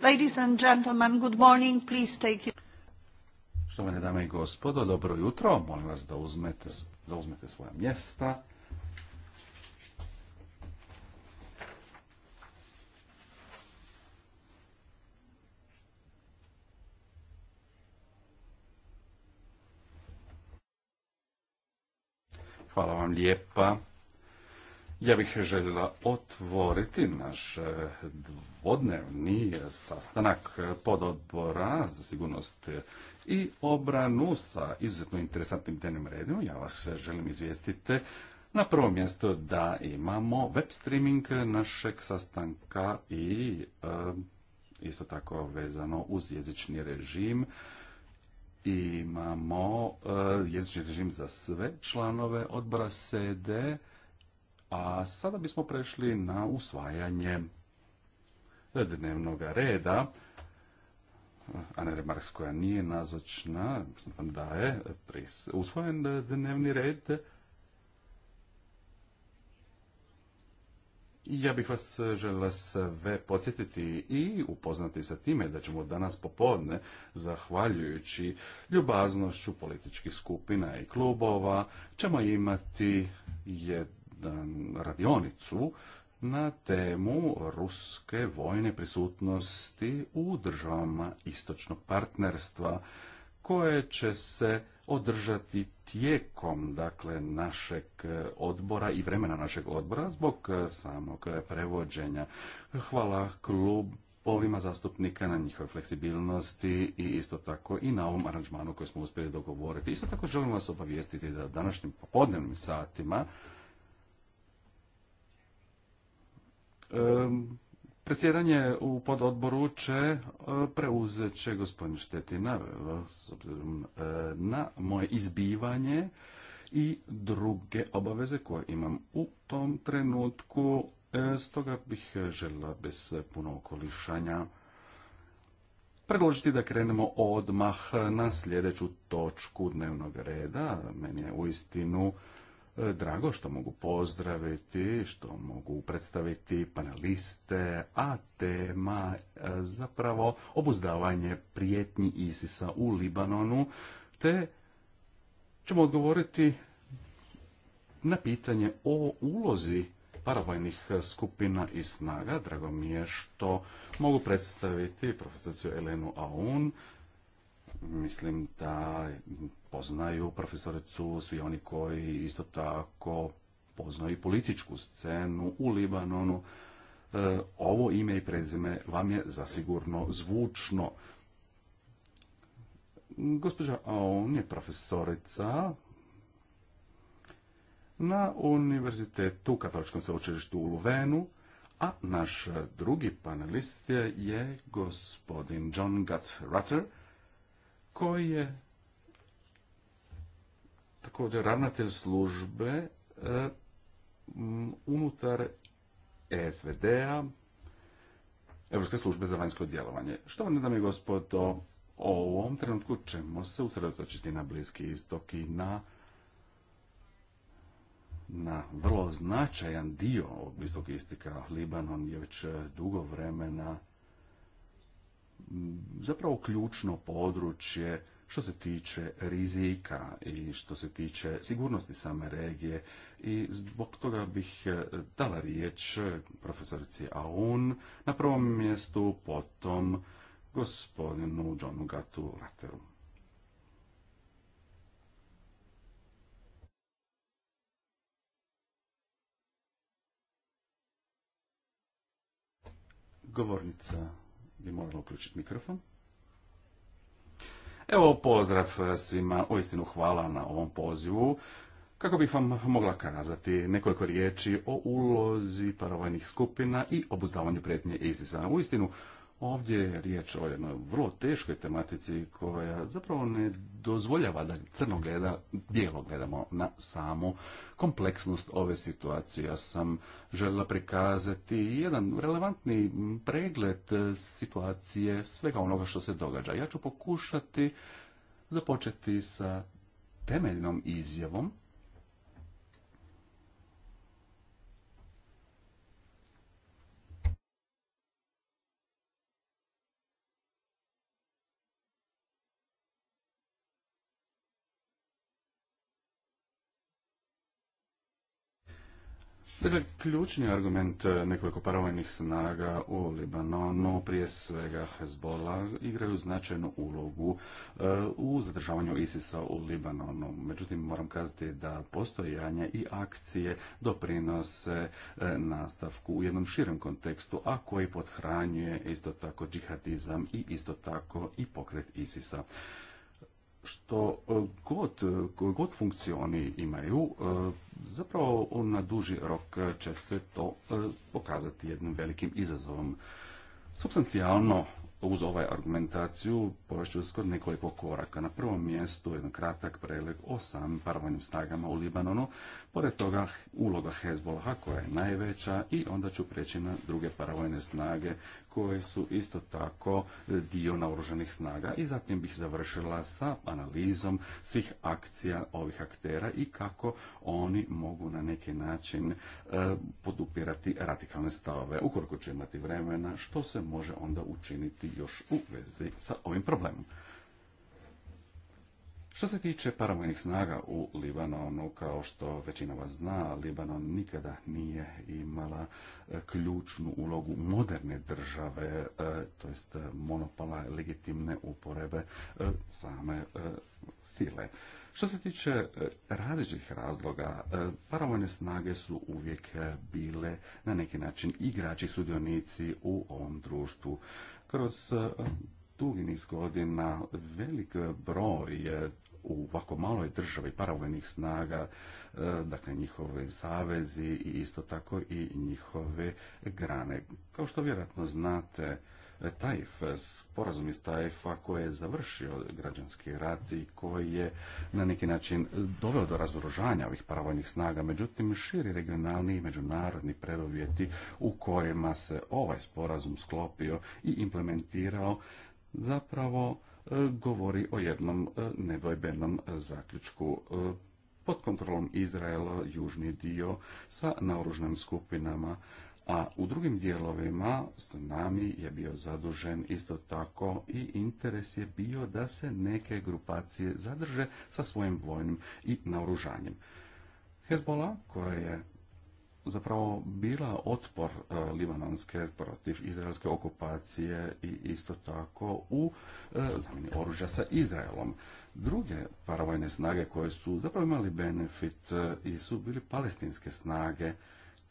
Ladies and gentlemen, good morning, please take your... Štovane dame i gospodo, dobro jutro, molim vas da uzmete, zauzmete svoja mjesta. Hvala vam lijepa ja bih željela otvoriti naš e, dvodnevni sastanak pododbora za sigurnost i obranu sa izuzetno interesantnim dnevnim redom. Ja vas želim izvijestiti na prvo mjesto da imamo web streaming našeg sastanka i e, isto tako vezano uz jezični režim imamo e, jezični režim za sve članove odbora sede a sada bismo prešli na usvajanje dnevnog reda. Ana Remarks koja nije nazočna, da je usvojen dnevni red. Ja bih vas želila sve podsjetiti i upoznati sa time da ćemo danas popodne, zahvaljujući ljubaznošću političkih skupina i klubova, ćemo imati jednu radionicu na temu ruske vojne prisutnosti u državama istočnog partnerstva koje će se održati tijekom dakle našeg odbora i vremena našeg odbora zbog samog prevođenja. Hvala klub ovima zastupnika na njihovoj fleksibilnosti i isto tako i na ovom aranžmanu koji smo uspjeli dogovoriti. Isto tako želim vas obavijestiti da današnjim popodnevnim satima Predsjedanje u pododboru će e, preuzet će gospodin Štetina s obzirom e, na moje izbivanje i druge obaveze koje imam u tom trenutku. E, stoga bih žela bez puno okolišanja predložiti da krenemo odmah na sljedeću točku dnevnog reda. Meni je u istinu. E, drago što mogu pozdraviti, što mogu predstaviti paneliste, a tema e, zapravo obuzdavanje prijetnji Isisa u Libanonu, te ćemo odgovoriti na pitanje o ulozi paravojnih skupina i snaga. Drago mi je što mogu predstaviti profesorcu Elenu Aun. Mislim da poznaju profesoricu, svi oni koji isto tako poznaju i političku scenu u Libanonu. E, ovo ime i prezime vam je zasigurno zvučno. Gospođa Aoun je profesorica na Univerzitetu Katoličkom sveučilištu u Luvenu, a naš drugi panelist je gospodin John Gutt Rutter, koji je također ravnatelj službe e, unutar SVD-a, Evropske službe za vanjsko djelovanje. Što vam dame i gospodo, u ovom trenutku ćemo se usredotočiti na Bliski istok i na na vrlo značajan dio ovog Bliskog istika. Libanon je već e, dugo vremena zapravo ključno područje što se tiče rizika i što se tiče sigurnosti same regije i zbog toga bih e, dala riječ e, profesorici Aun na prvom mjestu, potom gospodinu Johnu Gatu Lateru. Govornica bi morala uključiti mikrofon. Evo pozdrav svima, uistinu hvala na ovom pozivu. Kako bih vam mogla kazati nekoliko riječi o ulozi paravojnih skupina i obuzdavanju prijetnje ISIS-a. Uistinu Ovdje je riječ o jednoj vrlo teškoj tematici koja zapravo ne dozvoljava da crno gleda, bijelo gledamo na samu kompleksnost ove situacije. Ja sam željela prikazati jedan relevantni pregled situacije svega onoga što se događa. Ja ću pokušati započeti sa temeljnom izjavom Dakle, ključni argument e, nekoliko paravojnih snaga u Libanonu, prije svega Hezbola, igraju značajnu ulogu e, u zadržavanju ISIS-a u Libanonu. Međutim, moram kazati da postojanje i akcije doprinose e, nastavku u jednom širem kontekstu, a koji podhranjuje isto tako džihadizam i isto tako i pokret ISIS-a što e, god, e, god funkcioni imaju, e, zapravo na duži rok će se to pokazati jednim velikim izazovom. Substancijalno uz ovaj argumentaciju poveću skoro nekoliko koraka. Na prvom mjestu jedan kratak preleg o samim paravojnim snagama u Libanonu, pored toga uloga Hezbolaha koja je najveća i onda ću preći na druge paravojne snage koje su isto tako dio naoružanih snaga i zatim bih završila sa analizom svih akcija ovih aktera i kako oni mogu na neki način e, podupirati radikalne stavove. Ukoliko će imati vremena, što se može onda učiniti još u vezi sa ovim problemom. Što se tiče paravojnih snaga u Libanonu, kao što većina vas zna, Libanon nikada nije imala e, ključnu ulogu moderne države, e, to jest e, monopola legitimne uporebe same sile. Što se tiče različitih razloga, paravojne snage su uvijek bile na neki način igrači, sudionici u ovom društvu. Kroz eh, dugi niz godina velik broj je u ovako maloj državi paravojnih snaga, eh, dakle njihove savezi i isto tako i njihove grane. Kao što vjerojatno znate, E, Tajf, sporazum iz Tajfa koji je završio građanski rat i koji je na neki način doveo do razoružanja ovih paravojnih snaga, međutim širi regionalni i međunarodni preduvjeti u kojima se ovaj sporazum sklopio i implementirao zapravo e, govori o jednom e, nevojbenom zaključku pod kontrolom Izraela južni dio sa naoružnim skupinama a u drugim dijelovima nami je bio zadužen isto tako i interes je bio da se neke grupacije zadrže sa svojim vojnim i naoružanjem. Hezbola, koja je zapravo bila otpor e, libanonske protiv izraelske okupacije i isto tako u e, zamjeni oružja sa Izraelom. Druge paravojne snage koje su zapravo imali benefit e, i su bili palestinske snage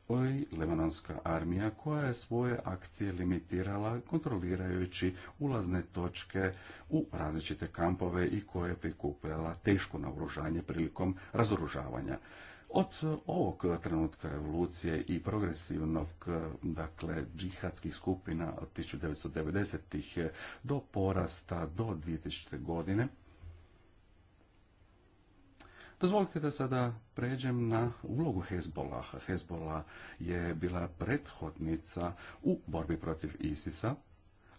i Lebanonska armija koja je svoje akcije limitirala kontrolirajući ulazne točke u različite kampove i koje je prikupljala teško naoružanje prilikom razoružavanja. Od ovog trenutka evolucije i progresivnog, dakle, džihadskih skupina od 1990-ih do porasta do 2000. godine, Dozvolite da sada pređem na ulogu Hezbolaha. Hezbola je bila prethodnica u borbi protiv Isisa,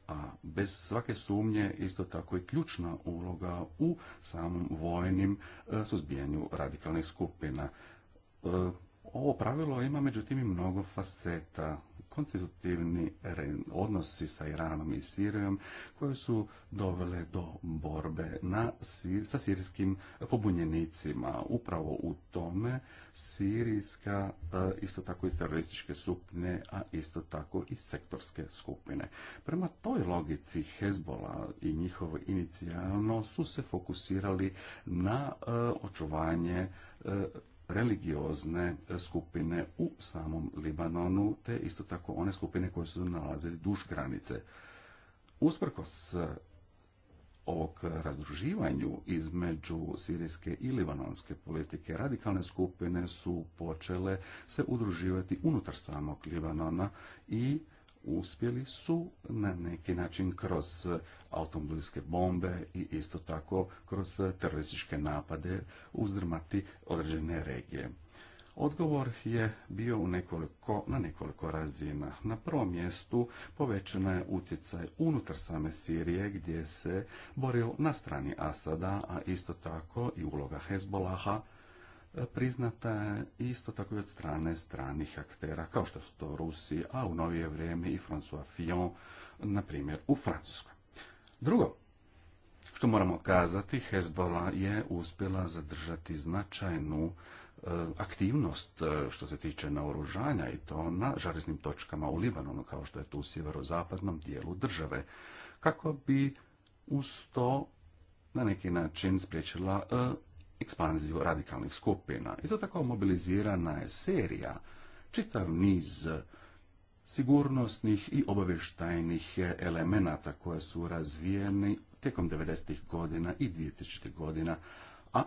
a bez svake sumnje isto tako i ključna uloga u samom vojnim e, suzbijanju radikalnih skupina. E, ovo pravilo ima međutim i mnogo faceta konstitutivni odnosi sa Iranom i Sirijom koje su dovele do borbe na, sa sirijskim pobunjenicima. Upravo u tome sirijska, eh, isto tako i terorističke skupine, a isto tako i sektorske skupine. Prema toj logici Hezbola i njihovo inicijalno su se fokusirali na eh, očuvanje eh, religiozne skupine u samom Libanonu, te isto tako one skupine koje su nalazili duž granice. Usprkos ovog razdruživanju između sirijske i libanonske politike, radikalne skupine su počele se udruživati unutar samog Libanona i uspjeli su na neki način kroz automobilske bombe i isto tako kroz terorističke napade uzdrmati određene regije. Odgovor je bio u nekoliko, na nekoliko razina. Na prvom mjestu povećana je utjecaj unutar same Sirije gdje se borio na strani Asada, a isto tako i uloga Hezbolaha, priznata isto tako i od strane stranih aktera, kao što su to Rusi, a u novije vrijeme i François Fillon, na primjer, u Francuskoj. Drugo, što moramo kazati, Hezbollah je uspjela zadržati značajnu e, aktivnost e, što se tiče naoružanja i to na žareznim točkama u Libanonu, kao što je tu u sjeverozapadnom dijelu države, kako bi uz to na neki način spriječila e, ekspanziju radikalnih skupina. I zato tako mobilizirana je serija, čitav niz sigurnosnih i obavještajnih elemenata koje su razvijeni tijekom 90. godina i 2000. godina, a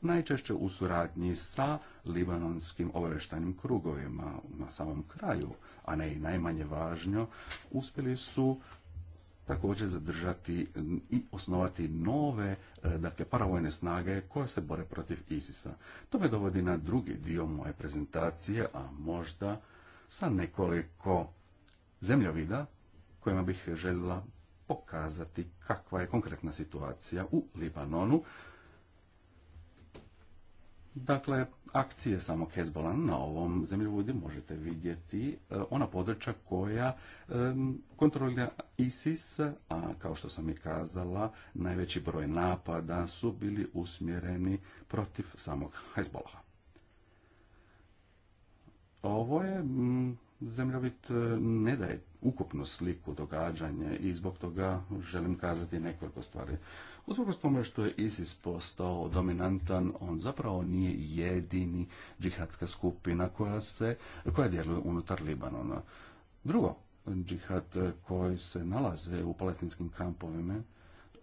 najčešće u suradnji sa libanonskim obavještajnim krugovima na samom kraju, a ne i najmanje važno, uspjeli su također zadržati i osnovati nove e, dakle, paravojne snage koje se bore protiv ISIS-a. To me dovodi na drugi dio moje prezentacije, a možda sa nekoliko zemljovida kojima bih željela pokazati kakva je konkretna situacija u Libanonu, Dakle, akcije samog Hezbola na ovom zemljovidu možete vidjeti e, ona područja koja e, kontrolira ISIS, a kao što sam i kazala, najveći broj napada su bili usmjereni protiv samog Hezbola. Ovo je mm, zemljovid e, ne daje ukupnu sliku događanja i zbog toga želim kazati nekoliko stvari. Uzbog tome što je ISIS postao dominantan, on zapravo nije jedini džihadska skupina koja, se, koja djeluje unutar Libanona. Drugo, džihad koji se nalaze u palestinskim kampovima,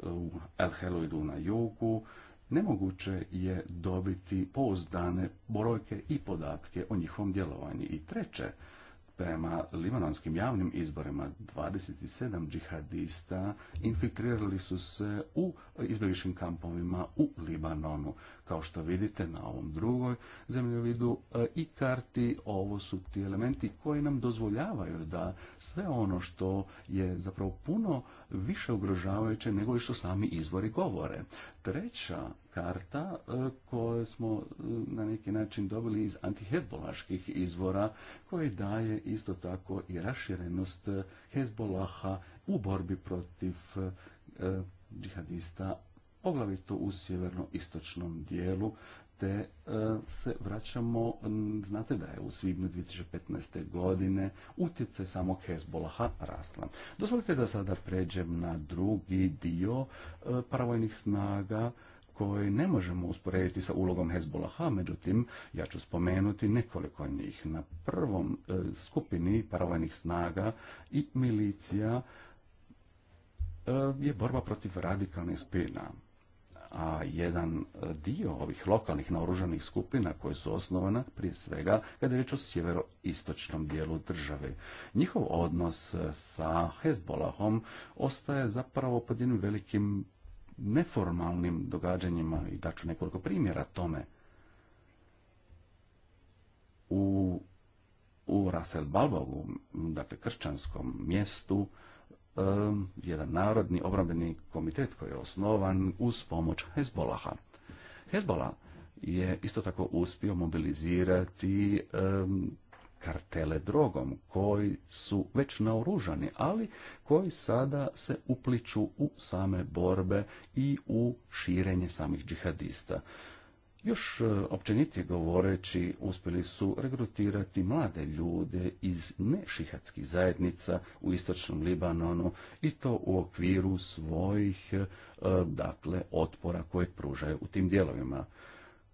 u El Heloidu na jugu, nemoguće je dobiti pouzdane brojke i podatke o njihovom djelovanju. I treće, prema libanonskim javnim izborima 27 džihadista infiltrirali su se u izbjegličkim kampovima u Libanonu. Kao što vidite na ovom drugoj zemljovidu e, i karti, ovo su ti elementi koji nam dozvoljavaju da sve ono što je zapravo puno više ugrožavajuće nego što sami izvori govore. Treća karta e, koju smo e, na neki način dobili iz antihezbolaških izvora koji daje isto tako i raširenost e, Hezbolaha u borbi protiv džihadista poglavito u sjeverno-istočnom dijelu te e, se vraćamo, znate da je u svibnju 2015. godine utjecaj samog Hezbolaha rasla. Dozvolite da sada pređem na drugi dio e, paravojnih snaga koje ne možemo usporediti sa ulogom Hezbolaha, međutim, ja ću spomenuti nekoliko njih. Na prvom e, skupini paravojnih snaga i milicija je borba protiv radikalnih spina a jedan dio ovih lokalnih naoružanih skupina koje su osnovane prije svega kada je riječ o sjeveroistočnom dijelu države. Njihov odnos e, sa Hezbolahom ostaje zapravo pod jednim velikim neformalnim događanjima i daću nekoliko primjera tome. U, u Rasel Balbogu, dakle kršćanskom mjestu, jedan narodni obrambeni komitet koji je osnovan uz pomoć Hezbolaha. Hezbola je isto tako uspio mobilizirati kartele drogom koji su već naoružani, ali koji sada se upliču u same borbe i u širenje samih džihadista. Još e, općenitije govoreći, uspjeli su regrutirati mlade ljude iz nešihatskih zajednica u istočnom Libanonu i to u okviru svojih e, dakle, otpora koje pružaju u tim dijelovima.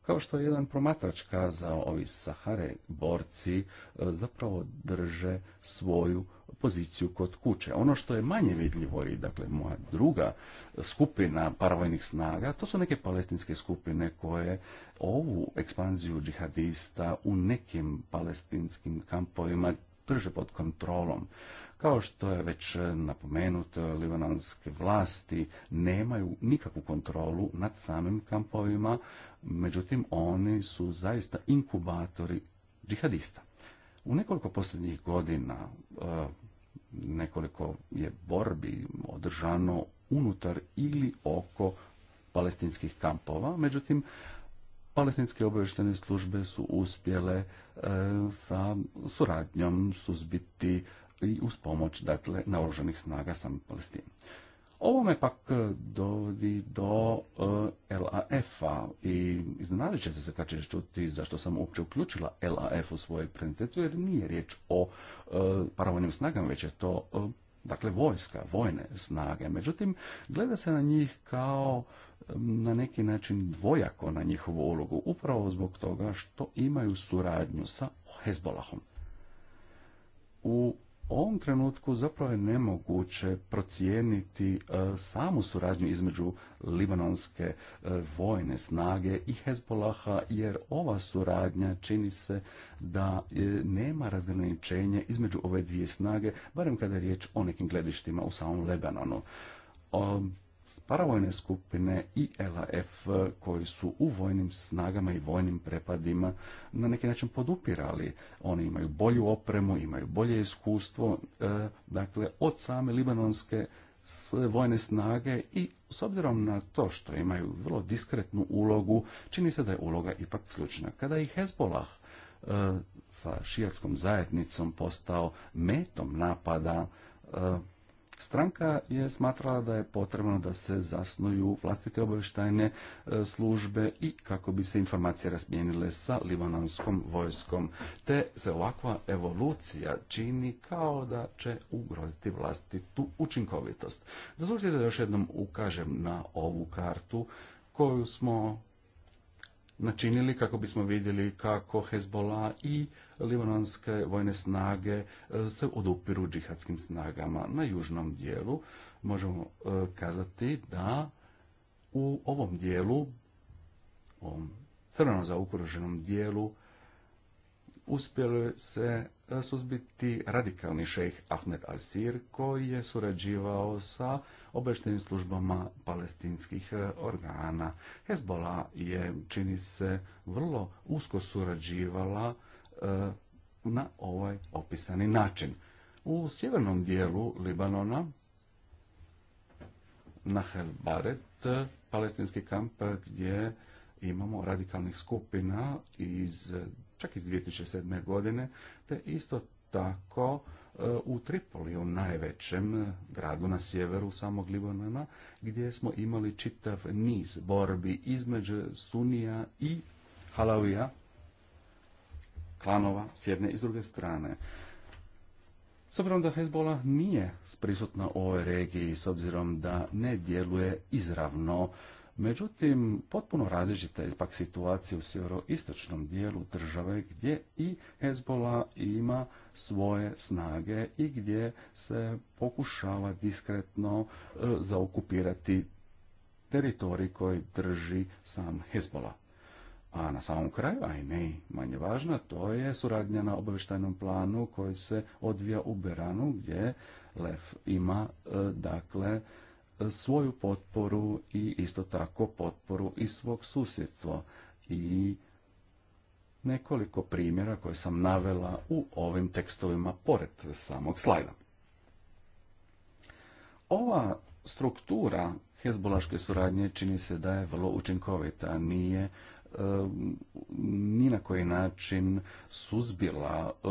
Kao što je jedan promatrač kazao, ovi Sahare borci e, zapravo drže svoju poziciju kod kuće. Ono što je manje vidljivo i dakle moja druga skupina paravojnih snaga, to su neke palestinske skupine koje ovu ekspanziju džihadista u nekim palestinskim kampovima drže pod kontrolom. Kao što je već e, napomenuto, e, libananske vlasti nemaju nikakvu kontrolu nad samim kampovima, međutim oni su zaista inkubatori džihadista. U nekoliko posljednjih godina e, nekoliko je borbi održano unutar ili oko palestinskih kampova, međutim palestinske obavještene službe su uspjele sa suradnjom suzbiti i uz pomoć dakle, naoružanih snaga sam Palestine. Ovo me pak e, dovodi do e, LAF-a i iznenadit će se kad će čuti zašto sam uopće uključila LAF u svoje prioritetu jer nije riječ o e, paravojnim snagama, već je to dakle vojska, vojne snage. Međutim, gleda se na njih kao na neki način dvojako na njihovu ulogu, upravo zbog toga što imaju suradnju sa Hezbolahom. U ovom trenutku zapravo je nemoguće procijeniti e, samu suradnju između libanonske e, vojne snage i Hezbolaha, jer ova suradnja čini se da e, nema razgraničenja između ove dvije snage, barem kada je riječ o nekim gledištima u samom Lebanonu. Ehm, paravojne skupine i LAF koji su u vojnim snagama i vojnim prepadima na neki način podupirali. Oni imaju bolju opremu, imaju bolje iskustvo, e, dakle od same libanonske vojne snage i s obzirom na to što imaju vrlo diskretnu ulogu, čini se da je uloga ipak slučna. Kada je i Hezbollah e, sa šijatskom zajednicom postao metom napada, e, Stranka je smatrala da je potrebno da se zasnuju vlastite obavještajne e, službe i kako bi se informacije razmijenile sa libanonskom vojskom, te se ovakva evolucija čini kao da će ugroziti vlastitu učinkovitost. Dozvolite da još jednom ukažem na ovu kartu koju smo načinili kako bismo vidjeli kako Hezbollah i libanonske vojne snage e, se odupiru džihadskim snagama na južnom dijelu. Možemo e, kazati da u ovom dijelu, ovom crveno zaokruženom dijelu, uspjelo se e, suzbiti radikalni šejh Ahmed Al-Sir koji je surađivao sa obeštenim službama palestinskih organa. Hezbollah je, čini se, vrlo usko surađivala E, na ovaj opisani način. U sjevernom dijelu Libanona, na Helbaret, palestinski kamp gdje imamo radikalnih skupina iz čak iz 2007. godine, te isto tako e, u Tripoliju, najvećem gradu na sjeveru samog Libanona, gdje smo imali čitav niz borbi između Sunija i Halavija, klanova s jedne i s druge strane. S obzirom da Hezbola nije prisutna u ovoj regiji, s obzirom da ne djeluje izravno, međutim, potpuno različita je pak situacija u sjeveroistočnom dijelu države gdje i Hezbola ima svoje snage i gdje se pokušava diskretno e, zaokupirati teritorij koji drži sam Hezbola. A na samom kraju, a i ne manje važna, to je suradnja na obavještajnom planu koji se odvija u Beranu gdje Lev ima e, dakle svoju potporu i isto tako potporu i svog susjedstva i nekoliko primjera koje sam navela u ovim tekstovima pored samog slajda. Ova struktura hezbolaške suradnje čini se da je vrlo učinkovita, nije E, ni na koji način suzbila e,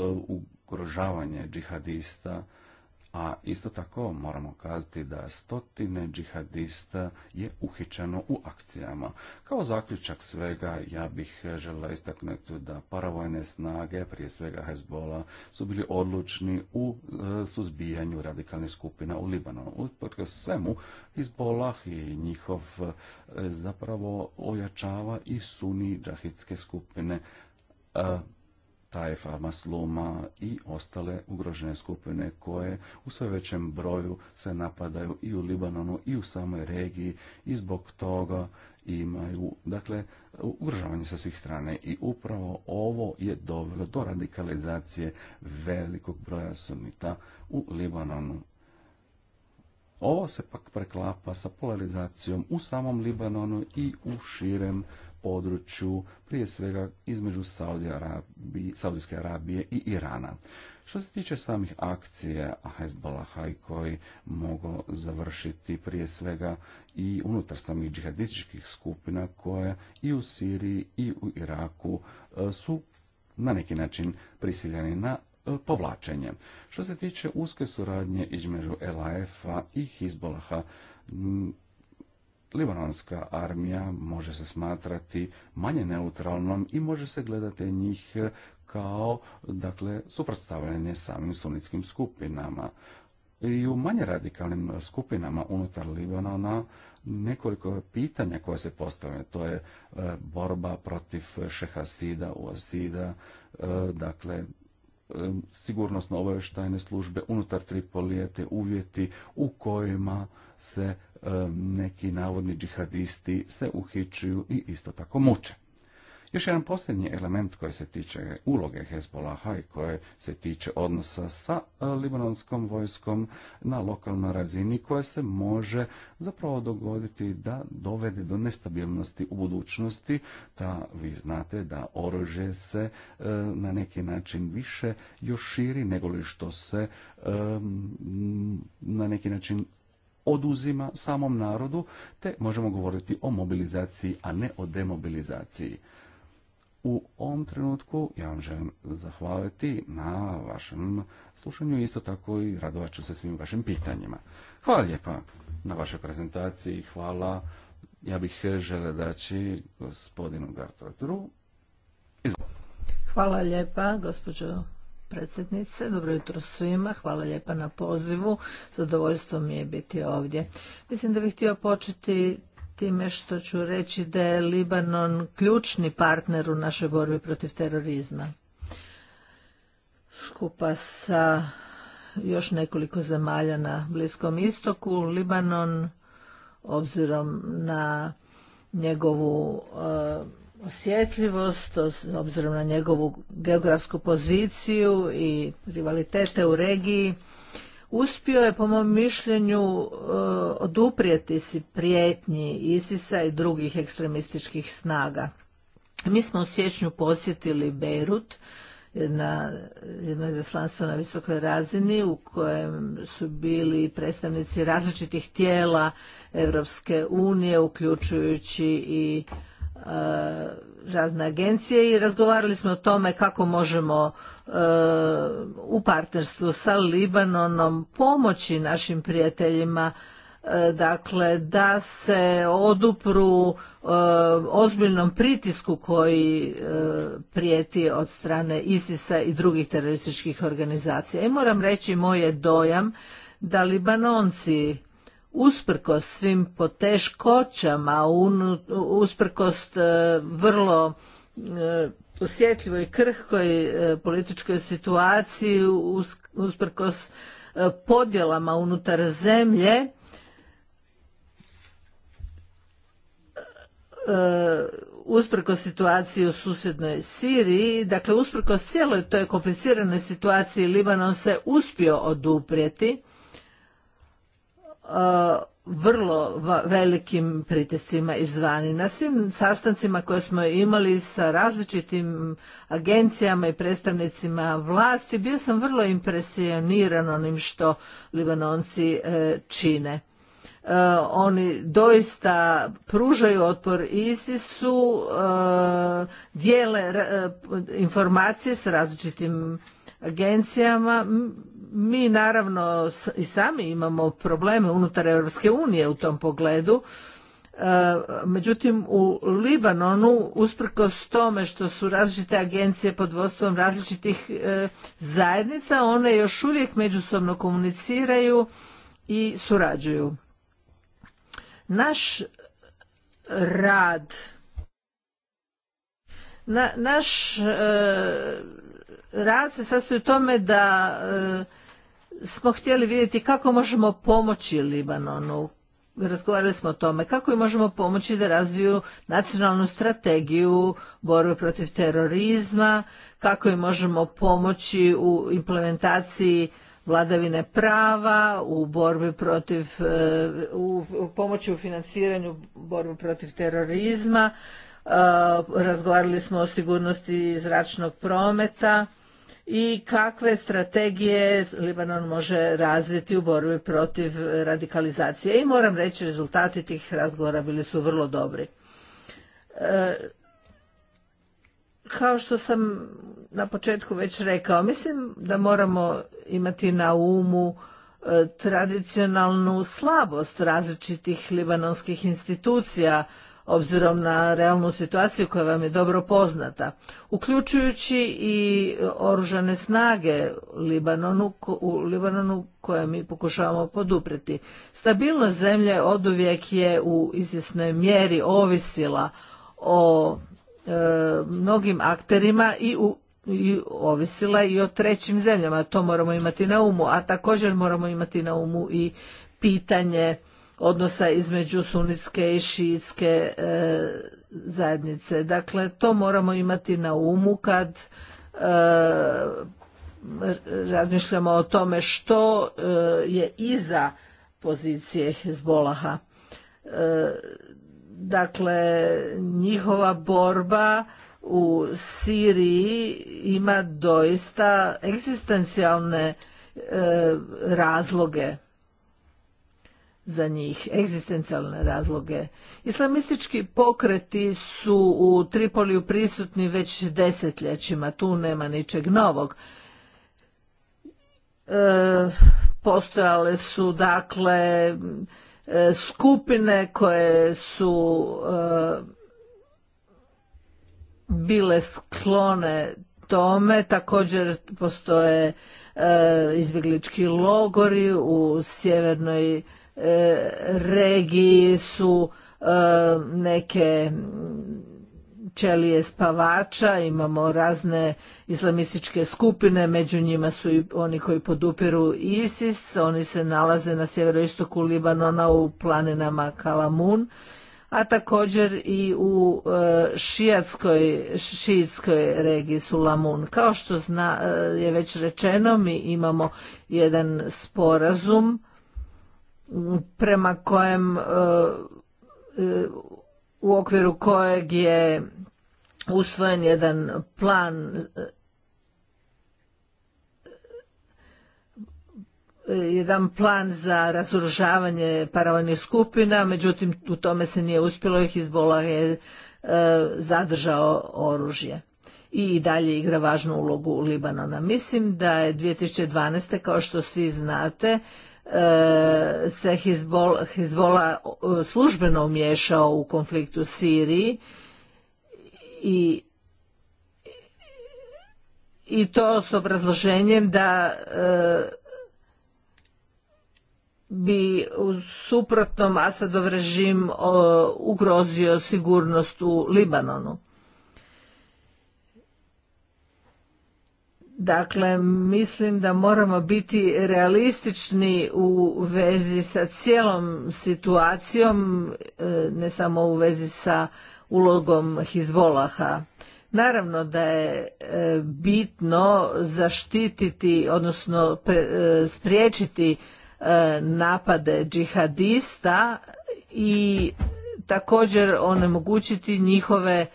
ugrožavanje džihadista a isto tako moramo kazati da stotine džihadista je uhićeno u akcijama. Kao zaključak svega ja bih žela istaknuti da paravojne snage, prije svega Hezbola, su bili odlučni u e, suzbijanju radikalnih skupina u Libanonu. Usprkos svemu, Hezbolah i njihov e, zapravo ojačava i suni džahidske skupine e, Tajfa, Masluma i ostale ugrožene skupine koje u sve većem broju se napadaju i u Libanonu i u samoj regiji i zbog toga imaju, dakle, ugrožavanje sa svih strane i upravo ovo je dovelo do radikalizacije velikog broja sumita u Libanonu. Ovo se pak preklapa sa polarizacijom u samom Libanonu i u širem području, prije svega između Saudijske Arabije i Irana. Što se tiče samih akcije Hezbolaha i koji mogu završiti prije svega i unutar samih džihadističkih skupina koje i u Siriji i u Iraku e, su na neki način prisiljeni na e, povlačenje. Što se tiče uske suradnje između LAF-a i Hezbollah-a, libanonska armija može se smatrati manje neutralnom i može se gledati njih e, kao dakle suprotstavljanje samim sunnitskim skupinama. I u manje radikalnim skupinama unutar Libanona nekoliko pitanja koje se postavljaju, to je e, borba protiv šehasida, uazida, e, dakle sigurnosno obaveštajne službe unutar tri te uvjeti u kojima se E, neki navodni džihadisti se uhičuju i isto tako muče. Još jedan posljednji element koji se tiče uloge Hezbolaha i koje se tiče odnosa sa e, libanonskom vojskom na lokalnoj razini koje se može zapravo dogoditi da dovede do nestabilnosti u budućnosti, da vi znate da oružje se e, na neki način više još širi nego li što se na neki način oduzima samom narodu, te možemo govoriti o mobilizaciji, a ne o demobilizaciji. U ovom trenutku ja vam želim zahvaliti na vašem slušanju, isto tako i radovat ću se svim vašim pitanjima. Hvala lijepa na vašoj prezentaciji, hvala. Ja bih žele daći gospodinu Gartotru. Hvala lijepa, gospođo predsjednice. Dobro jutro svima. Hvala lijepa na pozivu. Zadovoljstvo mi je biti ovdje. Mislim da bih htio početi time što ću reći da je Libanon ključni partner u našoj borbi protiv terorizma. Skupa sa još nekoliko zemalja na Bliskom istoku, Libanon, obzirom na njegovu osjetljivost s obzirom na njegovu geografsku poziciju i rivalitete u regiji uspio je po mom mišljenju e, oduprijeti si prijetnji Isisa i drugih ekstremističkih snaga. Mi smo u siječnju posjetili Beirut, jedna, jedno izaslanstvo na visokoj razini u kojem su bili predstavnici različitih tijela Europske unije, uključujući i E, razne agencije i razgovarali smo o tome kako možemo e, u partnerstvu sa Libanonom pomoći našim prijateljima e, dakle da se odupru ozbiljnom pritisku koji prijeti od strane ISIS-a i drugih terorističkih organizacija. I moram reći moj je dojam da Libanonci usprkos svim poteškoćama, usprkos e, vrlo e, osjetljivoj krhkoj e, političkoj situaciji, usprkos podjelama unutar zemlje, usprkos situaciji u susjednoj Siriji, dakle usprkos cijeloj toj kompliciranoj situaciji Libanon se uspio oduprijeti vrlo velikim pritiscima izvani. Na svim sastancima koje smo imali sa različitim agencijama i predstavnicima vlasti, bio sam vrlo impresioniran onim što Libanonci e, čine. E, oni doista pružaju otpor ISIS-u, e, dijele informacije s različitim agencijama. Mi naravno i sami imamo probleme unutar Europske unije u tom pogledu. E, međutim, u Libanonu, usprkos tome što su različite agencije pod vodstvom različitih e, zajednica, one još uvijek međusobno komuniciraju i surađuju. Naš rad, naš e, rad se sastoji u tome da e, smo htjeli vidjeti kako možemo pomoći Libanonu. Razgovarali smo o tome kako im možemo pomoći da razviju nacionalnu strategiju borbe protiv terorizma, kako im možemo pomoći u implementaciji vladavine prava, u borbi protiv, e, u pomoći u financiranju borbe protiv terorizma, e, razgovarali smo o sigurnosti zračnog prometa i kakve strategije Libanon može razviti u borbi protiv radikalizacije. I moram reći, rezultati tih razgovora bili su vrlo dobri. E, kao što sam na početku već rekao, mislim da moramo imati na umu e, tradicionalnu slabost različitih libanonskih institucija obzirom na realnu situaciju koja vam je dobro poznata, uključujući i oružane snage Libanonu, u Libanonu koje mi pokušavamo poduprijeti. Stabilnost zemlje oduvijek je u izvjesnoj mjeri ovisila o e, mnogim akterima i i ovisila i o trećim zemljama. To moramo imati na umu, a također moramo imati na umu i pitanje odnosa između sunitske i šijitske e, zajednice. Dakle, to moramo imati na umu kad e, razmišljamo o tome što e, je iza pozicije Hezbolaha. Dakle, njihova borba u Siriji ima doista egzistencijalne razloge za njih, egzistencijalne razloge. Islamistički pokreti su u Tripoliju prisutni već desetljećima, tu nema ničeg novog. E, postojale su dakle e, skupine koje su e, bile sklone tome, također postoje e, izbjeglički logori u sjevernoj E, regiji su e, neke čelije spavača, imamo razne islamističke skupine, među njima su i oni koji podupiru ISIS, oni se nalaze na sjeveroistoku Libanona u planinama Kalamun, a također i u e, šijatskoj, regiji su Lamun Kao što je već rečeno, mi imamo jedan sporazum prema kojem e, e, u okviru kojeg je usvojen jedan plan e, jedan plan za razoružavanje paravojnih skupina, međutim u tome se nije uspjelo ih Hizbola je zadržao oružje i dalje igra važnu ulogu u Libanona. Mislim da je 2012. kao što svi znate E, se Hezbollah, e, službeno umješao u konfliktu u Siriji i i to s obrazloženjem da e, bi u suprotnom Asadov režim ugrozio sigurnost u Libanonu. Dakle, mislim da moramo biti realistični u vezi sa cijelom situacijom, e, ne samo u vezi sa ulogom Hizbolaha. Naravno da je e, bitno zaštititi, odnosno e, spriječiti napade džihadista i također onemogućiti njihove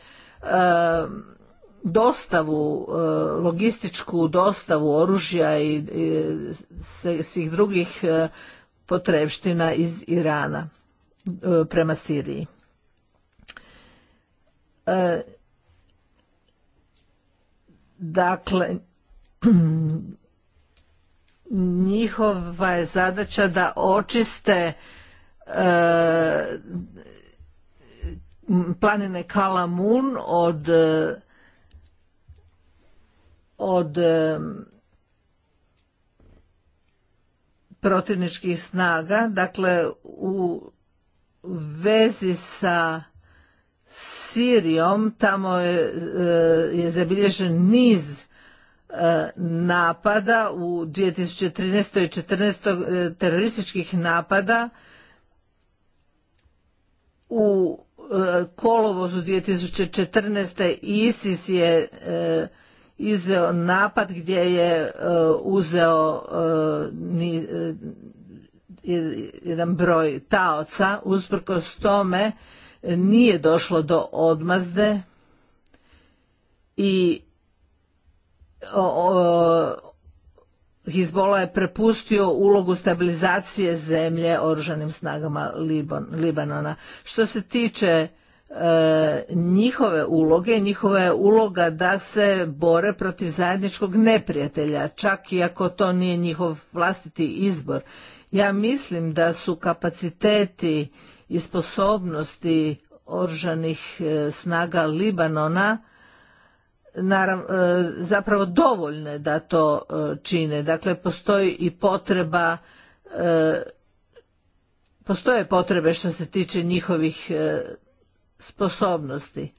dostavu, e, logističku dostavu oružja i svih drugih e, potrebština iz Irana e, prema Siriji. Dakle, njihova je zadaća da očiste planine Kalamun od od e, protivničkih snaga, dakle u vezi sa Sirijom tamo je, e, zabilježen niz e, napada u 2013. i 2014. terorističkih napada u kolovozu 2014. ISIS je izveo napad gdje je e, uzeo e, e, jedan broj taoca, usprkos tome nije došlo do odmazde i Hizbola je prepustio ulogu stabilizacije zemlje oružanim snagama Libanona. Što se tiče E, njihove uloge, njihova je uloga da se bore protiv zajedničkog neprijatelja, čak i ako to nije njihov vlastiti izbor. Ja mislim da su kapaciteti i sposobnosti oružanih e, snaga Libanona e, zapravo dovoljne da to čine. Dakle, postoji i potreba postoje potrebe što se tiče njihovih sposobnosti.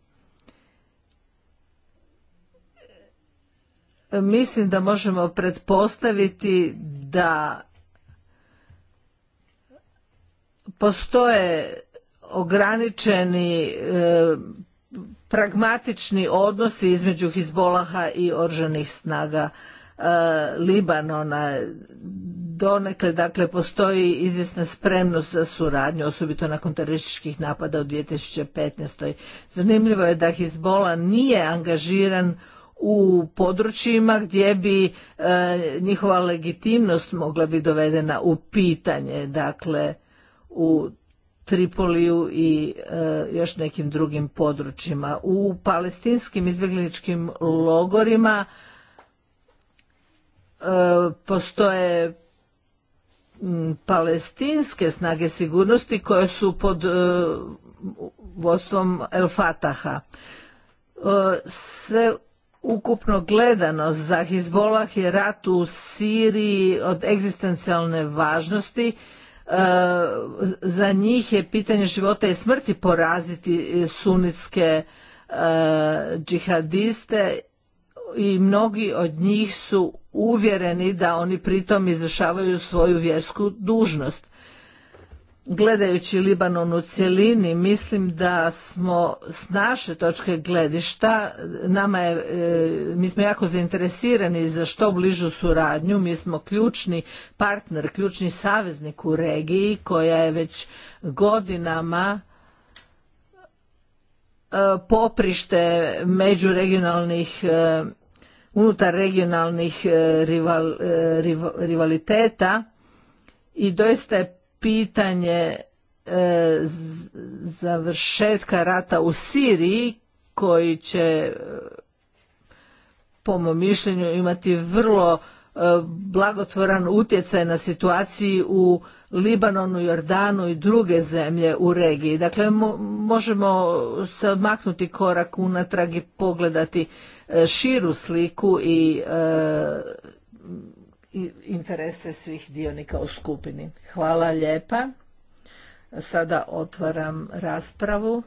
Mislim da možemo pretpostaviti da postoje ograničeni e, pragmatični odnosi između Hizbolaha i oržanih snaga E, Libanona. Donekle, dakle, postoji izvjesna spremnost za suradnju, osobito nakon terorističkih napada u 2015. Zanimljivo je da Hizbola nije angažiran u područjima gdje bi e, njihova legitimnost mogla biti dovedena u pitanje, dakle, u Tripoliju i e, još nekim drugim područjima. U palestinskim izbjegličkim logorima postoje mm, palestinske snage sigurnosti koje su pod e, vodstvom El Fataha. E, sve ukupno gledano za Hizbolah je rat u Siriji od egzistencijalne važnosti. E, za njih je pitanje života i smrti poraziti sunitske džihadiste i mnogi od njih su uvjereni da oni pritom izvršavaju svoju vjersku dužnost. Gledajući Libanon u cjelini, mislim da smo s naše točke gledišta, nama je, e, mi smo jako zainteresirani za što bližu suradnju, mi smo ključni partner, ključni saveznik u regiji koja je već godinama e, poprište međuregionalnih e, unutar regionalnih e, rival, e, rivaliteta i doista je pitanje e, završetka rata u Siriji koji će po mom mišljenju imati vrlo blagotvoran utjecaj na situaciji u Libanonu, Jordanu i druge zemlje u regiji. Dakle, možemo se odmaknuti korak unatrag i pogledati e, širu sliku e, i, interese svih dionika u skupini. Hvala lijepa. Sada otvaram raspravu.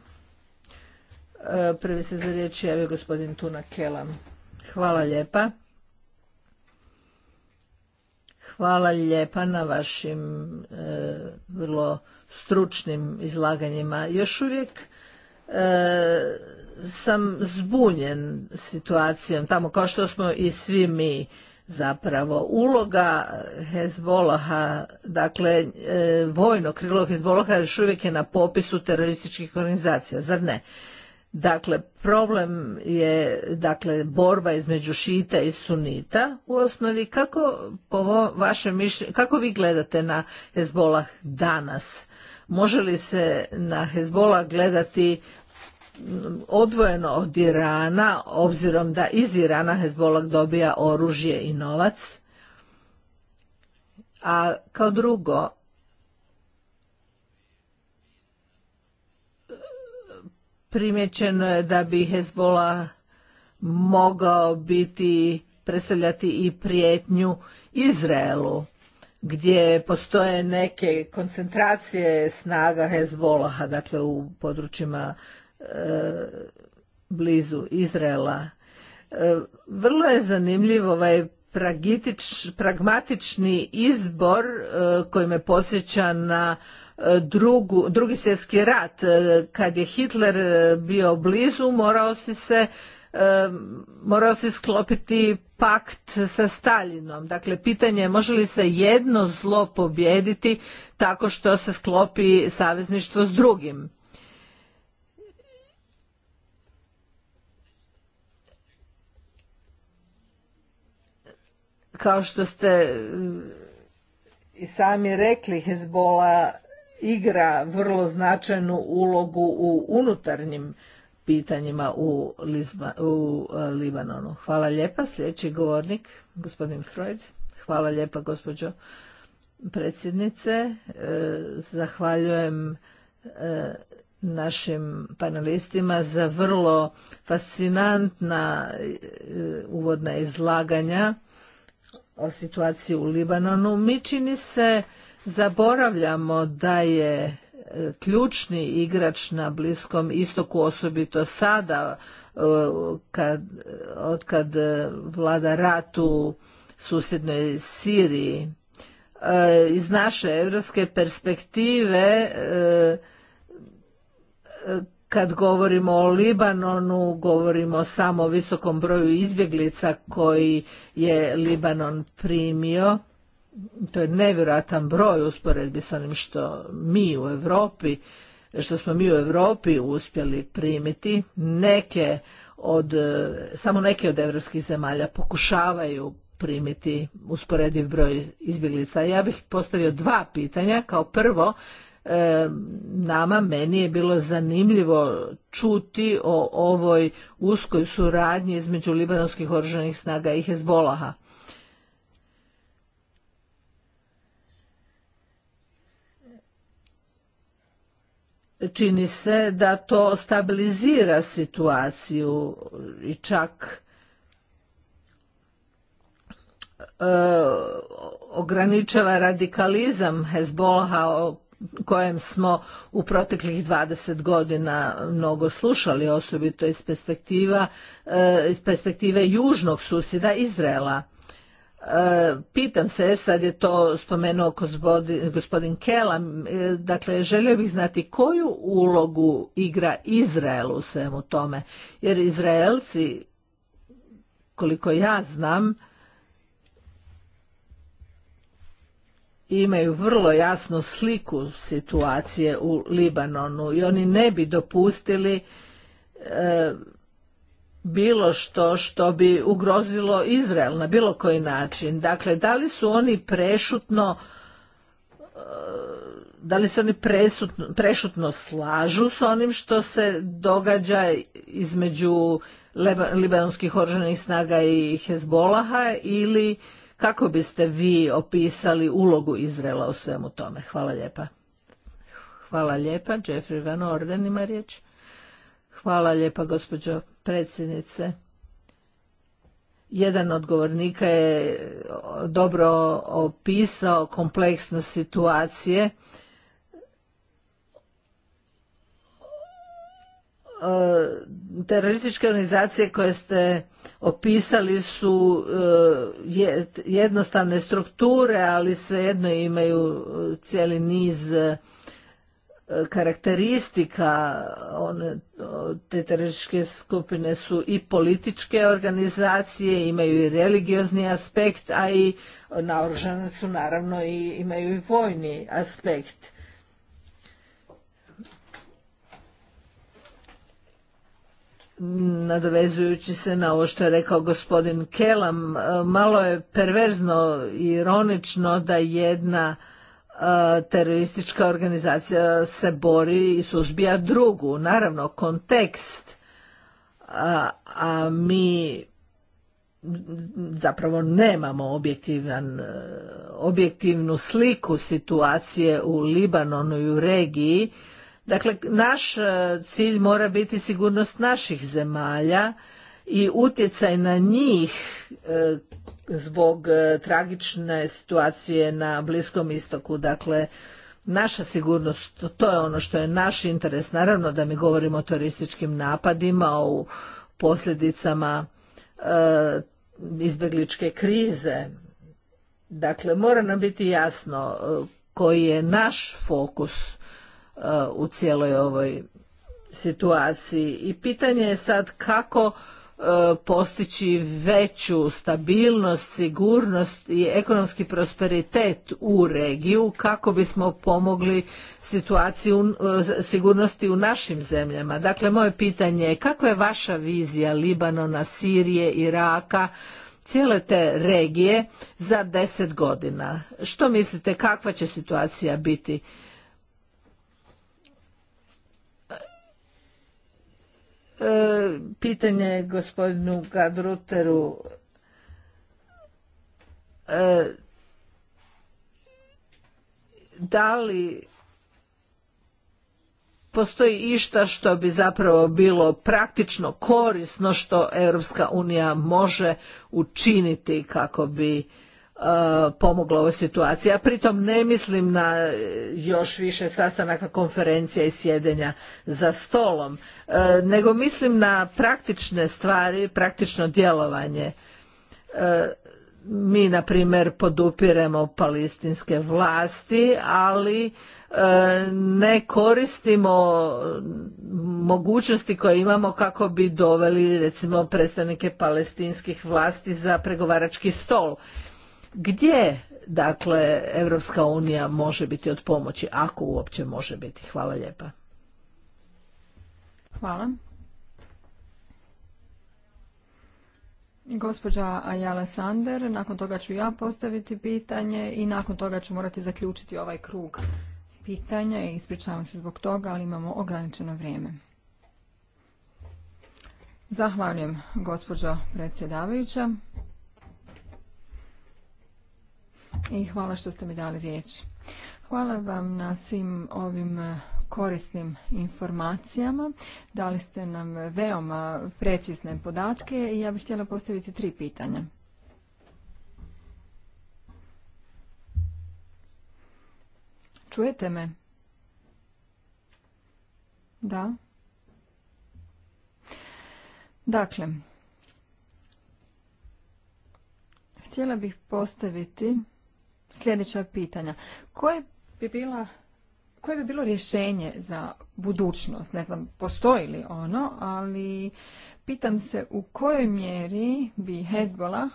E, prvi se za riječ javio gospodin Tuna Kelam. Hvala lijepa. Hvala lijepa na vašim e, vrlo stručnim izlaganjima. Još uvijek e, sam zbunjen situacijom tamo kao što smo i svi mi zapravo. Uloga Hezbolaha, dakle e, vojno krilo Hezbolaha još uvijek je na popisu terorističkih organizacija, zar ne? Dakle, problem je dakle, borba između šita i sunita u osnovi. Kako, po vašem kako vi gledate na Hezbolah danas? Može li se na Hezbolah gledati mm, odvojeno od Irana, obzirom da iz Irana Hezbolah dobija oružje i novac? A kao drugo, primjećeno je da bi Hezbola mogao biti predstavljati i prijetnju Izraelu gdje postoje neke koncentracije snaga Hezbolaha, dakle u područjima e, blizu Izraela. E, vrlo je zanimljiv ovaj pragmatični izbor kojim e, koji me podsjeća na E, drugu, drugi svjetski rat. E, kad je Hitler e, bio blizu, morao si se morao si sklopiti pakt sa Stalinom. Dakle, pitanje je može li se jedno zlo pobjediti tako što se sklopi savezništvo s drugim. Kao što ste i sami rekli, Hezbola igra vrlo značajnu ulogu u unutarnjim pitanjima u, e, Libanonu. Hvala lijepa. Sljedeći govornik, gospodin Freud. Hvala lijepa, gospođo predsjednice. E, zahvaljujem e, našim panelistima za vrlo fascinantna uvodna izlaganja o situaciji u Libanonu. Mi čini se Zaboravljamo da je e, ključni igrač na Bliskom istoku, osobito sada, e, kad, od kad e, vlada rat u susjednoj Siriji. Iz naše evropske perspektive, kad govorimo o Libanonu, govorimo samo o visokom broju izbjeglica koji je Libanon primio to je nevjerojatan broj usporedbi sa onim što mi u Europi što smo mi u Europi uspjeli primiti neke od e, samo neke od europskih zemalja pokušavaju primiti usporediv broj izbjeglica ja bih postavio dva pitanja kao prvo e, nama meni je bilo zanimljivo čuti o ovoj uskoj suradnji između libanonskih oružanih snaga i Hezbolaha čini se da to stabilizira situaciju i čak e, ograničava radikalizam Hezbolha o kojem smo u proteklih 20 godina mnogo slušali, osobito iz perspektiva, e, iz perspektive južnog susjeda Izraela. Pitam se, sad je to spomenuo gospodin Kela, e, dakle želio bih znati koju ulogu igra Izrael u svemu tome, jer Izraelci, koliko ja znam, imaju vrlo jasnu sliku situacije u Libanonu i oni ne bi dopustili e, bilo što što bi ugrozilo Izrael na bilo koji način. Dakle, da li su oni prešutno e, da li se oni presutno, prešutno slažu s onim što se događa između libanonskih oružanih snaga i Hezbolaha ili kako biste vi opisali ulogu Izraela u svemu tome? Hvala lijepa. Hvala lijepa. Jeffrey Van Orden ima riječ. Hvala lijepa gospođo predsjednice. Jedan od govornika je dobro opisao kompleksnost situacije. terorističke organizacije koje ste opisali su e, jednostavne strukture, ali svejedno imaju e, cijeli niz karakteristika one, te terorističke skupine su i političke organizacije, imaju i religiozni aspekt, a i naoružane su naravno i imaju i vojni aspekt. Nadovezujući se na ovo što je rekao gospodin Kelam, e, malo je perverzno i ironično da jedna E, teroristička organizacija se bori i suzbija drugu. Naravno, kontekst, a, mi zapravo nemamo objektivan, e, objektivnu sliku situacije u Libanonu i u regiji. Dakle, naš e, cilj mora biti sigurnost naših zemalja i utjecaj na njih e, zbog e, tragične situacije na Bliskom istoku. Dakle, naša sigurnost, to je ono što je naš interes. Naravno da mi govorimo o turističkim napadima, o posljedicama e, izbjegličke krize. Dakle, mora nam biti jasno koji je naš fokus u cijeloj ovoj situaciji i pitanje je sad kako postići veću stabilnost, sigurnost i ekonomski prosperitet u regiju kako bismo pomogli situaciju e, sigurnosti u našim zemljama. Dakle, moje pitanje je kakva je vaša vizija Libanona, Sirije, Iraka, cijele te regije za deset godina? Što mislite kakva će situacija biti? E, pitanje gospodinu Gadruteru e, da li postoji išta što bi zapravo bilo praktično korisno što Europska unija može učiniti kako bi E, pomoglo ovoj situaciji. A pritom ne mislim na e, još više sastanaka, konferencija i sjedenja za stolom, e, nego mislim na praktične stvari, praktično djelovanje. Mi, na primjer, podupiremo palestinske vlasti, ali ne koristimo mogućnosti koje imamo kako bi doveli, recimo, predstavnike palestinskih vlasti za pregovarački stol gdje, dakle, Europska unija može biti od pomoći, ako uopće može biti? Hvala lijepa. Hvala. Gospođa Ajala Sander, nakon toga ću ja postaviti pitanje i nakon toga ću morati zaključiti ovaj krug pitanja i ispričavam se zbog toga, ali imamo ograničeno vrijeme. Zahvaljujem gospođa predsjedavajuća i hvala što ste mi dali riječ. Hvala vam na svim ovim e, korisnim informacijama. Dali ste nam veoma precizne podatke i ja bih htjela postaviti tri pitanja. Čujete me? Da. Dakle, htjela bih postaviti sljedeća pitanja. Koje bi bila koje bi bilo rješenje za budućnost? Ne znam, postoji li ono, ali pitam se u kojoj mjeri bi Hezbola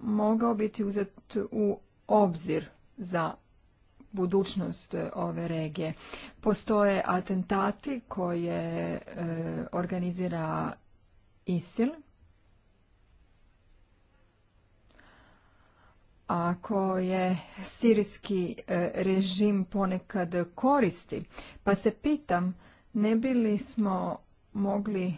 mogao biti uzet u obzir za budućnost e, ove regije. Postoje atentati koje e, organizira ISIL, ako je sirijski e, režim ponekad koristi. Pa se pitam, ne bi li smo mogli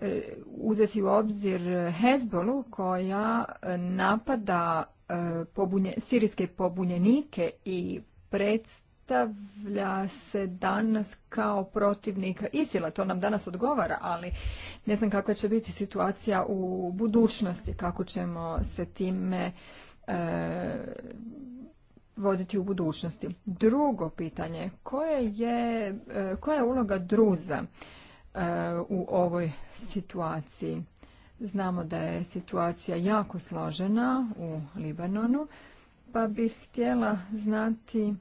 e, uzeti u obzir Hezbolu koja napada e, sirijske pobunjenike i predstavlja predstavlja se danas kao protivnik Isila. To nam danas odgovara, ali ne znam kakva će biti situacija u budućnosti, kako ćemo se time e, voditi u budućnosti. Drugo pitanje, koje je, e, koja je uloga druza e, u ovoj situaciji? Znamo da je situacija jako složena u Libanonu, pa bih htjela znati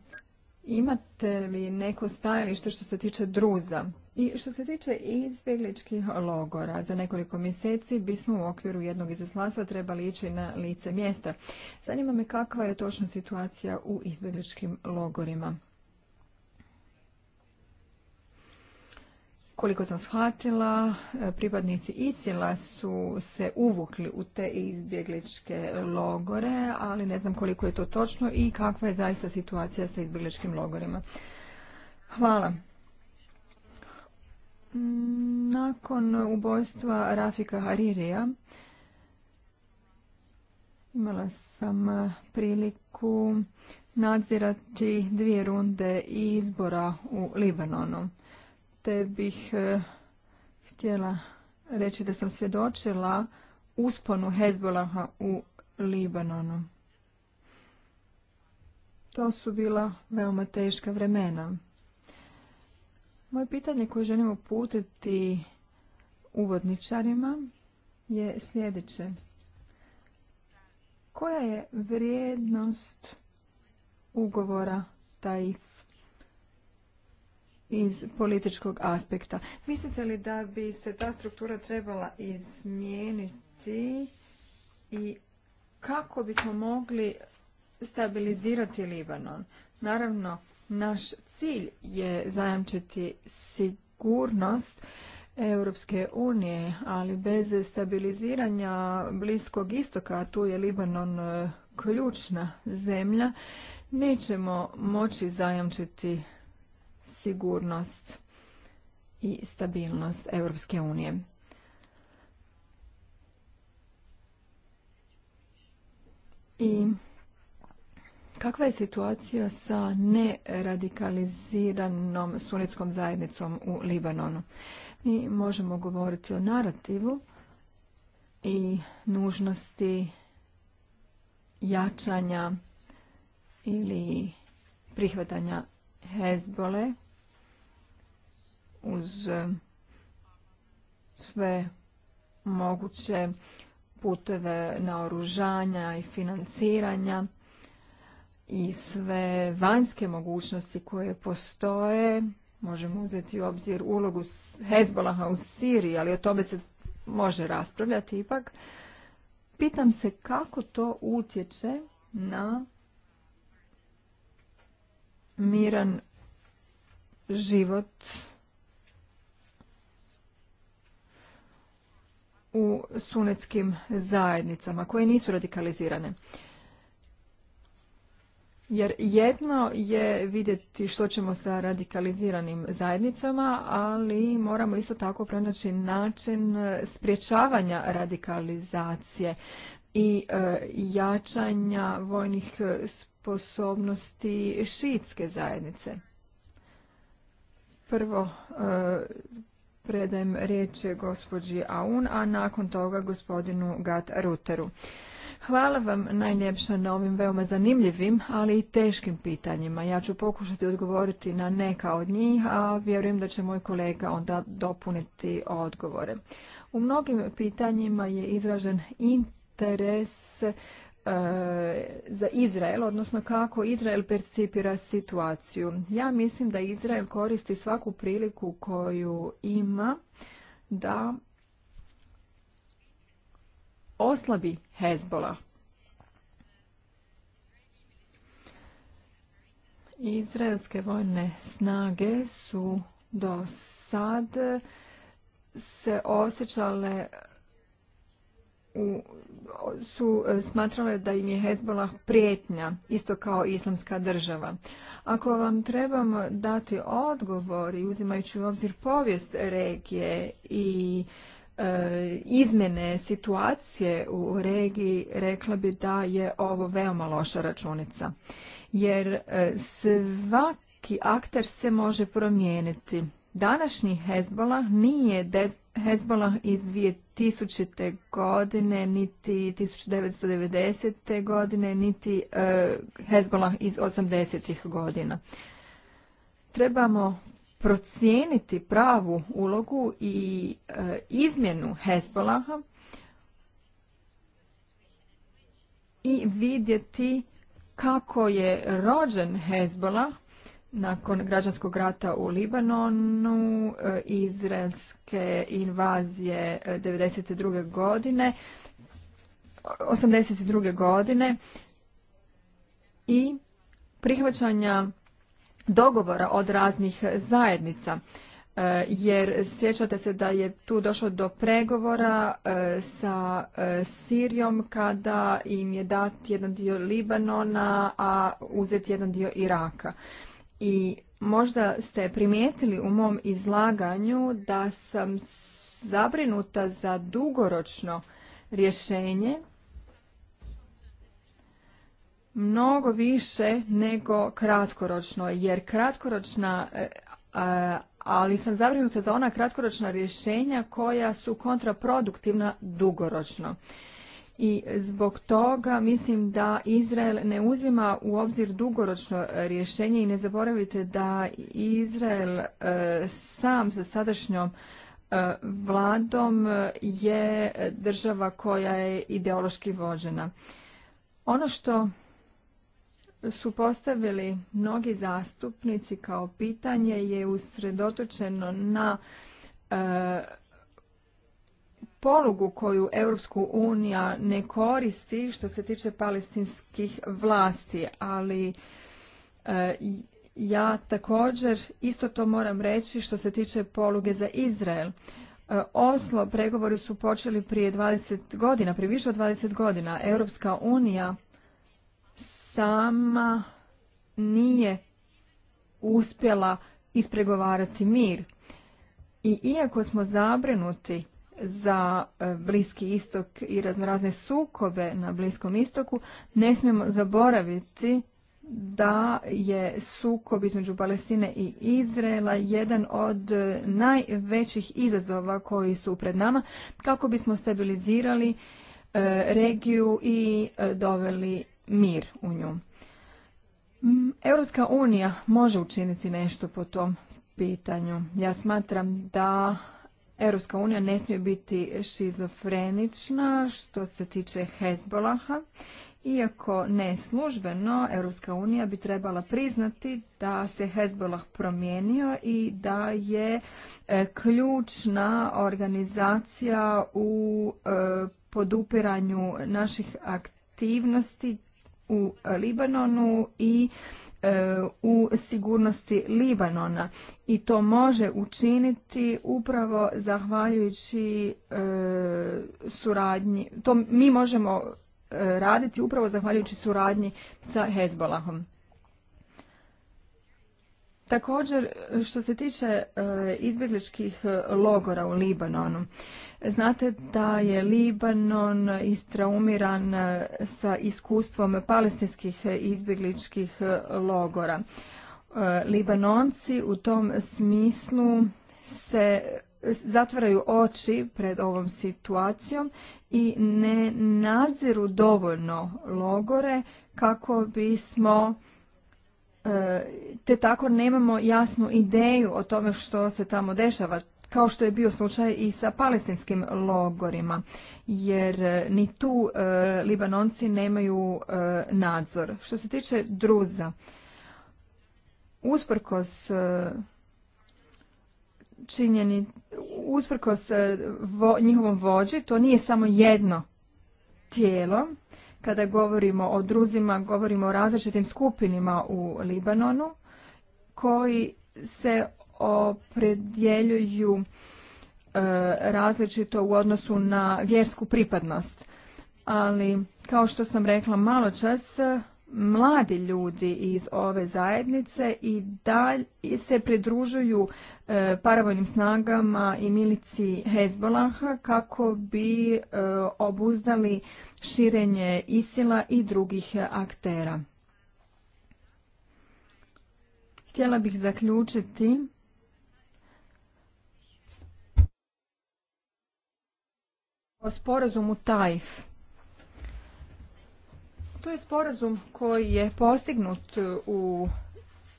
Imate li neko stajalište što se tiče druza? I što se tiče izbjegličkih logora, za nekoliko mjeseci bismo u okviru jednog izaslanstva trebali ići na lice mjesta. Zanima me kakva je točno situacija u izbjegličkim logorima. Koliko sam shvatila, e, pripadnici Isila su se uvukli u te izbjegličke logore, ali ne znam koliko je to točno i kakva je zaista situacija sa izbjegličkim logorima. Hvala. Nakon ubojstva Rafika Haririja imala sam e, priliku nadzirati dvije runde izbora u Libanonu te bih e, htjela reći da sam svjedočila usponu Hezbolaha u Libanonu. To su bila veoma teška vremena. Moje pitanje koje želim uputiti uvodničarima je sljedeće. Koja je vrijednost ugovora taj iz političkog aspekta. Mislite li da bi se ta struktura trebala izmijeniti i kako bismo mogli stabilizirati Libanon? Naravno, naš cilj je zajamčiti sigurnost Europske unije, ali bez stabiliziranja Bliskog istoka, a tu je Libanon e, ključna zemlja, nećemo moći zajamčiti sigurnost i stabilnost Europske unije. I kakva je situacija sa neradikaliziranom sunetskom zajednicom u Libanonu? Mi možemo govoriti o narativu i nužnosti jačanja ili prihvatanja Hezbole uz eh, sve moguće puteve naoružanja i financiranja i sve vanjske mogućnosti koje postoje. Možemo uzeti u obzir ulogu Hezbolaha u Siriji, ali o tome se može raspravljati ipak. Pitam se kako to utječe na miran život u sunetskim zajednicama koje nisu radikalizirane. Jer jedno je vidjeti što ćemo sa radikaliziranim zajednicama, ali moramo isto tako pronaći način sprječavanja radikalizacije i e, jačanja vojnih sposobnosti šiitske zajednice. Prvo e, predajem riječ gospođi Aun, a nakon toga gospodinu Gat Ruteru. Hvala vam najljepša na ovim veoma zanimljivim, ali i teškim pitanjima. Ja ću pokušati odgovoriti na neka od njih, a vjerujem da će moj kolega onda dopuniti odgovore. U mnogim pitanjima je izražen interes Eh, za Izrael, odnosno kako Izrael percipira situaciju. Ja mislim da Izrael koristi svaku priliku koju ima da oslabi Hezbola. Izraelske vojne snage su do sad se osjećale su e, smatrale da im je Hezbollah prijetnja, isto kao islamska država. Ako vam trebamo dati odgovor i uzimajući u obzir povijest regije i e, izmjene situacije u regiji, rekla bi da je ovo veoma loša računica. Jer e, svaki akter se može promijeniti. Današnji Hezbollah nije Hezbollah iz 2000. godine, niti 1990. godine, niti e, Hezbollah iz 80. godina. Trebamo procijeniti pravu ulogu i e, izmjenu Hezbolaha i vidjeti kako je rođen Hezbolah nakon građanskog rata u Libanonu, e, izraelske invazije 1992. E, godine, 82. godine i prihvaćanja dogovora od raznih zajednica. E, jer sjećate se da je tu došlo do pregovora sa Sirijom kada im je dat jedan dio Libanona, a uzet jedan dio Iraka i možda ste primijetili u mom izlaganju da sam zabrinuta za dugoročno rješenje mnogo više nego kratkoročno, jer kratkoročna, e, ali sam zabrinuta za ona kratkoročna rješenja koja su kontraproduktivna dugoročno i zbog toga mislim da Izrael ne uzima u obzir dugoročno rješenje i ne zaboravite da Izrael e, sam sa sadašnjom e, vladom je država koja je ideološki vođena. Ono što su postavili mnogi zastupnici kao pitanje je usredotočeno na e, polugu koju Europsku unija ne koristi što se tiče palestinskih vlasti, ali e, ja također isto to moram reći što se tiče poluge za Izrael. E, Oslo pregovori su počeli prije 20 godina, prije više od 20 godina. Europska unija sama nije uspjela ispregovarati mir. I iako smo zabrinuti za e, Bliski istok i raznorazne sukobe na Bliskom istoku, ne smijemo zaboraviti da je sukob između Palestine i Izraela jedan od e, najvećih izazova koji su pred nama kako bismo stabilizirali e, regiju i doveli mir u nju. Europska unija može učiniti nešto po tom pitanju. Ja smatram da Europska unija ne smije biti šizofrenična što se tiče Hezbolaha. Iako neslužbeno, Europska unija bi trebala priznati da se Hezbolah promijenio i da je e, ključna organizacija u e, podupiranju naših aktivnosti u Libanonu i E, u sigurnosti Libanona i to može učiniti upravo zahvaljujući e, suradnji, to mi možemo e, raditi upravo zahvaljujući suradnji sa Hezbolahom. Također, što se tiče e, izbjegličkih e, logora u Libanonu, znate da je Libanon istraumiran e, sa iskustvom palestinskih izbjegličkih logora. Libanonci u tom smislu se zatvaraju oči pred ovom situacijom i ne nadziru dovoljno logore kako bismo E, te tako nemamo jasnu ideju o tome što se tamo dešava, kao što je bio slučaj i sa palestinskim logorima, jer e, ni tu e, libanonci nemaju nadzor. Što se tiče druza, usprkos činjeni, usprkos njihovom vođi, to nije samo jedno tijelo, kada govorimo o druzima, govorimo o različitim skupinima u Libanonu koji se opredjeljuju e, različito u odnosu na vjersku pripadnost. Ali, kao što sam rekla malo čas, mladi ljudi iz ove zajednice i dalje se pridružuju e, paravojnim snagama i milici Hezbolaha kako bi e, obuzdali širenje Isila i drugih aktera. Htjela bih zaključiti o sporazumu TAIF. To je sporazum koji je postignut u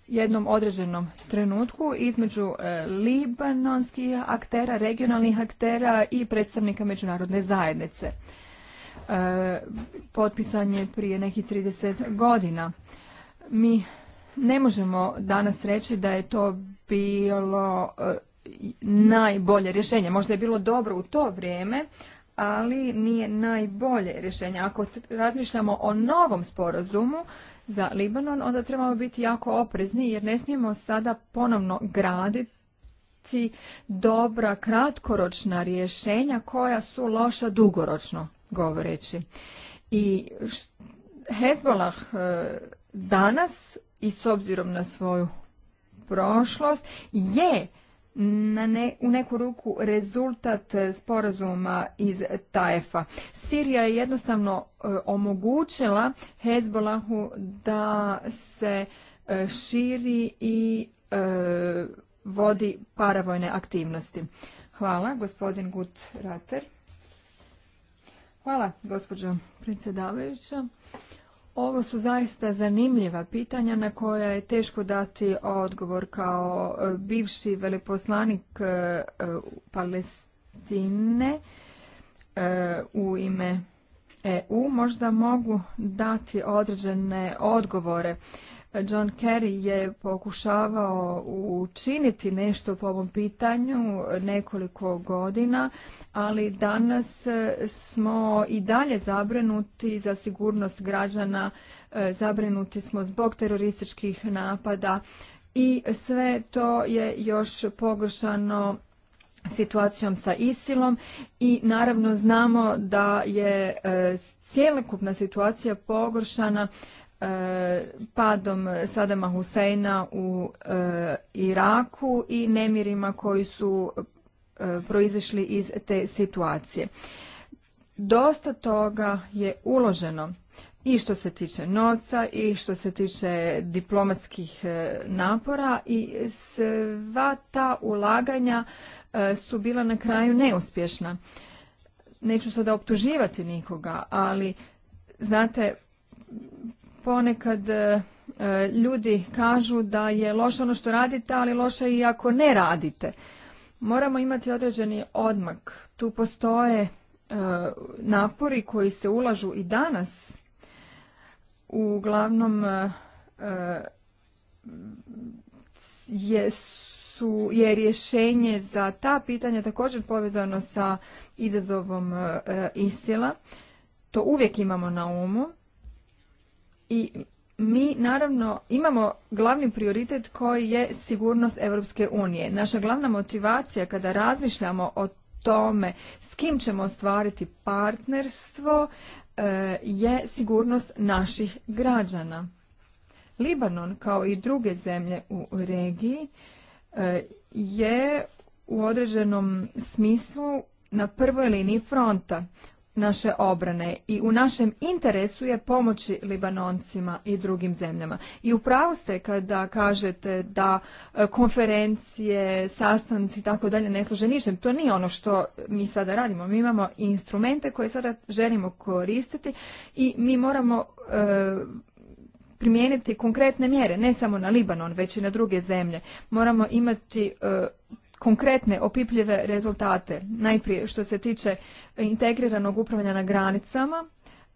jednom određenom trenutku između e, libanonskih aktera, regionalnih aktera i predstavnika međunarodne zajednice. E, potpisan je prije nekih 30 godina. Mi ne možemo danas reći da je to bilo e, najbolje rješenje. Možda je bilo dobro u to vrijeme, ali nije najbolje rješenje. Ako razmišljamo o novom sporazumu za Libanon, onda trebamo biti jako oprezni jer ne smijemo sada ponovno graditi dobra kratkoročna rješenja koja su loša dugoročno govoreći. I Hezbolah e, danas i s obzirom na svoju prošlost je na u neku ruku rezultat e, sporazuma iz Tajefa. Sirija je jednostavno e, omogućila Hezbolahu da se širi i vodi paravojne aktivnosti. Hvala, gospodin Gut Rater. Hvala, gospođo predsjedavajuća. Ovo su zaista zanimljiva pitanja na koja je teško dati odgovor kao e, bivši veleposlanik e, e, Palestine u ime EU. Možda mogu dati određene odgovore John Kerry je pokušavao učiniti nešto po ovom pitanju nekoliko godina, ali danas smo i dalje zabrenuti za sigurnost građana, e, zabrinuti smo zbog terorističkih napada i sve to je još pogoršano situacijom sa Isilom i naravno znamo da je e, cjelokupna situacija pogoršana E, padom Sadama Huseina u e, Iraku i nemirima koji su e, proizišli iz te situacije. Dosta toga je uloženo i što se tiče novca i što se tiče diplomatskih napora i sva ta ulaganja su bila na kraju neuspješna. Neću sada optuživati nikoga, ali znate ponekad e, e, ljudi kažu da je loše ono što radite, ali loše i ako ne radite. Moramo imati određeni odmak. Tu postoje e, napori koji se ulažu i danas uglavnom je, je rješenje za ta pitanja također povezano sa izazovom isjela. To uvijek imamo na umu i mi naravno imamo glavni prioritet koji je sigurnost Europske unije. Naša glavna motivacija kada razmišljamo o tome s kim ćemo ostvariti partnerstvo e, je sigurnost naših građana. Libanon kao i druge zemlje u regiji e, je u određenom smislu na prvoj liniji fronta naše obrane i u našem interesu je pomoći Libanoncima i drugim zemljama. I upravo ste kada kažete da e, konferencije, sastanci i tako dalje ne služe ničem. To nije ono što mi sada radimo. Mi imamo instrumente koje sada želimo koristiti i mi moramo e, primijeniti konkretne mjere, ne samo na Libanon, već i na druge zemlje. Moramo imati e, konkretne opipljive rezultate. Najprije što se tiče integriranog upravljanja na granicama,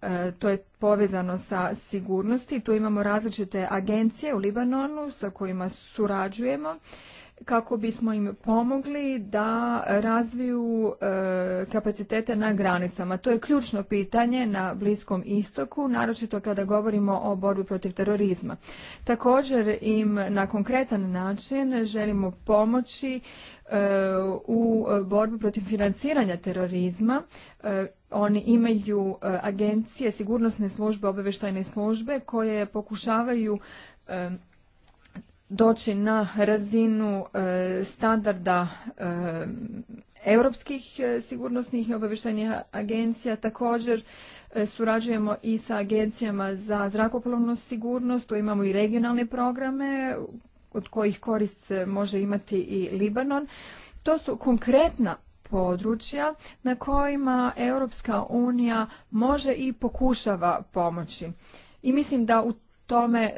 e, to je povezano sa sigurnosti. Tu imamo različite agencije u Libanonu sa kojima surađujemo kako bismo im pomogli da razviju e, kapacitete na granicama. To je ključno pitanje na Bliskom istoku, naročito kada govorimo o borbi protiv terorizma. Također im na konkretan način želimo pomoći e, u borbi protiv financiranja terorizma. E, oni imaju agencije, sigurnosne službe, obavještajne službe koje pokušavaju doći na razinu e, standarda e, europskih e, sigurnosnih i obavještajnih agencija. Također surađujemo i sa agencijama za zrakoplovnu sigurnost. Tu imamo i regionalne programe od kojih korist može imati i Libanon. To su konkretna područja na kojima Europska unija može i pokušava pomoći. I mislim da u tome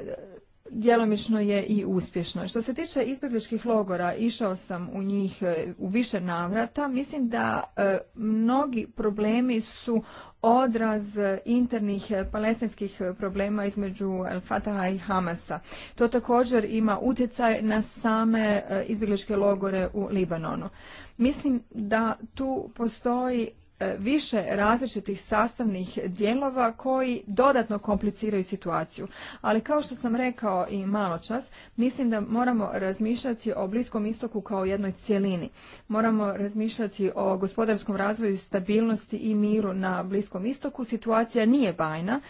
djelomično je i uspješno. Što se tiče izbjegličkih logora, išao sam u njih e, u više navrata. Mislim da e, mnogi problemi su odraz internih e, palestinskih problema između El Fataha i Hamasa. To također ima utjecaj na same izbjegličke logore u Libanonu. Mislim da tu postoji E, više različitih sastavnih dijelova koji dodatno kompliciraju situaciju. Ali kao što sam rekao i malo čas, mislim da moramo razmišljati o Bliskom istoku kao jednoj cjelini. Moramo razmišljati o gospodarskom razvoju, stabilnosti i miru na Bliskom istoku. Situacija nije bajna,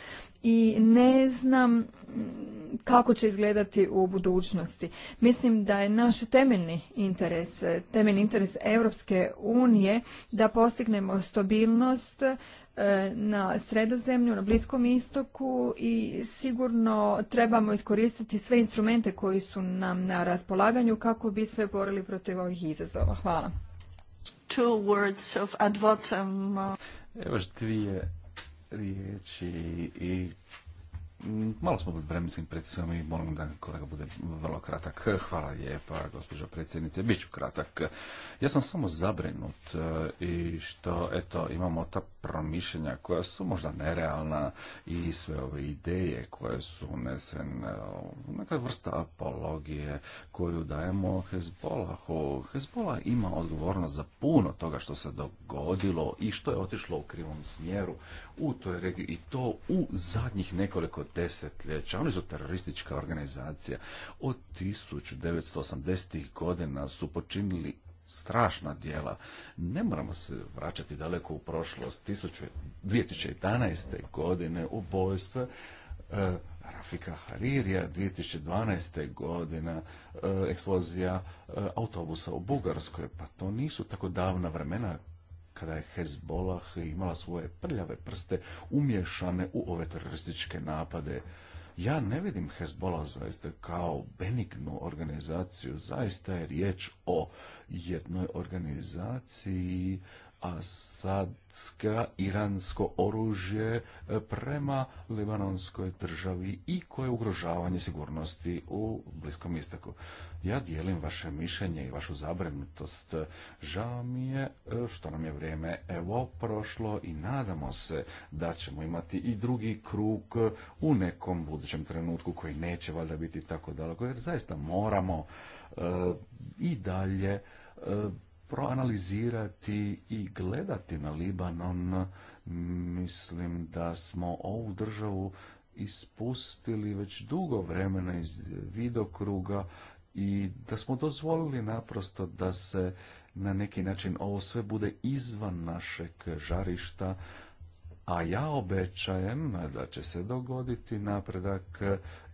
i ne znam kako će izgledati u budućnosti. Mislim da je naš temeljni interes, temeljni interes Europske unije da postignemo stabilnost e, na sredozemlju, na Bliskom istoku i sigurno trebamo iskoristiti sve instrumente koji su nam na raspolaganju kako bi se borili protiv ovih izazova. Hvala. Two words of riječi i Mm, malo smo pod vremenskim pritiskom i molim da kolega bude vrlo kratak. Hvala lijepa, gospođo predsjednice. Biću kratak. Ja sam samo zabrinut e, i što, eto, imamo ta promišljenja koja su možda nerealna i sve ove ideje koje su unesene, neka vrsta apologije koju dajemo Hezbolahu. Hezbola ima odgovornost za puno toga što se dogodilo i što je otišlo u krivom smjeru u toj regiji i to u zadnjih nekoliko desetljeća. Oni su teroristička organizacija. Od 1980. godina su počinili strašna djela. Ne moramo se vraćati daleko u prošlost. 2011. godine ubojstva e, Rafika Haririja 2012. godina e, eksplozija e, autobusa u Bugarskoj, pa to nisu tako davna vremena kada je Hezbollah imala svoje prljave prste umješane u ove terorističke napade. Ja ne vidim Hezbollah zaista kao benignu organizaciju, zaista je riječ o jednoj organizaciji asadska iransko oružje e, prema libanonskoj državi i koje ugrožavanje sigurnosti u Bliskom istoku. Ja dijelim vaše mišljenje i vašu zabrinutost. Žao mi je e, što nam je vrijeme evo prošlo i nadamo se da ćemo imati i drugi krug u nekom budućem trenutku koji neće valjda biti tako daleko jer zaista moramo e, i dalje e, proanalizirati i gledati na Libanon. Mislim da smo ovu državu ispustili već dugo vremena iz vidokruga i da smo dozvolili naprosto da se na neki način ovo sve bude izvan našeg žarišta, a ja obećajem da će se dogoditi napredak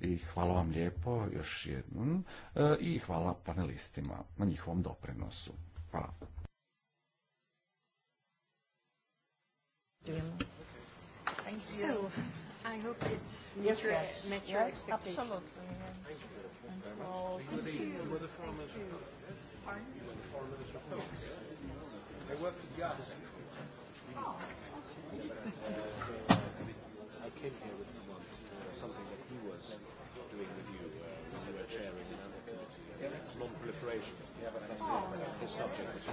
i hvala vam lijepo još jednom e, i hvala panelistima na njihovom doprinosu. Hvala. Thank you. I hope it's yes, yes you, I worked with before. here something that he was doing with you uh, when you were another proliferation Yeah, but I subject.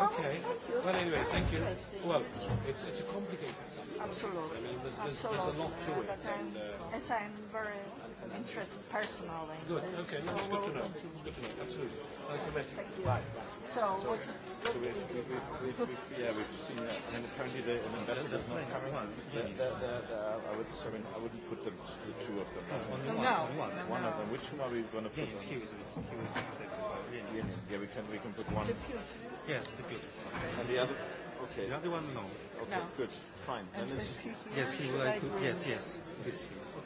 Okay. Well, anyway, thank you. Well, it's, it's a complicated subject. Absolutely. I mean, there's, there's, there's a lot And, uh, interest personally. Good, okay, good to good to know, absolutely. you. Thank you. So, what, we've, yeah, we've seen that, and apparently the, investor is not coming I would, I wouldn't put them, the two of them. No, no, one, one of them. Which one are we going to put we can, put one. Yes, the And the other? Okay. The other one, no. Okay, good, fine. And yes, he would like to, yes, yes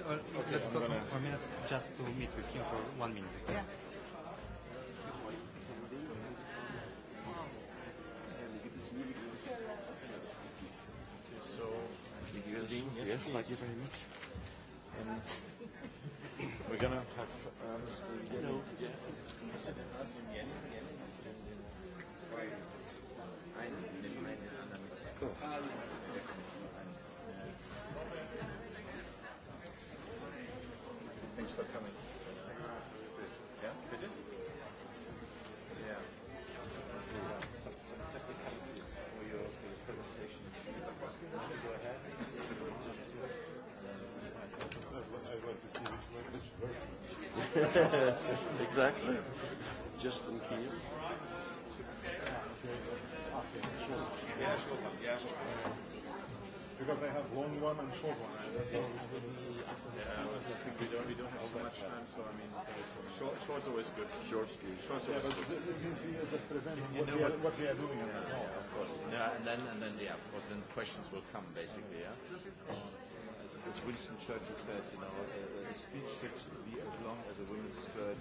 or okay, let's go gonna... for minutes just to meet with him for one minute. Yeah. So, yes, thank you very much. And we're gonna have um, Exactly. Just in case. Because I have long one and short one. Yeah, I think we don't, we don't have so much time, so I mean, short, short's always good. Short good. Short's always yeah, but good. it means we have prevent you what, know, we are, what we are doing. Yeah, yeah, yeah, of course. Yeah, and then, and then, yeah, of course, then questions will come, basically, yeah? Uh, as Winston Churchill said, you know, a uh, uh, speech should be as long as a woman's skirt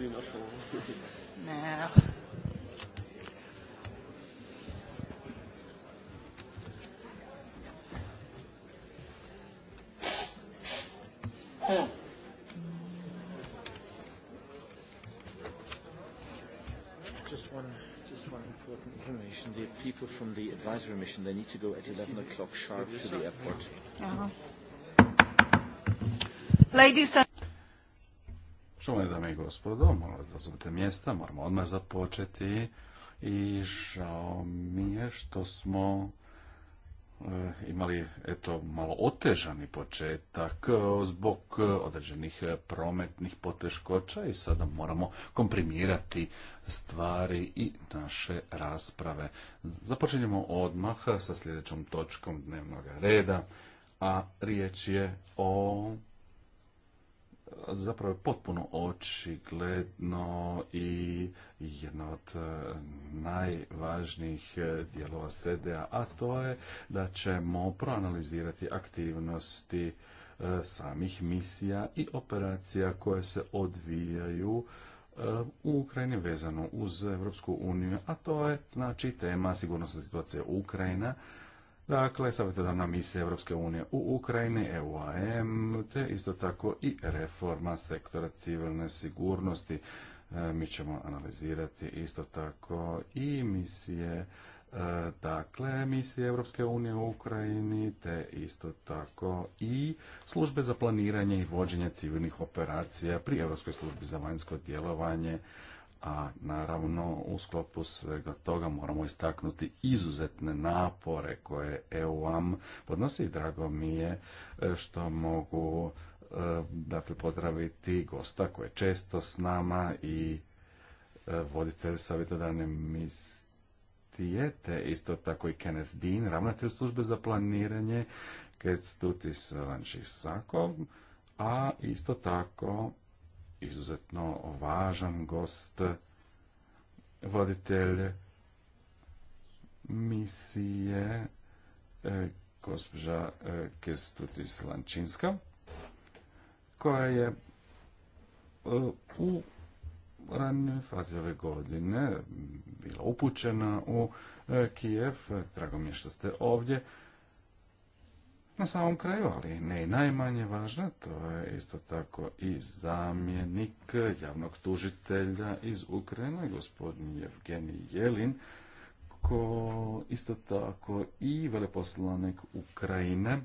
No. Just one, just information. The people from the advisory mission, they need to go at 11 o'clock sharp to the airport. Uh -huh. Ladies and Čuvane dame i gospodo, molim vas da mjesta, moramo odmah započeti i žao mi je što smo eh, imali eto malo otežani početak eh, zbog eh, određenih prometnih poteškoća i sada moramo komprimirati stvari i naše rasprave. Započinjemo odmah sa sljedećom točkom dnevnog reda, a riječ je o zapravo potpuno očigledno i jedna od e, najvažnijih e, dijelova SEDEA, a to je da ćemo proanalizirati aktivnosti e, samih misija i operacija koje se odvijaju u Ukrajini vezano uz Europsku uniju, a to je znači tema sigurnosna situacija Ukrajina, Dakle, savjetodavna misija Europske unije u Ukrajini, EUAM, te isto tako i reforma sektora civilne sigurnosti. E, mi ćemo analizirati isto tako i misije e, dakle misije Europske unije u Ukrajini te isto tako i službe za planiranje i vođenje civilnih operacija pri Europskoj službi za vanjsko djelovanje a naravno u sklopu svega toga moramo istaknuti izuzetne napore koje EUAM podnosi i drago mi je e, što mogu e, dakle pozdraviti gosta koji je često s nama i e, voditelj savjetodavne misije isto tako i Kenneth Dean, ravnatelj službe za planiranje, Kestutis a isto tako izuzetno važan gost, voditelj misije e, gospođa e, Kestutis Lančinska, koja je e, u ranoj fazi ove godine bila upućena u Kijev. Drago mi je što ste ovdje. Na samom kraju, ali ne i najmanje važna, to je isto tako i zamjenik javnog tužitelja iz Ukrajine, gospodin Evgenij Jelin, ko isto tako i veleposlanik Ukrajine,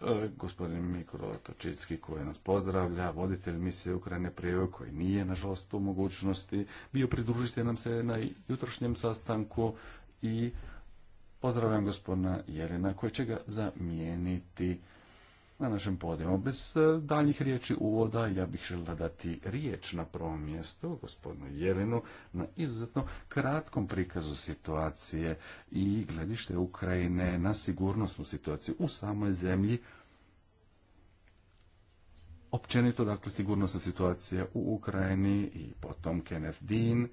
e, gospodin Mikro Točicki koji nas pozdravlja, voditelj misije Ukrajine prije koji nije nažalost u mogućnosti, bio pridružite nam se na jutrošnjem sastanku i Pozdravljam gospodina Jelena koji će ga zamijeniti na našem podijemu. Bez e, daljih riječi uvoda ja bih želila dati riječ na prvom mjestu gospodinu Jelenu na izuzetno kratkom prikazu situacije i gledište Ukrajine na sigurnosnu situaciju u samoj zemlji. Općenito, dakle, sigurnosna situacija u Ukrajini i potom Kenneth Dean,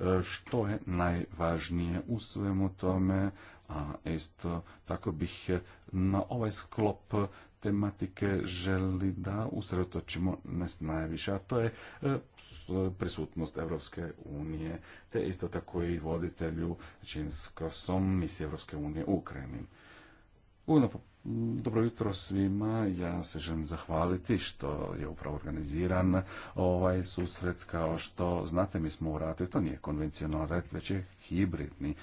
E, što je najvažnije u svemu tome, a isto tako bih na ovaj sklop tematike želi da usredotočimo nas najviše, a to je e, prisutnost Evropske unije, te isto tako i voditelju činskosom misije Evropske unije u Ukrajini. Uvijek. Dobro jutro svima, ja se želim zahvaliti što je upravo organiziran ovaj susret. Kao što znate, mi smo u ratu i to nije konvencionalno rat, već je hibridni e,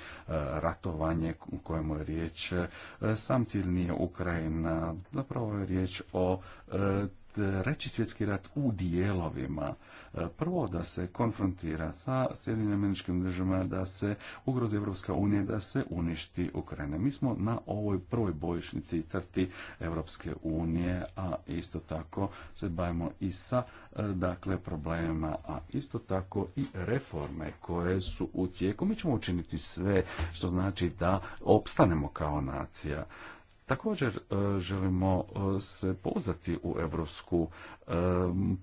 ratovanje u kojemu je riječ e, sam cilj nije Ukrajina, zapravo je riječ o e, Reći svjetski rat u dijelovima. E, prvo da se konfrontira sa Sjedinim američkim državama, da se ugrozi Evropska unija, da se uništi Ukrajina. Mi smo na ovoj prvoj bojišnici crti Evropske unije, a isto tako se bavimo i sa e, dakle problemima, a isto tako i reforme koje su u tijeku. Mi ćemo učiniti sve što znači da opstanemo kao nacija. Također e, želimo e, se pozvati u Europsku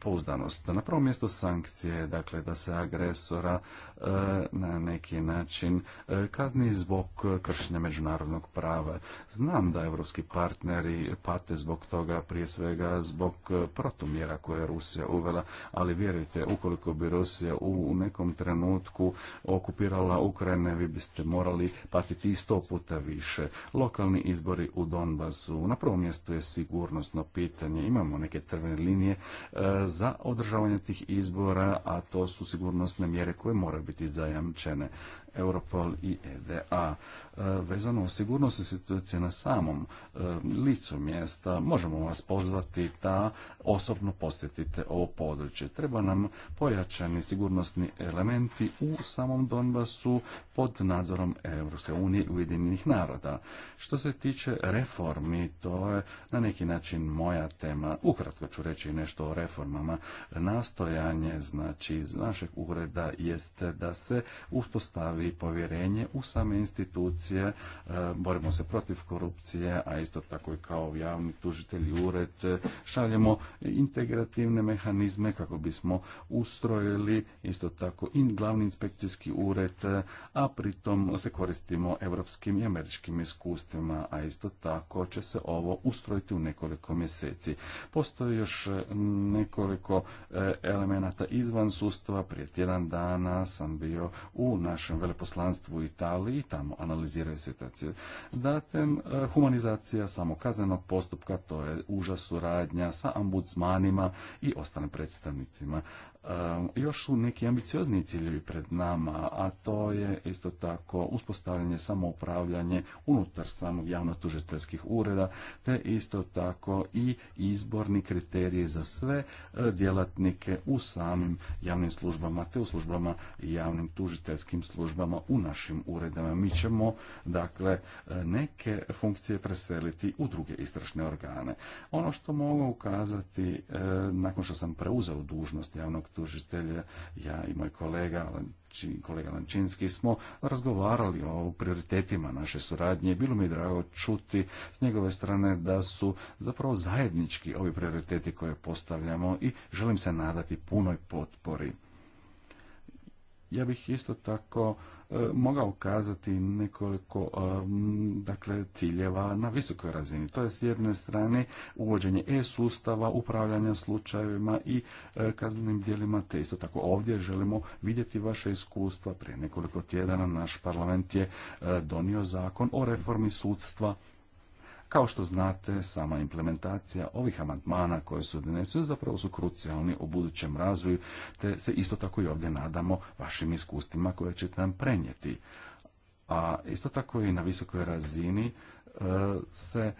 pouzdanost. Na prvom mjestu sankcije, dakle da se agresora e, na neki način e, kazni zbog kršenja međunarodnog prava. Znam da evropski partneri pate zbog toga, prije svega zbog e, protumjera koje je Rusija uvela, ali vjerujte, ukoliko bi Rusija u nekom trenutku okupirala Ukrajine, vi biste morali patiti i sto puta više. Lokalni izbori u Donbasu, na prvom mjestu je sigurnosno pitanje, imamo neke crvene linije E, za održavanje tih izbora, a to su sigurnosne mjere koje moraju biti zajamčene. Europol i EDA. E, vezano o sigurnosti situacije na samom e, licu mjesta, možemo vas pozvati da osobno posjetite ovo područje. Treba nam pojačani sigurnosni elementi u samom Donbasu pod nadzorom Europske unije i Ujedinjenih naroda. Što se tiče reformi, to je na neki način moja tema. Ukratko ću reći nešto o reformama. Nastojanje, znači, iz našeg ureda jeste da se uspostavi i povjerenje u same institucije. E, borimo se protiv korupcije, a isto tako i kao javni tužitelj i ured e, šaljemo integrativne mehanizme kako bismo ustrojili isto tako i glavni inspekcijski ured, e, a pritom se koristimo europskim i američkim iskustvima, a isto tako će se ovo ustrojiti u nekoliko mjeseci. Postoji još nekoliko elemenata izvan sustava. Prije tjedan dana sam bio u našem veleposlanstvu u Italiji, tamo analiziraju situaciju. Zatim e, humanizacija samo kaznenog postupka, to je užas suradnja sa ambudsmanima i ostalim predstavnicima još su neki ambiciozniji ciljevi pred nama, a to je isto tako uspostavljanje samoupravljanje unutar samog javno ureda, te isto tako i izborni kriteriji za sve e, djelatnike u samim javnim službama, te u službama javnim tužiteljskim službama u našim uredama. Mi ćemo, dakle, e, neke funkcije preseliti u druge istražne organe. Ono što mogu ukazati, e, nakon što sam preuzeo dužnost javnog tužitelja, ja i moj kolega, kolega Lančinski, smo razgovarali o prioritetima naše suradnje. Bilo mi je drago čuti s njegove strane da su zapravo zajednički ovi prioriteti koje postavljamo i želim se nadati punoj potpori. Ja bih isto tako E, mogao kazati nekoliko e, dakle, ciljeva na visokoj razini. To je s jedne strane uvođenje e-sustava, upravljanja slučajevima i e, kaznenim dijelima. te isto tako ovdje želimo vidjeti vaše iskustva. Prije nekoliko tjedana naš parlament je donio zakon o reformi sudstva kao što znate, sama implementacija ovih amandmana koje su donesu zapravo su krucijalni u budućem razvoju, te se isto tako i ovdje nadamo vašim iskustvima koje ćete nam prenijeti. A isto tako i na visokoj razini se e,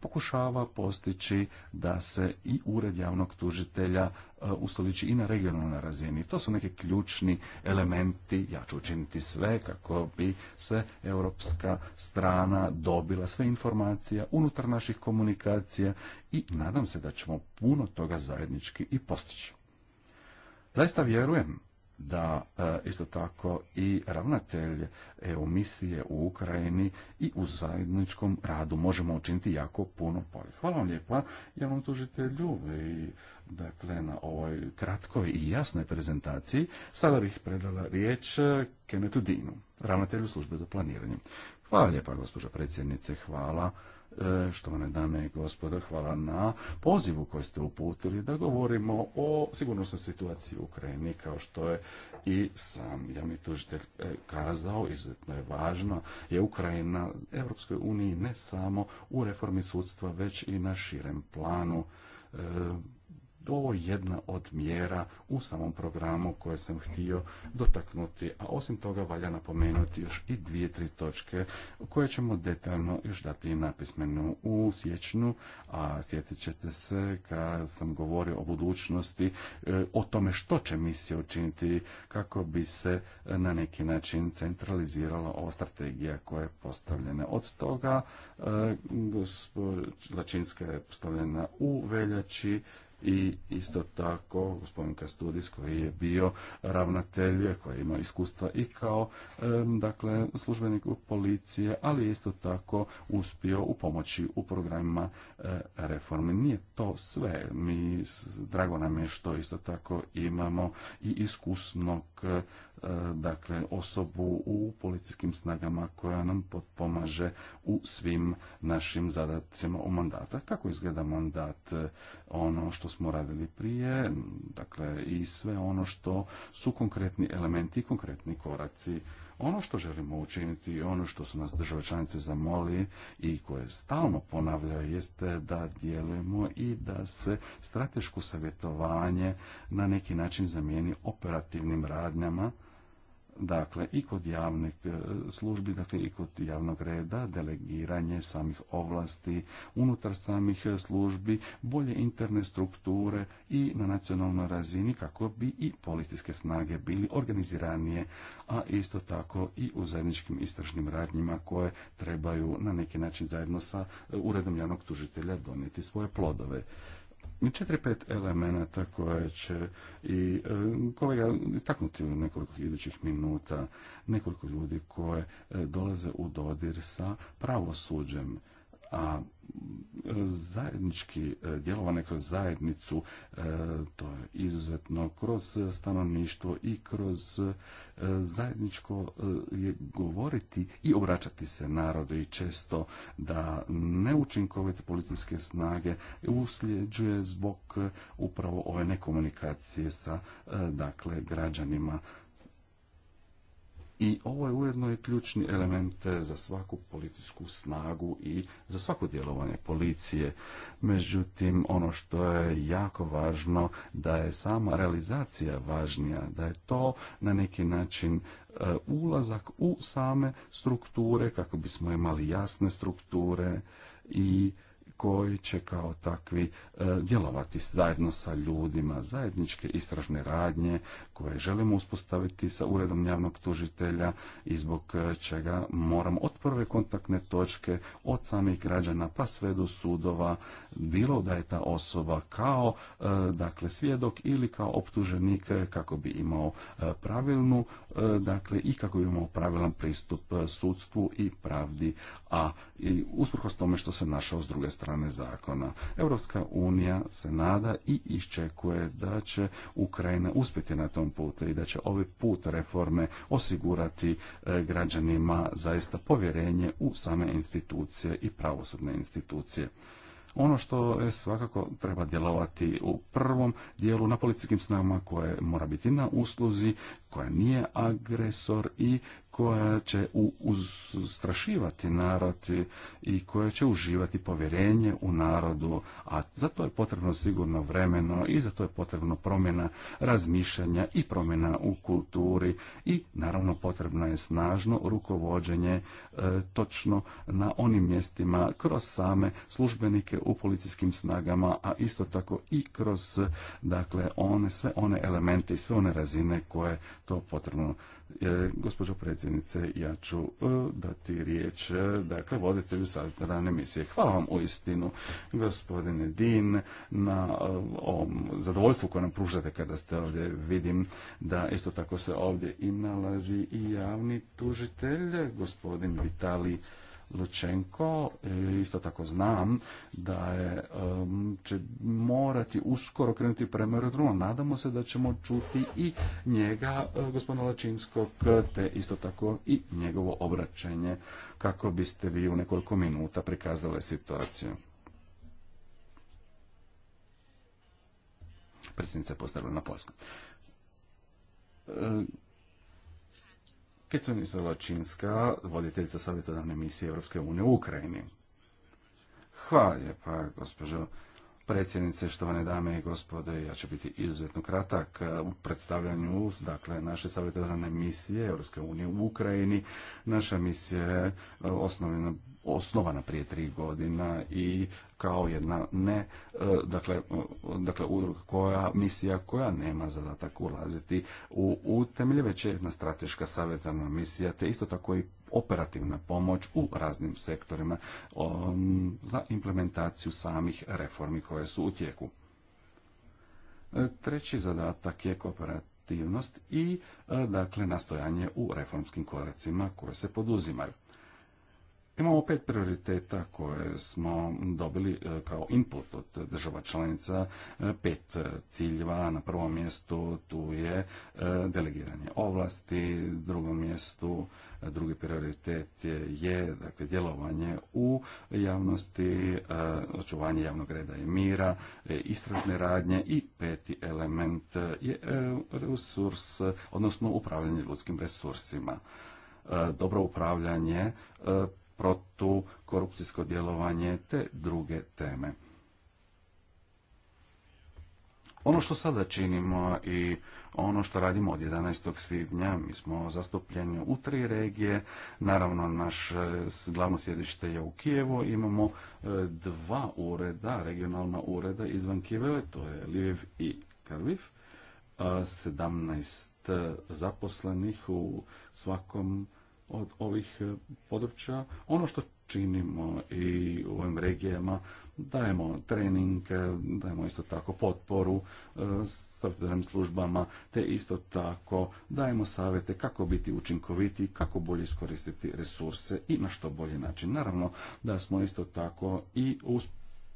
pokušava postići da se i ured javnog tužitelja e, ustoliči i na regionalnoj razini. To su neki ključni elementi, ja ću učiniti sve kako bi se europska strana dobila sve informacija unutar naših komunikacija i nadam se da ćemo puno toga zajednički i postići. Zaista vjerujem da e, isto tako i ravnatelj EU misije u Ukrajini i u zajedničkom radu možemo učiniti jako puno bolje. Hvala vam lijepa tužite tužitelju e, i dakle na ovoj kratkoj i jasnoj prezentaciji. Sada bih predala riječ e, Kenetu Dinu, ravnatelju službe za planiranje. Hvala lijepa gospođo predsjednice, hvala E, štovane dame i gospodo, hvala na pozivu koji ste uputili da govorimo o sigurnosnoj situaciji u Ukrajini, kao što je i sam javni tužitelj e, kazao, izuzetno je važno, je Ukrajina Evropskoj uniji ne samo u reformi sudstva, već i na širem planu e, ovo je jedna od mjera u samom programu koje sam htio dotaknuti, a osim toga valja napomenuti još i dvije, tri točke koje ćemo detaljno još dati napismenu u siječnju, a sjetit ćete se kad sam govorio o budućnosti, e, o tome što će misija učiniti kako bi se na neki način centralizirala ova strategija koja je postavljena. Od toga e, Lačinska je postavljena u veljači, i isto tako gospodin Kastudis koji je bio ravnatelj, koji ima iskustva i kao dakle službenik policije, ali isto tako uspio u pomoći u programima e, reformi. Nije to sve. Mi drago nam je što isto tako imamo i iskusnog E, dakle osobu u policijskim snagama koja nam potpomaže u svim našim zadacima u mandata. Kako izgleda mandat e, ono što smo radili prije, dakle i sve ono što su konkretni elementi i konkretni koraci ono što želimo učiniti i ono što su nas države članice zamoli i koje stalno ponavljaju jeste da djelujemo i da se strateško savjetovanje na neki način zamijeni operativnim radnjama dakle i kod javnih e, službi, dakle i kod javnog reda, delegiranje samih ovlasti unutar samih e, službi, bolje interne strukture i na nacionalnoj razini kako bi i policijske snage bili organiziranije, a isto tako i u zajedničkim istražnim radnjima koje trebaju na neki način zajedno sa e, Uredom javnog tužitelja donijeti svoje plodove četiri, pet elemenata koje će i e, kolega istaknuti u nekoliko idućih minuta, nekoliko ljudi koje e, dolaze u dodir sa pravosuđem a e, zajednički e, djelovanje kroz zajednicu, e, to je izuzetno kroz stanovništvo i kroz zajedničko je govoriti i obraćati se narodu i često da neučinkovite policijske snage usljeđuje zbog upravo ove nekomunikacije sa dakle građanima i ovo je ujedno i ključni element eh, za svaku policijsku snagu i za svako djelovanje policije. Međutim, ono što je jako važno, da je sama realizacija važnija, da je to na neki način eh, ulazak u same strukture, kako bismo imali jasne strukture i koji će kao takvi e, djelovati zajedno sa ljudima, zajedničke istražne radnje koje želimo uspostaviti sa uredom javnog tužitelja i zbog e, čega moramo od prve kontaktne točke, od samih građana pa sve do sudova, bilo da je ta osoba kao e, dakle svjedok ili kao optuženik kako bi imao pravilnu dakle i kako bi imao pravilan pristup sudstvu i pravdi, a i usprkos tome što se našao s druge strane strane zakona. Europska unija se nada i iščekuje da će Ukrajina uspjeti na tom putu i da će ovaj put reforme osigurati e, građanima zaista povjerenje u same institucije i pravosudne institucije. Ono što je svakako treba djelovati u prvom dijelu na policijskim snagama koje mora biti na usluzi, koja nije agresor i koja će ustrašivati narod i koja će uživati povjerenje u narodu, a za to je potrebno sigurno vremeno i za to je potrebno promjena razmišljanja i promjena u kulturi i naravno potrebno je snažno rukovođenje e, točno na onim mjestima kroz same službenike u policijskim snagama, a isto tako i kroz dakle one sve one elemente i sve one razine koje to potrebno E, gospođo predsjednice, ja ću e, dati riječ, e, dakle, voditelju savjetodavne misije Hvala vam u istinu, gospodine Din, na ovom zadovoljstvu koje nam pružate kada ste ovdje. Vidim da isto tako se ovdje i nalazi i javni tužitelj, gospodin Vitali Lučenko. E, isto tako znam da je, će morati uskoro krenuti prema aerodromu. Nadamo se da ćemo čuti i njega, e, gospodina Lačinskog, te isto tako i njegovo obraćanje kako biste vi u nekoliko minuta prikazali situaciju. Predsjednica je na Poljsku. E, Kecani Zalačinska, voditeljica savjetodavne misije Europske unije u Ukrajini. Hvala lijepa, gospođo predsjednice, štovane dame i gospode, ja ću biti izuzetno kratak u predstavljanju dakle, naše savjetodavne misije Europske unije u Ukrajini. Naša misija je e, osnovna osnovana prije tri godina i kao jedna ne, e, dakle, dakle udruga koja, misija koja nema zadatak ulaziti u, u temelje, već je jedna strateška savjetodana misija, te isto tako i operativna pomoć u raznim sektorima um, za implementaciju samih reformi koje su u tijeku. E, treći zadatak je kooperativnost i e, dakle nastojanje u reformskim koracima koje se poduzimaju. Imamo pet prioriteta koje smo dobili e, kao input od država članica, e, pet e, ciljeva. Na prvom mjestu tu je delegiranje ovlasti, drugom mjestu drugi prioritet je dakle, djelovanje u javnosti, očuvanje javnog reda i mira, istražne radnje i peti element je resurs, odnosno upravljanje ljudskim resursima dobro upravljanje protu korupcijsko djelovanje te druge teme. Ono što sada činimo i ono što radimo od 11. svibnja, mi smo zastupljeni u tri regije, naravno naš glavno sjedište je u Kijevu, imamo e, dva ureda, regionalna ureda izvan Kijeve, to je Lviv i Karviv, 17 e, zaposlenih u svakom od ovih e, područja. Ono što činimo i u ovim regijama, dajemo trening, e, dajemo isto tako potporu e, savjetodavnim službama, te isto tako dajemo savjete kako biti učinkoviti, kako bolje iskoristiti resurse i na što bolji način. Naravno da smo isto tako i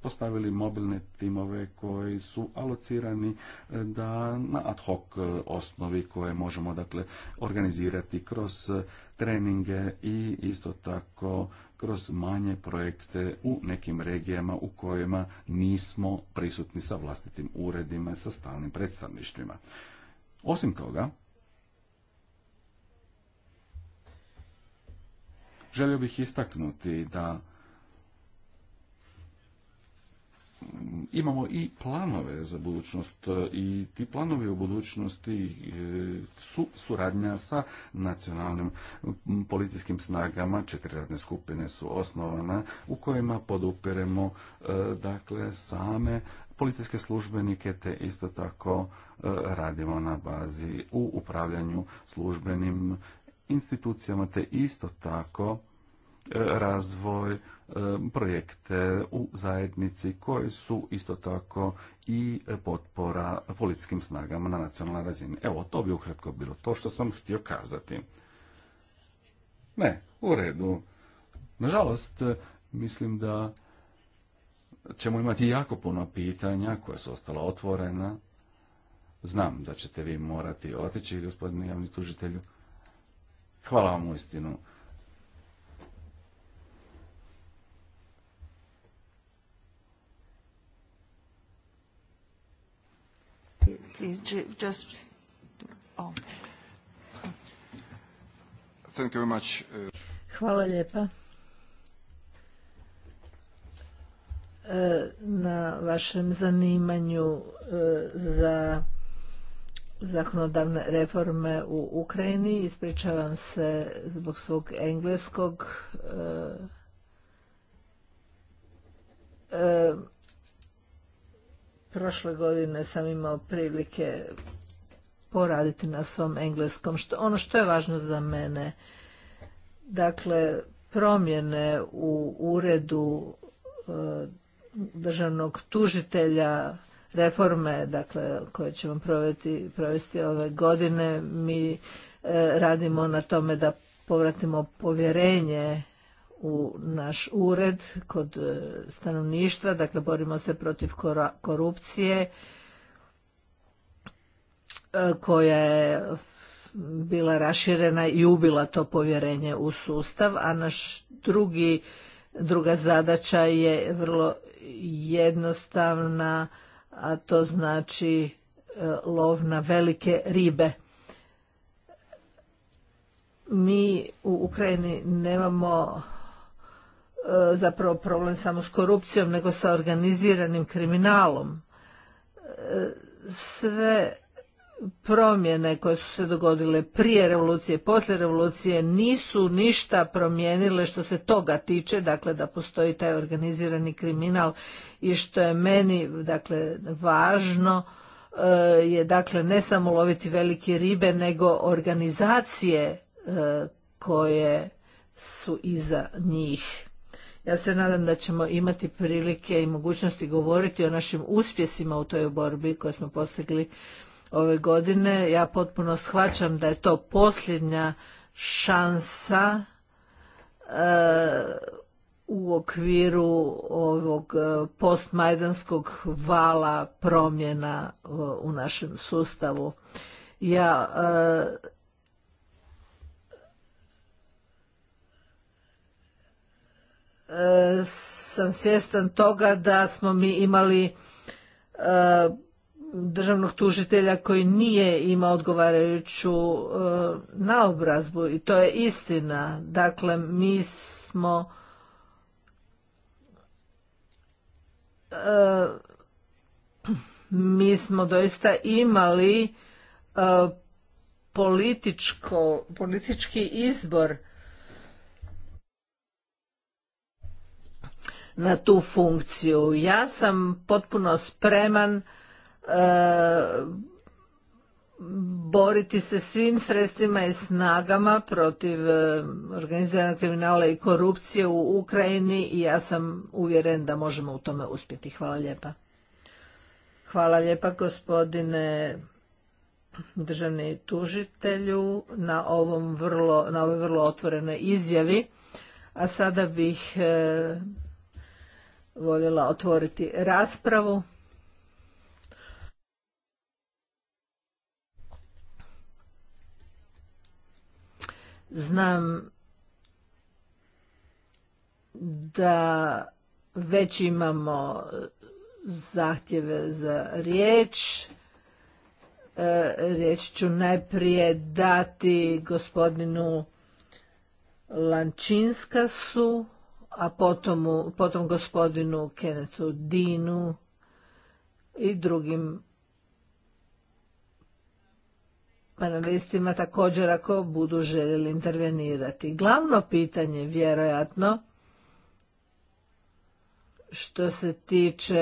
postavili mobilne timove koji su alocirani da na ad hoc osnovi koje možemo dakle organizirati kroz treninge i isto tako kroz manje projekte u nekim regijama u kojima nismo prisutni sa vlastitim uredima, sa stalnim predstavništvima. Osim toga, želio bih istaknuti da imamo i planove za budućnost e, i ti planovi u budućnosti e, su suradnja sa nacionalnim policijskim snagama. Četiri radne skupine su osnovane u kojima podupiremo e, dakle same policijske službenike te isto tako radimo na bazi u upravljanju službenim institucijama te isto tako razvoj e, projekte u zajednici koji su isto tako i potpora policijskim snagama na nacionalnoj razini. Evo, to bi ukratko bilo to što sam htio kazati. Ne, u redu. Nažalost, mislim da ćemo imati jako puno pitanja koja su ostala otvorena. Znam da ćete vi morati otići, gospodine javni tužitelju. Hvala vam u istinu. just oh. uh, Hvala lijepa. E, na vašem zanimanju e, za zakonodavne reforme u Ukrajini. Ispričavam se zbog svog engleskog. E, Prošle godine sam imao prilike poraditi na svom engleskom. Što, ono što je važno za mene, dakle, promjene u uredu e, državnog tužitelja, reforme dakle, koje ćemo provesti, provesti ove godine, mi e, radimo na tome da povratimo povjerenje u naš ured kod e, stanovništva, dakle borimo se protiv korupcije e, koja je bila raširena i ubila to povjerenje u sustav, a naš drugi, druga zadaća je vrlo jednostavna, a to znači e, lov na velike ribe. Mi u Ukrajini nemamo E, zapravo problem samo s korupcijom, nego sa organiziranim kriminalom. E, sve promjene koje su se dogodile prije revolucije, poslije revolucije nisu ništa promijenile što se toga tiče, dakle da postoji taj organizirani kriminal i što je meni dakle važno e, je dakle ne samo loviti velike ribe nego organizacije koje su iza njih. Ja se nadam da ćemo imati prilike i mogućnosti govoriti o našim uspjesima u toj borbi koje smo postigli ove godine. Ja potpuno shvaćam da je to posljednja šansa eh, u okviru ovog eh, postmajdanskog vala promjena eh, u našem sustavu. Ja sam svjestan toga da smo mi imali e, državnog tužitelja koji nije imao odgovarajuću e, naobrazbu i to je istina. Dakle, mi smo e, mi smo doista imali političko, politički izbor na tu funkciju. Ja sam potpuno spreman e, boriti se svim sredstvima i snagama protiv e, organiziranog kriminala i korupcije u Ukrajini i ja sam uvjeren da možemo u tome uspjeti. Hvala lijepa. Hvala lijepa gospodine državni tužitelju na, ovom vrlo, na ovoj vrlo otvorenoj izjavi. A sada bih e, voljela otvoriti raspravu. Znam da već imamo zahtjeve za riječ. E, riječ ću najprije dati gospodinu Lančinskasu a potom, potom gospodinu Kenetu Dinu i drugim panelistima također ako budu željeli intervenirati. Glavno pitanje vjerojatno što se tiče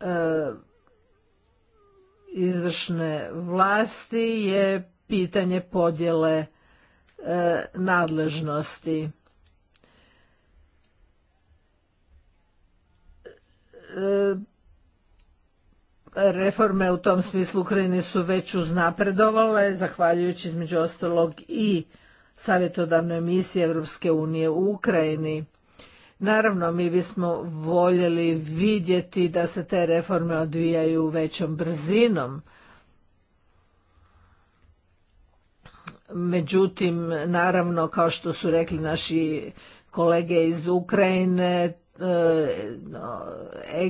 e, izvršne vlasti je pitanje podjele E, nadležnosti. E, reforme u tom smislu Ukrajini su već uznapredovale, zahvaljujući između ostalog i savjetodavnoj misiji Europske unije u Ukrajini. Naravno, mi bismo voljeli vidjeti da se te reforme odvijaju većom brzinom, međutim naravno kao što su rekli naši kolege iz Ukrajine e,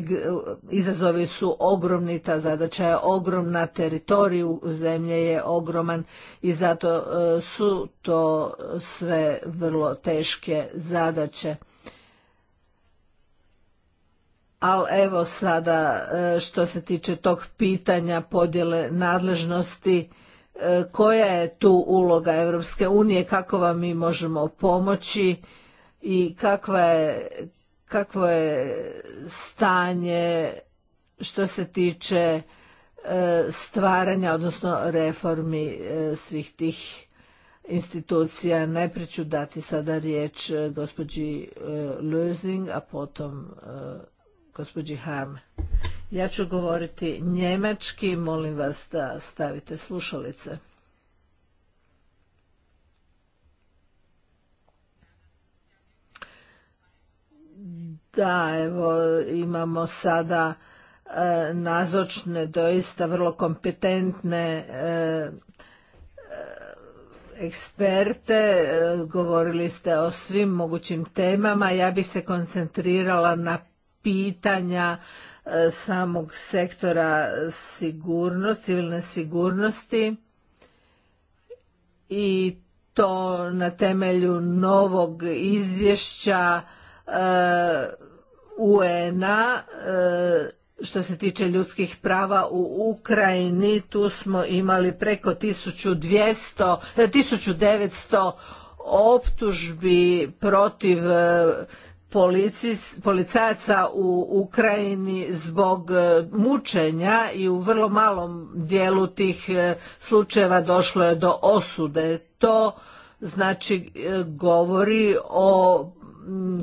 izazovi su ogromni, ta zadaća je ogromna, teritoriju zemlje je ogroman i zato e, su to sve vrlo teške zadaće. Ali evo sada e, što se tiče tog pitanja podjele nadležnosti, E, koja je tu uloga Europske unije, kako vam mi možemo pomoći i kakva je, kakvo je stanje što se tiče e, stvaranja, odnosno reformi e, svih tih institucija. Najprije ću dati sada riječ gospođi Lusing a potom gospođi Harme ja ću govoriti njemački, molim vas da stavite slušalice. Da, evo imamo sada e, nazočne, doista vrlo kompetentne e, e, eksperte, govorili ste o svim mogućim temama, ja bih se koncentrirala na pitanja E, samog sektora sigurnost, civilne sigurnosti i to na temelju novog izvješća e, UN-a e, što se tiče ljudskih prava u Ukrajini tu smo imali preko 1200 1900 optužbi protiv policajaca u Ukrajini zbog e, mučenja i u vrlo malom dijelu tih e, slučajeva došlo je do osude. To znači e, govori o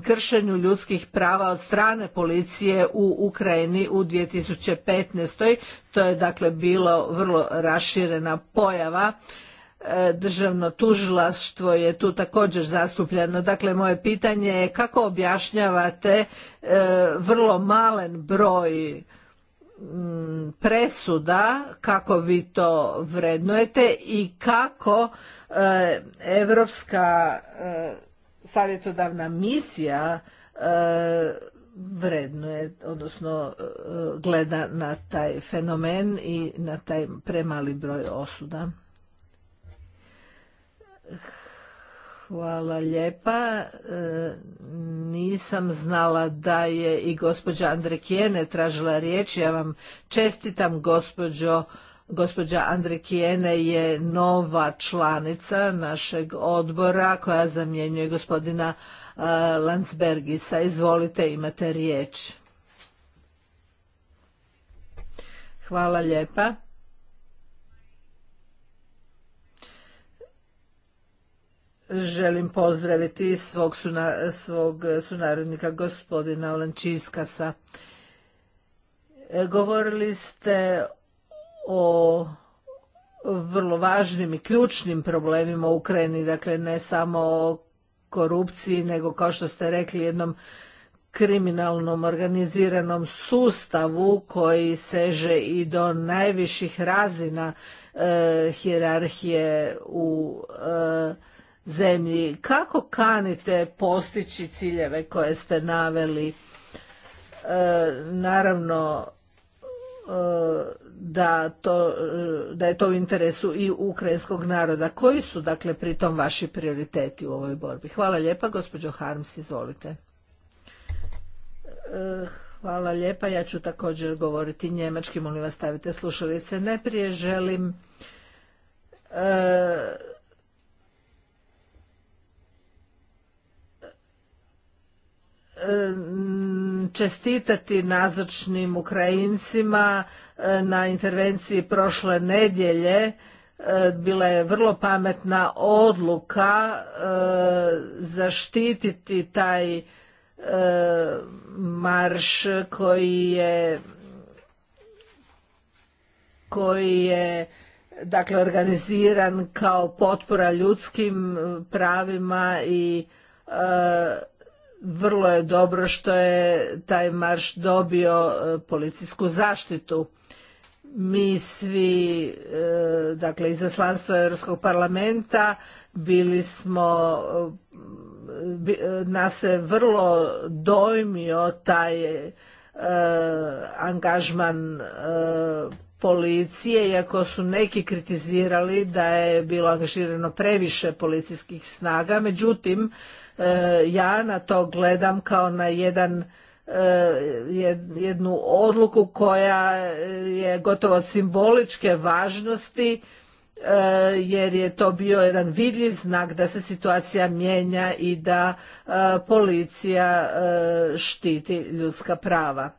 kršenju ljudskih prava od strane policije u Ukrajini u 2015. To je dakle bilo vrlo raširena pojava E, državno tužilaštvo je tu također zastupljeno. Dakle, moje pitanje je kako objašnjavate e, vrlo malen broj presuda, kako vi to vrednujete i kako e, Evropska savjetodavna misija vrednuje, odnosno gleda na taj fenomen i na taj premali broj osuda. Hvala lijepa. E, nisam znala da je i gospođa Andrekijene tražila riječ. Ja vam čestitam gospođo. Gospođa Andrekijene je nova članica našeg odbora koja zamjenjuje gospodina e, Landsbergisa. Izvolite, imate riječ. Hvala lijepa. želim pozdraviti svog, suna, svog sunarodnika gospodina Olančiskasa. E, govorili ste o vrlo važnim i ključnim problemima u Ukrajini, dakle ne samo o korupciji, nego kao što ste rekli jednom kriminalnom organiziranom sustavu koji seže i do najviših razina e, hjerarhije u e, zemlji. Kako kanite postići ciljeve koje ste naveli? E, naravno e, da, to, da je to u interesu i ukrajinskog naroda. Koji su dakle pritom vaši prioriteti u ovoj borbi? Hvala lijepa, gospođo Harms, izvolite. E, hvala lijepa, ja ću također govoriti njemački, molim vas stavite slušalice. Ne želim čestitati nazočnim Ukrajincima e, na intervenciji prošle nedjelje. E, bila je vrlo pametna odluka e, zaštititi taj marš koji je koji je dakle organiziran kao potpora ljudskim pravima i vrlo je dobro što je taj marš dobio e, policijsku zaštitu. Mi svi, e, dakle izaslanstvo Europskog parlamenta, bili smo, e, nas je vrlo dojmio taj angažman policije, iako su neki kritizirali da je bilo angažirano previše policijskih snaga, međutim E, ja na to gledam kao na jedan e, jednu odluku koja je gotovo simboličke važnosti e, jer je to bio jedan vidljiv znak da se situacija mijenja i da policija štiti ljudska prava.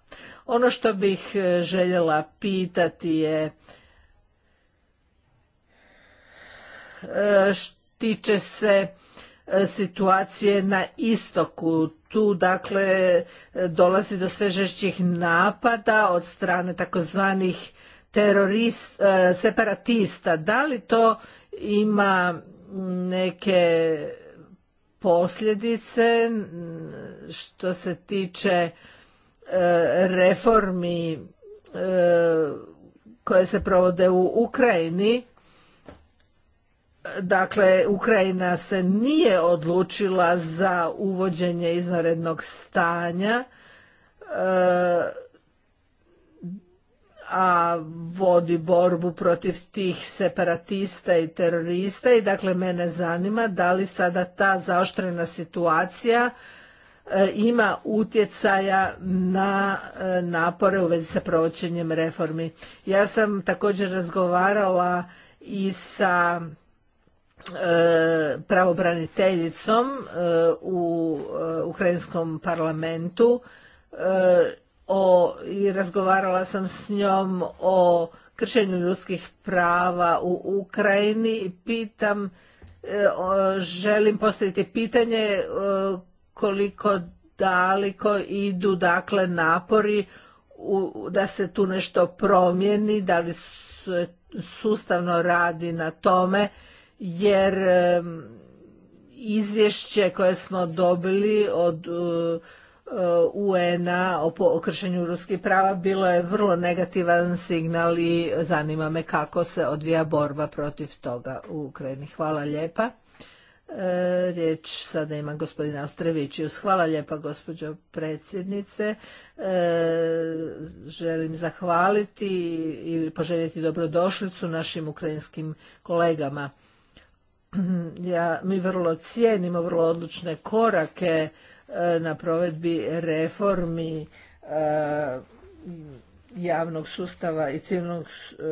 Ono što bih željela pitati je tiče se situacije na istoku. Tu dakle dolazi do sve napada od strane takozvanih e, separatista. Da li to ima neke posljedice što se tiče e, reformi e, koje se provode u Ukrajini Dakle, Ukrajina se nije odlučila za uvođenje izvanrednog stanja, e, a vodi borbu protiv tih separatista i terorista i dakle mene zanima da li sada ta zaoštrena situacija e, ima utjecaja na e, napore u vezi sa provođenjem reformi. Ja sam također razgovarala i sa E, pravobraniteljicom e, u e, ukrajinskom parlamentu o, i razgovarala sam s njom o kršenju ljudskih prava u Ukrajini i pitam želim postaviti pitanje koliko daleko idu dakle napori da se tu nešto promijeni, da li sustavno radi na tome jer izvješće koje smo dobili od e, UN-a o kršenju ruskih prava bilo je vrlo negativan signal i zanima me kako se odvija borba protiv toga u Ukrajini. Hvala lijepa. E, riječ sada ima gospodin Ostrevićius. Hvala lijepa gospođo predsjednice. E, želim zahvaliti i poželjeti dobrodošlicu našim ukrajinskim kolegama. ja, mi vrlo cijenimo vrlo odlučne korake e, na provedbi reformi e, javnog sustava i civilnog,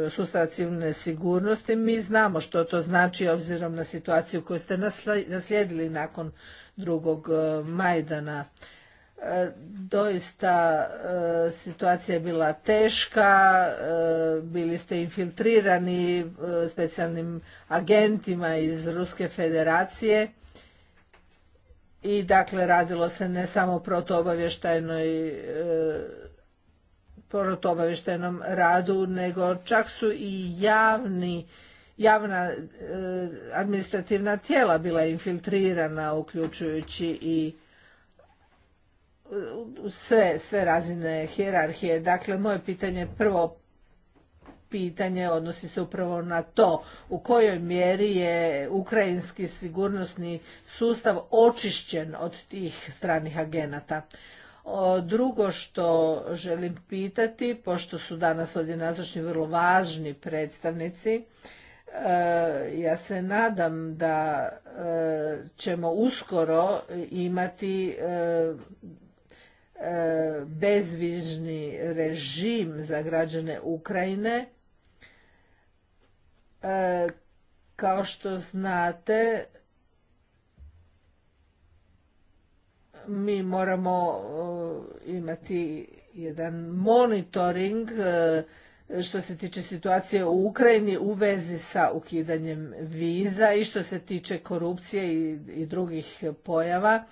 e, sustava civilne sigurnosti. Mi znamo što to znači obzirom na situaciju koju ste naslijedili nakon drugog Majdana doista e, situacija je bila teška, e, bili ste infiltrirani e, specijalnim agentima iz Ruske federacije i dakle radilo se ne samo protoobavještajnoj protoobavještajnom radu, nego čak su i javni javna administrativna tijela bila infiltrirana uključujući i sve, sve razine hjerarhije. Dakle, moje pitanje, prvo pitanje odnosi se upravo na to u kojoj mjeri je ukrajinski sigurnosni sustav očišćen od tih stranih agenata. drugo što želim pitati, pošto su danas ovdje nazočni vrlo važni predstavnici, e, ja se nadam da e, ćemo uskoro imati e, bezvižni režim za građane Ukrajine. E, kao što znate, mi moramo imati jedan monitoring e, što se tiče situacije u Ukrajini u vezi sa ukidanjem viza i što se tiče korupcije i, drugih pojava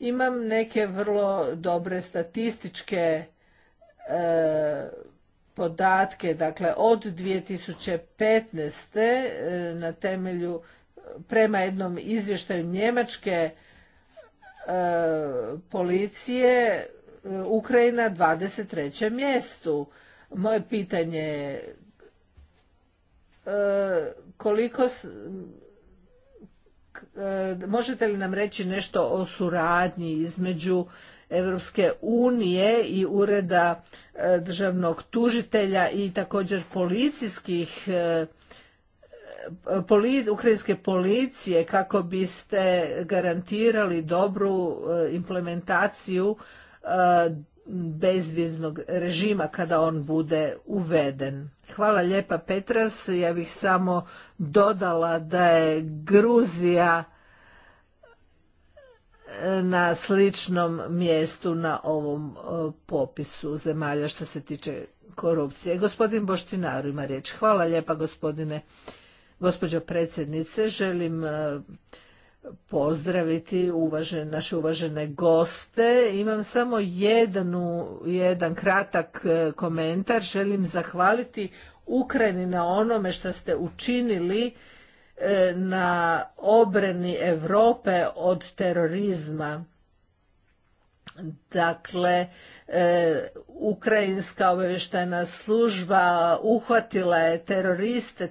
imam neke vrlo dobre statističke e, podatke, dakle od 2015. E, na temelju prema jednom izvještaju njemačke e, policije Ukrajina 23. mjestu. Moje pitanje je koliko E, možete li nam reći nešto o suradnji između Europske unije i ureda e, državnog tužitelja i također policijskih e, ukrajinske policije kako biste garantirali dobru implementaciju bezviznog režima kada on bude uveden. Hvala lijepa Petras, ja bih samo dodala da je Gruzija e, na sličnom mjestu na ovom e, popisu zemalja što se tiče korupcije. Gospodin Boštinaru ima riječ. Hvala lijepa gospodine, gospođo predsjednice. Želim e, pozdraviti uvažen, naše uvažene goste. Imam samo jednu, jedan kratak e, komentar. Želim zahvaliti Ukrajini na onome što ste učinili e, na obrani Europe od terorizma. Dakle, e, Ukrajinska obavještajna služba uhvatila je teroriste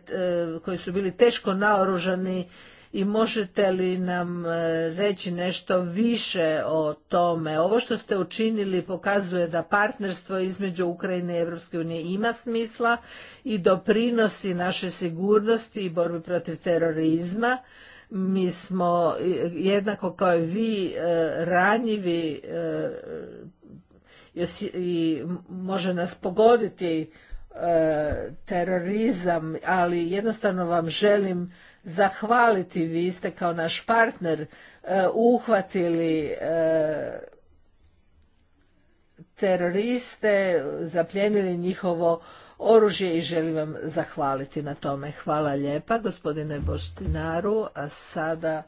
koji su bili teško naoružani i možete li nam e, reći nešto više o tome? Ovo što ste učinili pokazuje da partnerstvo između Ukrajine i EU unije ima smisla i doprinosi našoj sigurnosti i borbi protiv terorizma. Mi smo e, jednako kao i vi e, ranjivi i može nas pogoditi terorizam, ali jednostavno vam želim zahvaliti. Vi ste kao naš partner e, uhvatili e, teroriste, zapljenili njihovo oružje i želim vam zahvaliti na tome. Hvala lijepa gospodine Boštinaru, a sada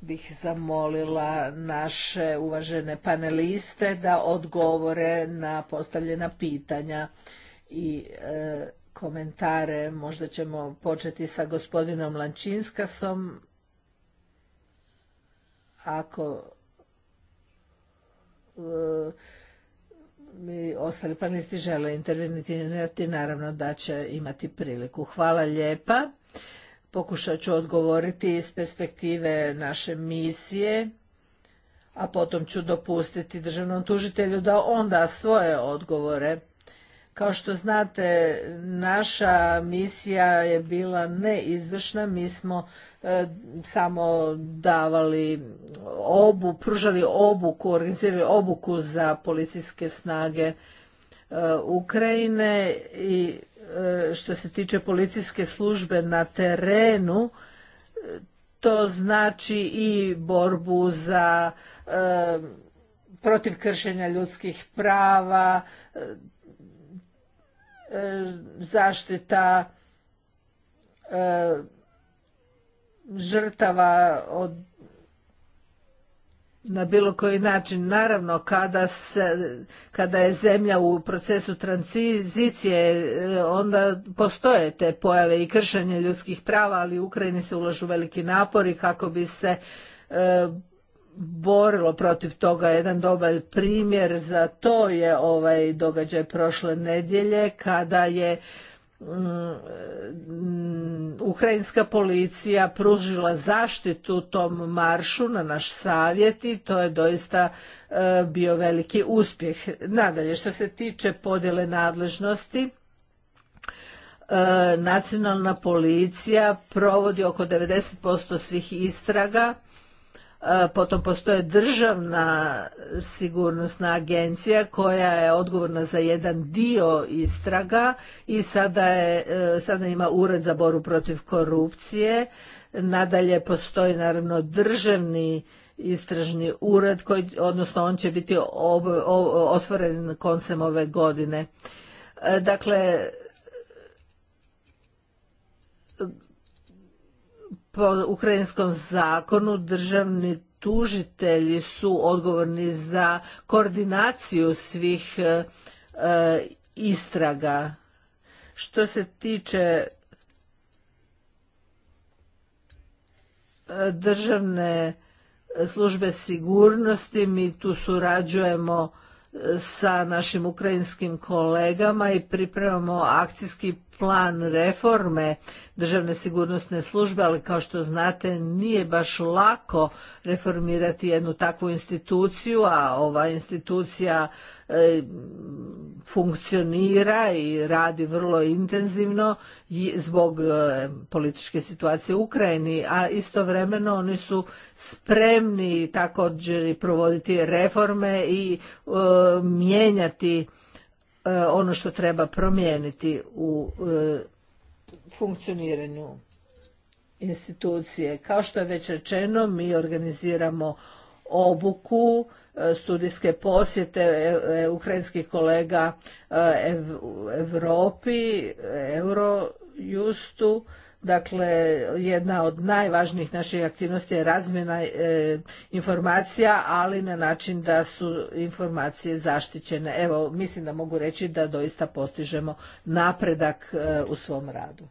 bih zamolila naše uvažene paneliste da odgovore na postavljena pitanja i e, komentare. Možda ćemo početi sa gospodinom Lančinskasom. Ako e, mi ostali panisti žele intervenirati, naravno da će imati priliku. Hvala lijepa. Pokušat ću odgovoriti iz perspektive naše misije, a potom ću dopustiti državnom tužitelju da onda svoje odgovore kao što znate, naša misija je bila neizvršna, mi smo e, samo davali obu, pružali obuku, organizirali obuku za policijske snage e, Ukrajine i e, što se tiče policijske službe na terenu, to znači i borbu za protiv kršenja ljudskih prava, E, zaštita e, žrtava od na bilo koji način naravno kada se kada je zemlja u procesu tranzicije e, onda postoje te pojave i kršenje ljudskih prava ali u Ukrajini se ulažu veliki napori kako bi se borilo protiv toga. Jedan dobar primjer za to je ovaj događaj prošle nedjelje kada je mm, ukrajinska policija pružila zaštitu tom maršu na naš savjet i to je doista e, bio veliki uspjeh. Nadalje, što se tiče podjele nadležnosti, e, nacionalna policija provodi oko 90% svih istraga E, potom postoje državna sigurnosna agencija koja je odgovorna za jedan dio istraga i sada, je, e, sada ima ured za boru protiv korupcije. Nadalje postoji naravno državni istražni ured, koji, odnosno on će biti otvoren koncem ove godine. E, dakle, po ukrajinskom zakonu državni tužitelji su odgovorni za koordinaciju svih e, e, istraga. Što se tiče e, državne službe sigurnosti, mi tu surađujemo sa našim ukrajinskim kolegama i pripremamo akcijski plan reforme državne sigurnosne službe, ali kao što znate nije baš lako reformirati jednu takvu instituciju, a ova institucija e, funkcionira i radi vrlo intenzivno zbog e, političke situacije u Ukrajini, a istovremeno oni su spremni također i provoditi reforme i e, mijenjati E, ono što treba promijeniti u e, funkcioniranju institucije. Kao što je već rečeno, mi organiziramo obuku, e, studijske posjete ukrajinskih kolega u Europi, Eurojustu, Dakle, jedna od najvažnijih naših aktivnosti je razmjena e, informacija, ali na način da su informacije zaštićene. Evo, mislim da mogu reći da doista postižemo napredak e, u svom radu.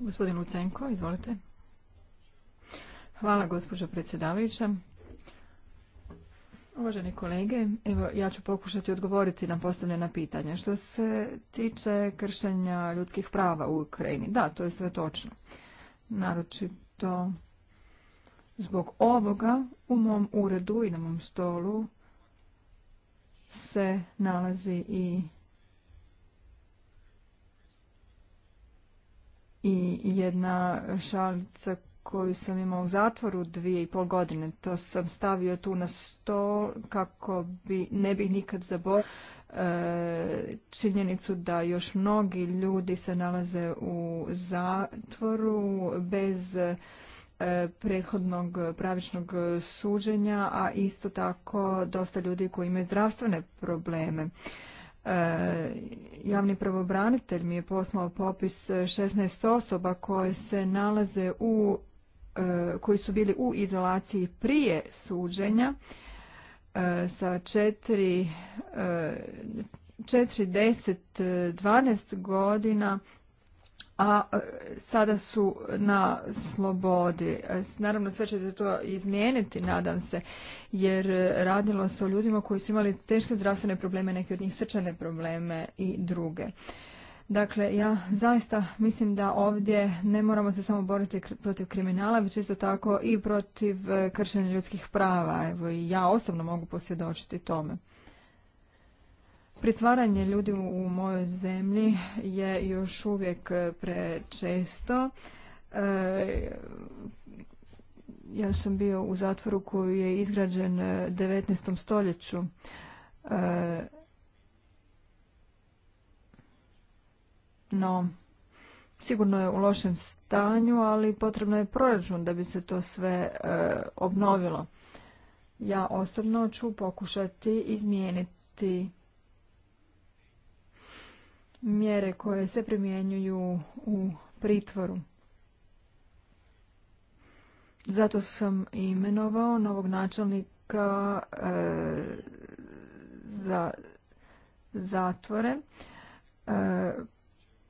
Gospodin Lucenko, izvolite. Hvala, gospođo predsjedavajuća. Uvaženi kolege, evo ja ću pokušati odgovoriti na postavljena pitanja. Što se tiče kršenja ljudskih prava u Ukrajini, da, to je sve točno. Naročito zbog ovoga u mom uredu i na mom stolu se nalazi i i jedna šalica koju sam imao u zatvoru dvije i pol godine. To sam stavio tu na stol kako bi ne bih nikad zaboravio e, činjenicu da još mnogi ljudi se nalaze u zatvoru bez e, prethodnog pravičnog suđenja, a isto tako dosta ljudi koji imaju zdravstvene probleme. E, javni pravobranitelj mi je poslao popis 16 osoba koje se nalaze u E, koji su bili u izolaciji prije suđenja e, sa 4, 10, e, deset, godina, a sada su na slobodi. Naravno sve će se to izmijeniti, nadam se, jer radilo se o ljudima koji su imali teške zdravstvene probleme, neke od njih srčane probleme i druge. Dakle, ja zaista mislim da ovdje ne moramo se samo boriti protiv kriminala, već isto tako i protiv e, kršenja ljudskih prava. Evo i ja osobno mogu posvjedočiti tome. Pritvaranje ljudi u mojoj zemlji je još uvijek e, prečesto. E, ja sam bio u zatvoru koji je izgrađen 19. stoljeću. no sigurno je u lošem stanju, ali potrebno je proračun da bi se to sve e, obnovilo. Ja osobno ću pokušati izmijeniti mjere koje se primjenjuju u pritvoru. Zato sam imenovao novog načelnika e, za zatvore e,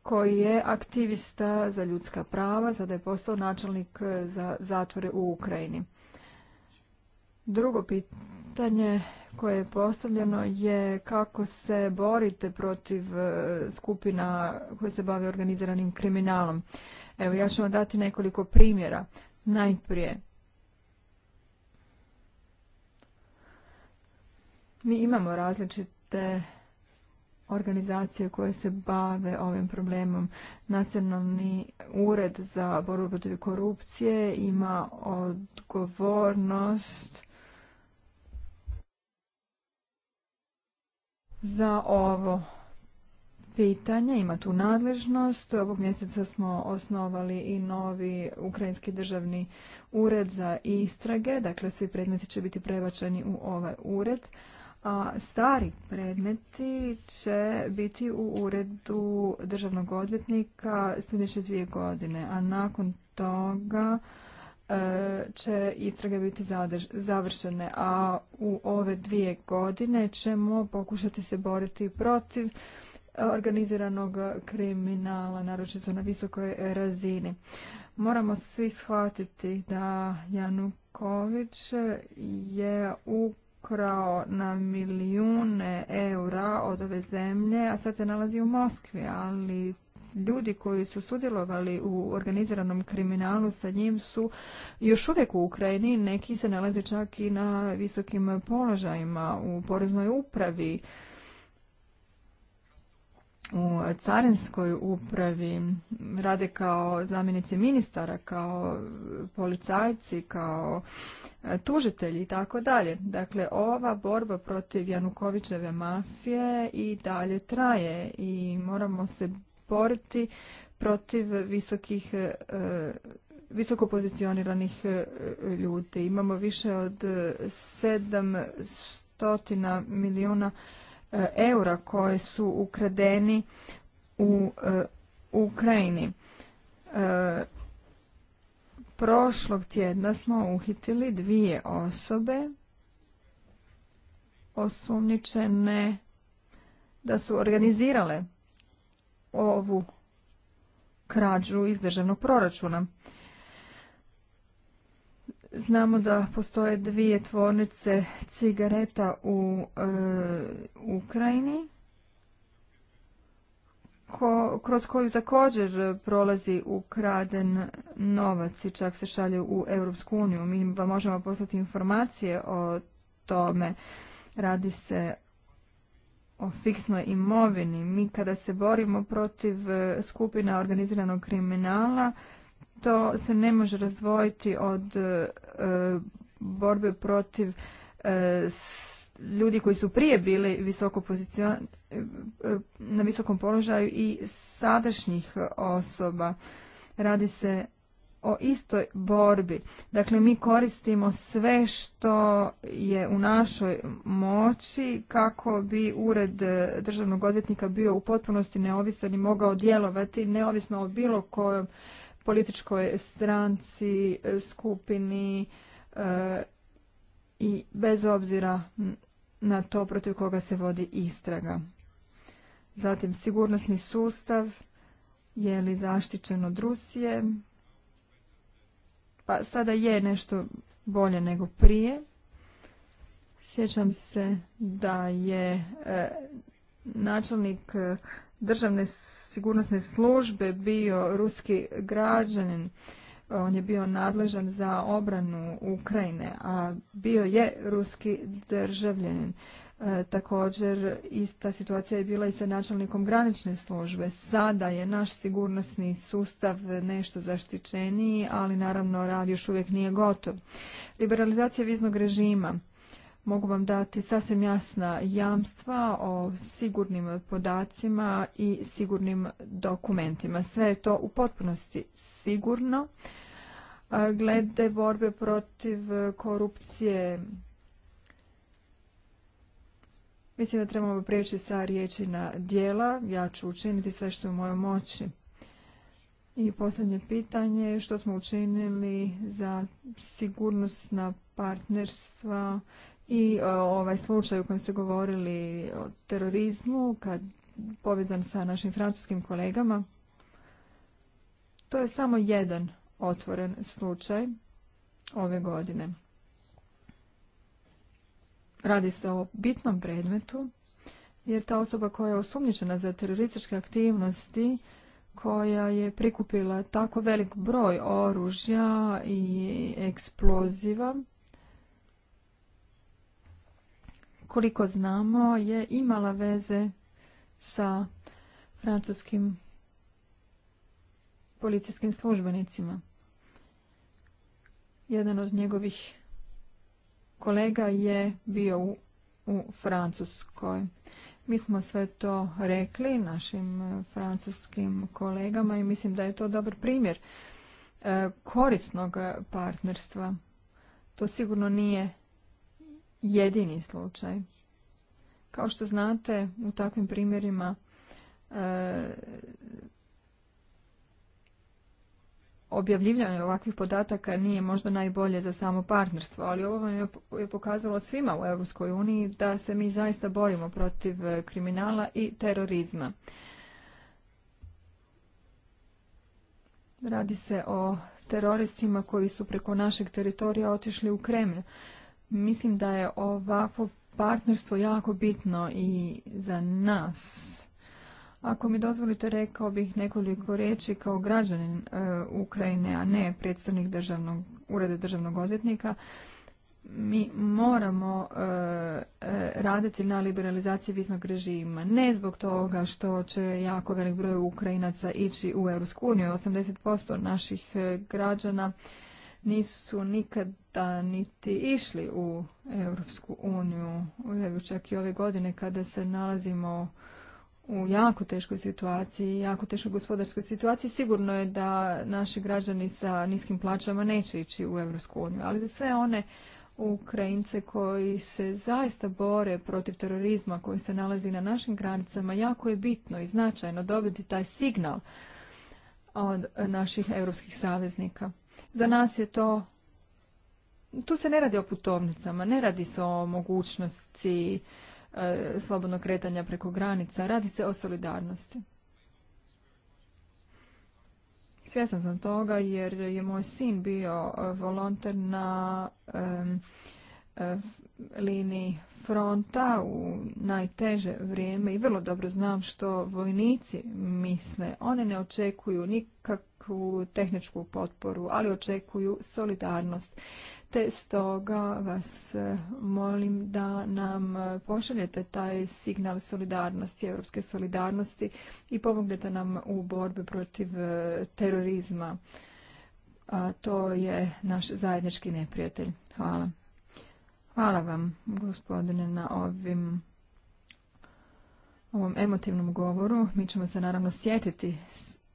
koji je aktivista za ljudska prava, sada je postao načelnik eh, za zatvore u Ukrajini. Drugo pitanje koje je postavljeno je kako se borite protiv eh, skupina koje se bave organiziranim kriminalom. Evo, ja ću vam dati nekoliko primjera. Najprije, mi imamo različite organizacije koje se bave ovim problemom. Nacionalni ured za borbu protiv korupcije ima odgovornost za ovo pitanje, ima tu nadležnost. Ovog mjeseca smo osnovali i novi Ukrajinski državni ured za istrage, dakle svi predmeti će biti prebačeni u ovaj ured a stari predmeti će biti u uredu državnog odvjetnika sljedeće dvije godine, a nakon toga e, će istrage biti završene, a u ove dvije godine ćemo pokušati se boriti protiv e, organiziranog kriminala, naročito na visokoj razini. Moramo svi shvatiti da Januković je u ukrao na milijune eura od ove zemlje, a sad se nalazi u Moskvi, ali ljudi koji su sudjelovali u organiziranom kriminalu sa njim su još uvijek u Ukrajini, neki se nalaze čak i na visokim položajima u poreznoj upravi u carinskoj upravi rade kao zamjenice ministara, kao policajci, kao e, tužitelji i tako dalje. Dakle, ova borba protiv Janukovićeve mafije i dalje traje i moramo se boriti protiv visokih e, visoko pozicioniranih e, ljudi. Imamo više od 700 milijuna E, eura koje su ukradeni u e, Ukrajini. E, prošlog tjedna smo uhitili dvije osobe osumničene da su organizirale ovu krađu iz državnog proračuna. Znamo da postoje dvije tvornice cigareta u e, Ukrajini kroz koju također prolazi ukraden novac i čak se šalje u Europsku uniju. Mi vam možemo poslati informacije o tome. Radi se o fiksnoj imovini. Mi kada se borimo protiv e, skupina organiziranog kriminala, to se ne može razdvojiti od e, borbe protiv e, ljudi koji su prije bili visoko pozicion, e, na visokom položaju i sadašnjih osoba. Radi se o istoj borbi. Dakle, mi koristimo sve što je u našoj moći kako bi ured državnog odvjetnika bio u potpunosti neovisan i mogao djelovati neovisno o bilo kojom političkoj stranci, e, skupini e, i bez obzira na to protiv koga se vodi istraga. Zatim sigurnosni sustav je li zaštićen od Rusije. Pa sada je nešto bolje nego prije. Sjećam se da je e, načelnik državne sigurnosne službe bio ruski građanin, on je bio nadležan za obranu Ukrajine, a bio je ruski državljanin. E, također ista situacija je bila i sa načelnikom granične službe. Sada je naš sigurnosni sustav nešto zaštićeniji, ali naravno rad još uvijek nije gotov. Liberalizacija viznog režima mogu vam dati sasvim jasna jamstva o sigurnim podacima i sigurnim dokumentima. Sve je to u potpunosti sigurno. Glede borbe protiv korupcije, mislim da trebamo prijeći sa riječi na dijela. Ja ću učiniti sve što je u mojoj moći. I posljednje pitanje, što smo učinili za sigurnosna partnerstva i e, ovaj slučaj u kojem ste govorili o terorizmu kad povezan sa našim francuskim kolegama to je samo jedan otvoren slučaj ove godine radi se o bitnom predmetu jer ta osoba koja je osumnjičena za terorističke aktivnosti koja je prikupila tako velik broj oružja i eksploziva koliko znamo, je imala veze sa francuskim policijskim službenicima. Jedan od njegovih kolega je bio u, u Francuskoj. Mi smo sve to rekli našim e, francuskim kolegama i mislim da je to dobar primjer e, korisnog partnerstva. To sigurno nije jedini slučaj. Kao što znate, u takvim primjerima objavljivljanje objavljivanje ovakvih podataka nije možda najbolje za samo partnerstvo, ali ovo vam je pokazalo svima u EU da se mi zaista borimo protiv e, kriminala i terorizma. Radi se o teroristima koji su preko našeg teritorija otišli u Kremlju. Mislim da je ovako partnerstvo jako bitno i za nas. Ako mi dozvolite, rekao bih nekoliko riječi kao građanin e, Ukrajine, a ne predstavnik državnog, ureda državnog odvjetnika. Mi moramo e, e, raditi na liberalizaciji viznog režima. Ne zbog toga što će jako velik broj Ukrajinaca ići u EU. 80% naših građana nisu nikad da niti išli u Europsku uniju, čak i ove godine kada se nalazimo u jako teškoj situaciji, jako teškoj gospodarskoj situaciji, sigurno je da naši građani sa niskim plaćama neće ići u Europsku uniju, ali za sve one Ukrajince koji se zaista bore protiv terorizma koji se nalazi na našim granicama, jako je bitno i značajno dobiti taj signal od naših europskih saveznika. Za nas je to tu se ne radi o putovnicama, ne radi se o mogućnosti e, slobodnog kretanja preko granica, radi se o solidarnosti. Svjesna sam toga jer je moj sin bio e, volonter na e, liniji fronta u najteže vrijeme i vrlo dobro znam što vojnici misle. One ne očekuju nikakvu tehničku potporu, ali očekuju solidarnost te stoga vas e, molim da nam e, pošaljete taj signal solidarnosti, europske solidarnosti i pomognete nam u borbi protiv e, terorizma. A to je naš zajednički neprijatelj. Hvala. Hvala vam, gospodine, na ovim ovom emotivnom govoru. Mi ćemo se naravno sjetiti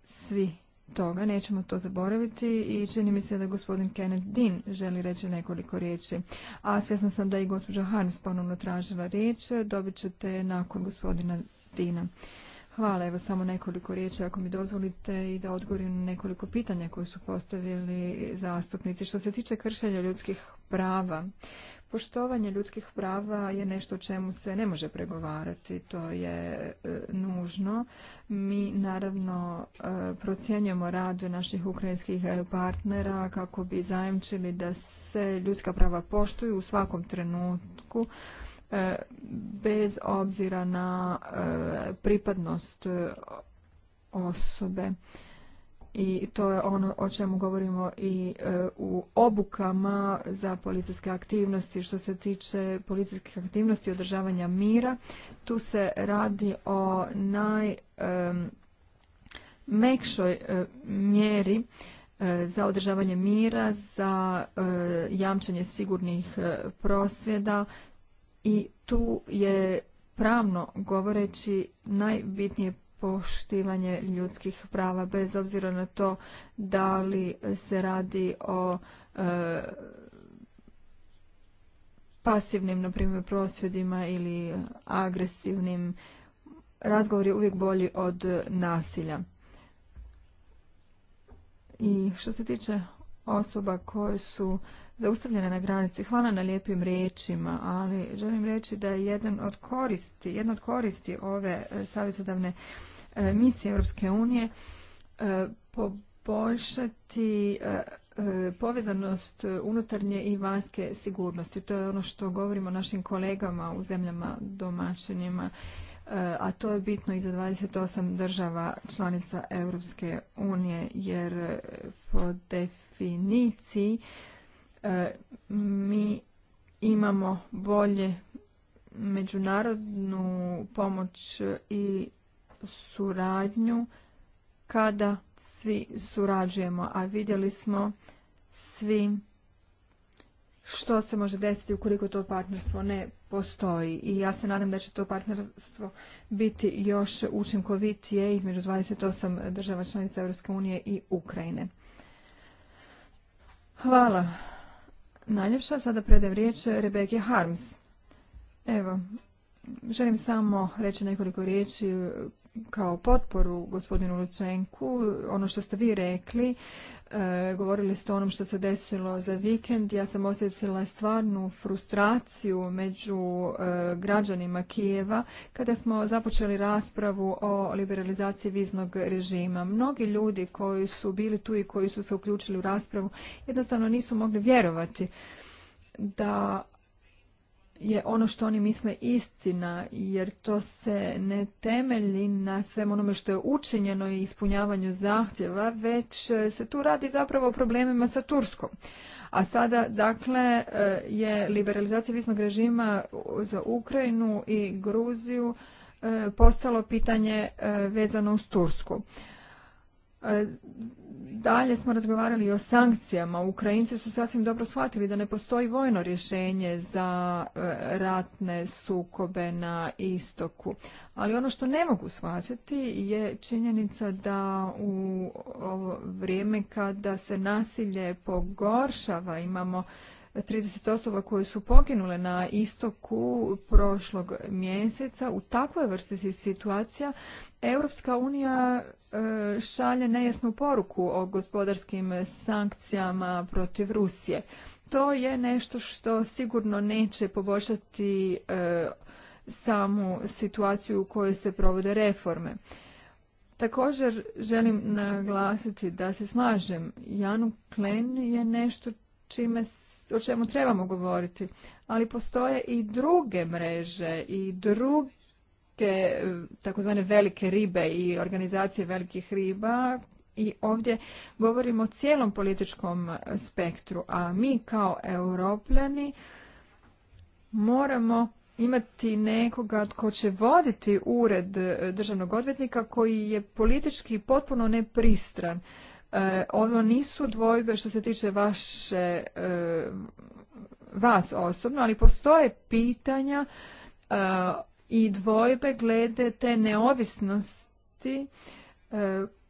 svi toga, nećemo to zaboraviti i čini mi se da gospodin Kenneth Dean želi reći nekoliko riječi. A svjesna sam da i gospođa Harms ponovno tražila riječ, dobit ćete nakon gospodina Dina. Hvala, evo samo nekoliko riječi ako mi dozvolite i da odgovorim na nekoliko pitanja koje su postavili zastupnici. Što se tiče kršenja ljudskih prava, Poštovanje ljudskih prava je nešto o čemu se ne može pregovarati, to je e, nužno. Mi naravno e, procjenjujemo rad naših ukrajinskih e, partnera kako bi zajamčili da se ljudska prava poštuju u svakom trenutku bez obzira na pripadnost osobe i to je ono o čemu govorimo i e, u obukama za policijske aktivnosti. Što se tiče policijskih aktivnosti i održavanja mira, tu se radi o najmekšoj e, mjeri e, za održavanje mira, za jamčanje sigurnih prosvjeda i tu je pravno govoreći najbitnije poštivanje ljudskih prava bez obzira na to da li se radi o e, pasivnim na primjer prosvjedima ili agresivnim razgovor je uvijek bolji od nasilja i što se tiče osoba koje su zaustavljene na granici. Hvala na lijepim riječima, ali želim reći da je jedan od koristi, jedna od koristi ove e, savjetodavne E, misije Europske unije e, poboljšati e, povezanost unutarnje i vanjske sigurnosti. To je ono što govorimo našim kolegama u zemljama domaćinima, a to je bitno i za 28 država članica Europske unije, jer po definiciji mi imamo bolje međunarodnu pomoć i suradnju kada svi surađujemo, a vidjeli smo svi što se može desiti ukoliko to partnerstvo ne postoji. I ja se nadam da će to partnerstvo biti još učinkovitije između 28 država članica Europske unije i Ukrajine. Hvala. Najljepša sada predajem riječ Rebeke Harms. Evo, želim samo reći nekoliko riječi kao potporu gospodinu Lučenku, ono što ste vi rekli, e, govorili ste o onom što se desilo za vikend, ja sam osjetila stvarnu frustraciju među e, građanima Kijeva kada smo započeli raspravu o liberalizaciji viznog režima. Mnogi ljudi koji su bili tu i koji su se uključili u raspravu jednostavno nisu mogli vjerovati da je ono što oni misle istina, jer to se ne temelji na svem onome što je učinjeno i ispunjavanju zahtjeva, već e, se tu radi zapravo o problemima sa Turskom. A sada, dakle, e, je liberalizacija visnog režima za Ukrajinu i Gruziju e, postalo pitanje vezano uz Tursku. E, dalje smo razgovarali o sankcijama. Ukrajinci su sasvim dobro shvatili da ne postoji vojno rješenje za e, ratne sukobe na istoku. Ali ono što ne mogu shvaćati je činjenica da u ovo vrijeme kada se nasilje pogoršava imamo 30 osoba koje su poginule na istoku prošlog mjeseca. U takvoj vrsti situacija Europska unija e, šalje nejasnu poruku o gospodarskim sankcijama protiv Rusije. To je nešto što sigurno neće poboljšati e, samu situaciju u kojoj se provode reforme. Također želim naglasiti da se slažem. Janu Klen je nešto čime o čemu trebamo govoriti. Ali postoje i druge mreže i druge e, takozvane velike ribe i organizacije velikih riba i ovdje govorimo o cijelom političkom spektru, a mi kao europljani moramo imati nekoga tko će voditi ured e, državnog odvjetnika koji je politički potpuno nepristran E, ovo nisu dvojbe što se tiče vaše, e, vas osobno, ali postoje pitanja e, i dvojbe glede te neovisnosti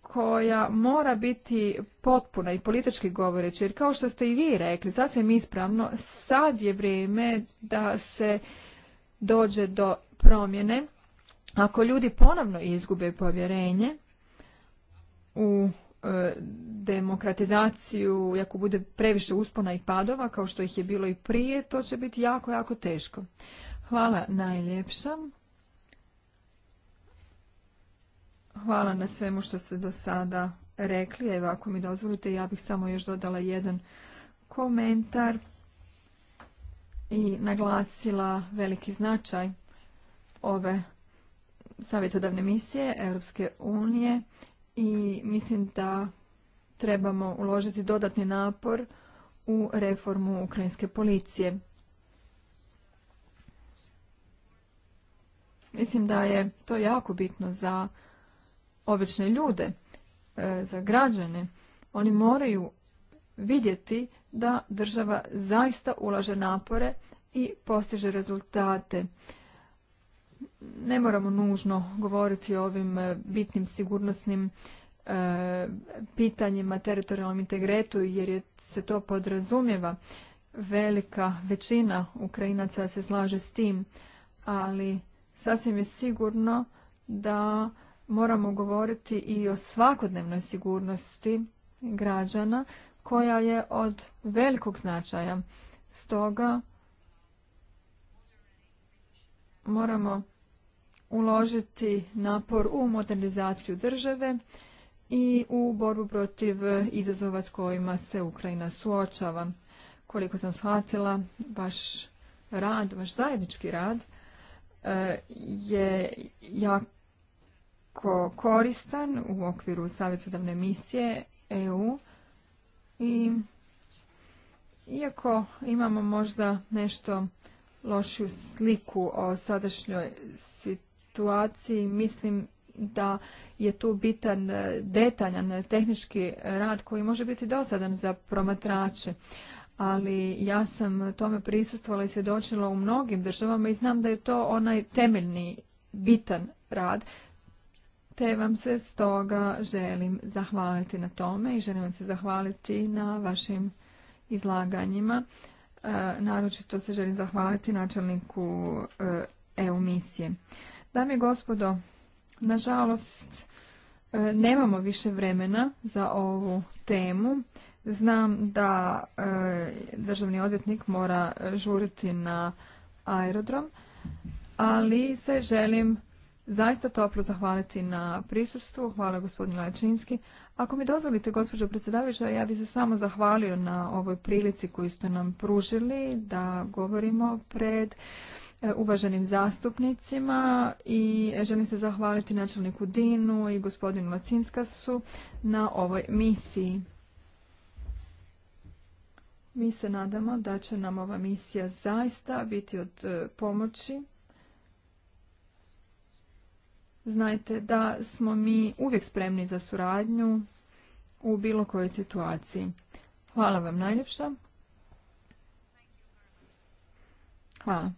koja mora biti potpuna i politički govoreći, jer kao što ste i vi rekli, sasvim ispravno, sad je vrijeme da se dođe do promjene. Ako ljudi ponovno izgube povjerenje u E, demokratizaciju, ako bude previše uspona i padova, kao što ih je bilo i prije, to će biti jako, jako teško. Hvala najljepša. Hvala na svemu što ste do sada rekli. Evo, ako mi dozvolite, ja bih samo još dodala jedan komentar i naglasila veliki značaj ove savjetodavne misije Europske unije i mislim da trebamo uložiti dodatni napor u reformu ukrajinske policije. Mislim da je to jako bitno za obične ljude, e, za građane. Oni moraju vidjeti da država zaista ulaže napore i postiže rezultate ne moramo nužno govoriti o ovim e, bitnim sigurnosnim e, pitanjima teritorijalnom integretu jer je, se to podrazumijeva. Velika većina Ukrajinaca se slaže s tim, ali sasvim je sigurno da moramo govoriti i o svakodnevnoj sigurnosti građana koja je od velikog značaja. Stoga moramo uložiti napor u modernizaciju države i u borbu protiv izazova s kojima se Ukrajina suočava. Koliko sam shvatila, vaš rad, vaš zajednički rad e, je jako koristan u okviru savjetodavne misije EU i iako imamo možda nešto lošiju sliku o sadašnjoj situaciji, situaciji mislim da je tu bitan e, detaljan e, tehnički rad koji može biti dosadan za promatrače ali ja sam tome prisustvala i svjedočila u mnogim državama i znam da je to onaj temeljni bitan rad te vam se stoga želim zahvaliti na tome i želim vam se zahvaliti na vašim izlaganjima. E, naročito se želim zahvaliti načelniku EU misije. Dame i gospodo, nažalost e, nemamo više vremena za ovu temu. Znam da e, državni odvjetnik mora žuriti na aerodrom, ali se želim zaista toplo zahvaliti na prisustvu. Hvala gospodin lečinski Ako mi dozvolite, gospođo predsjedavajuća, ja bih se samo zahvalio na ovoj prilici koju ste nam pružili da govorimo pred E, uvaženim zastupnicima i želim se zahvaliti načelniku Dinu i gospodinu Lacinskasu na ovoj misiji. Mi se nadamo da će nam ova misija zaista biti od e, pomoći. Znajte da smo mi uvijek spremni za suradnju u bilo kojoj situaciji. Hvala vam najljepša. Hvala.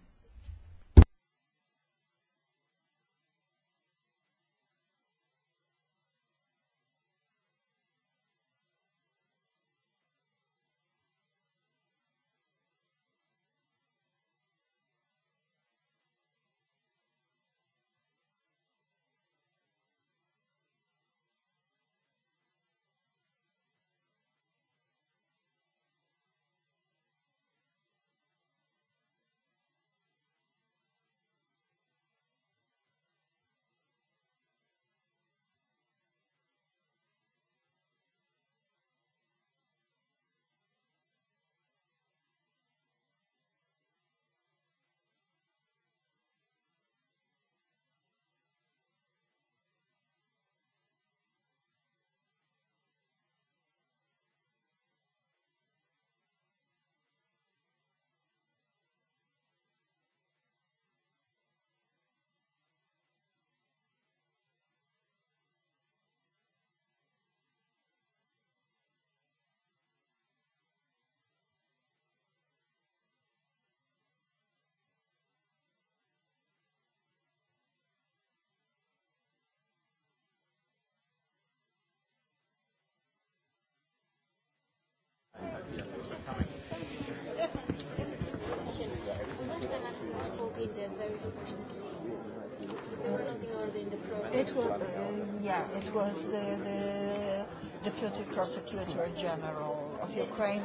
was, uh, yeah, it was uh, the Deputy Prosecutor General of Ukraine,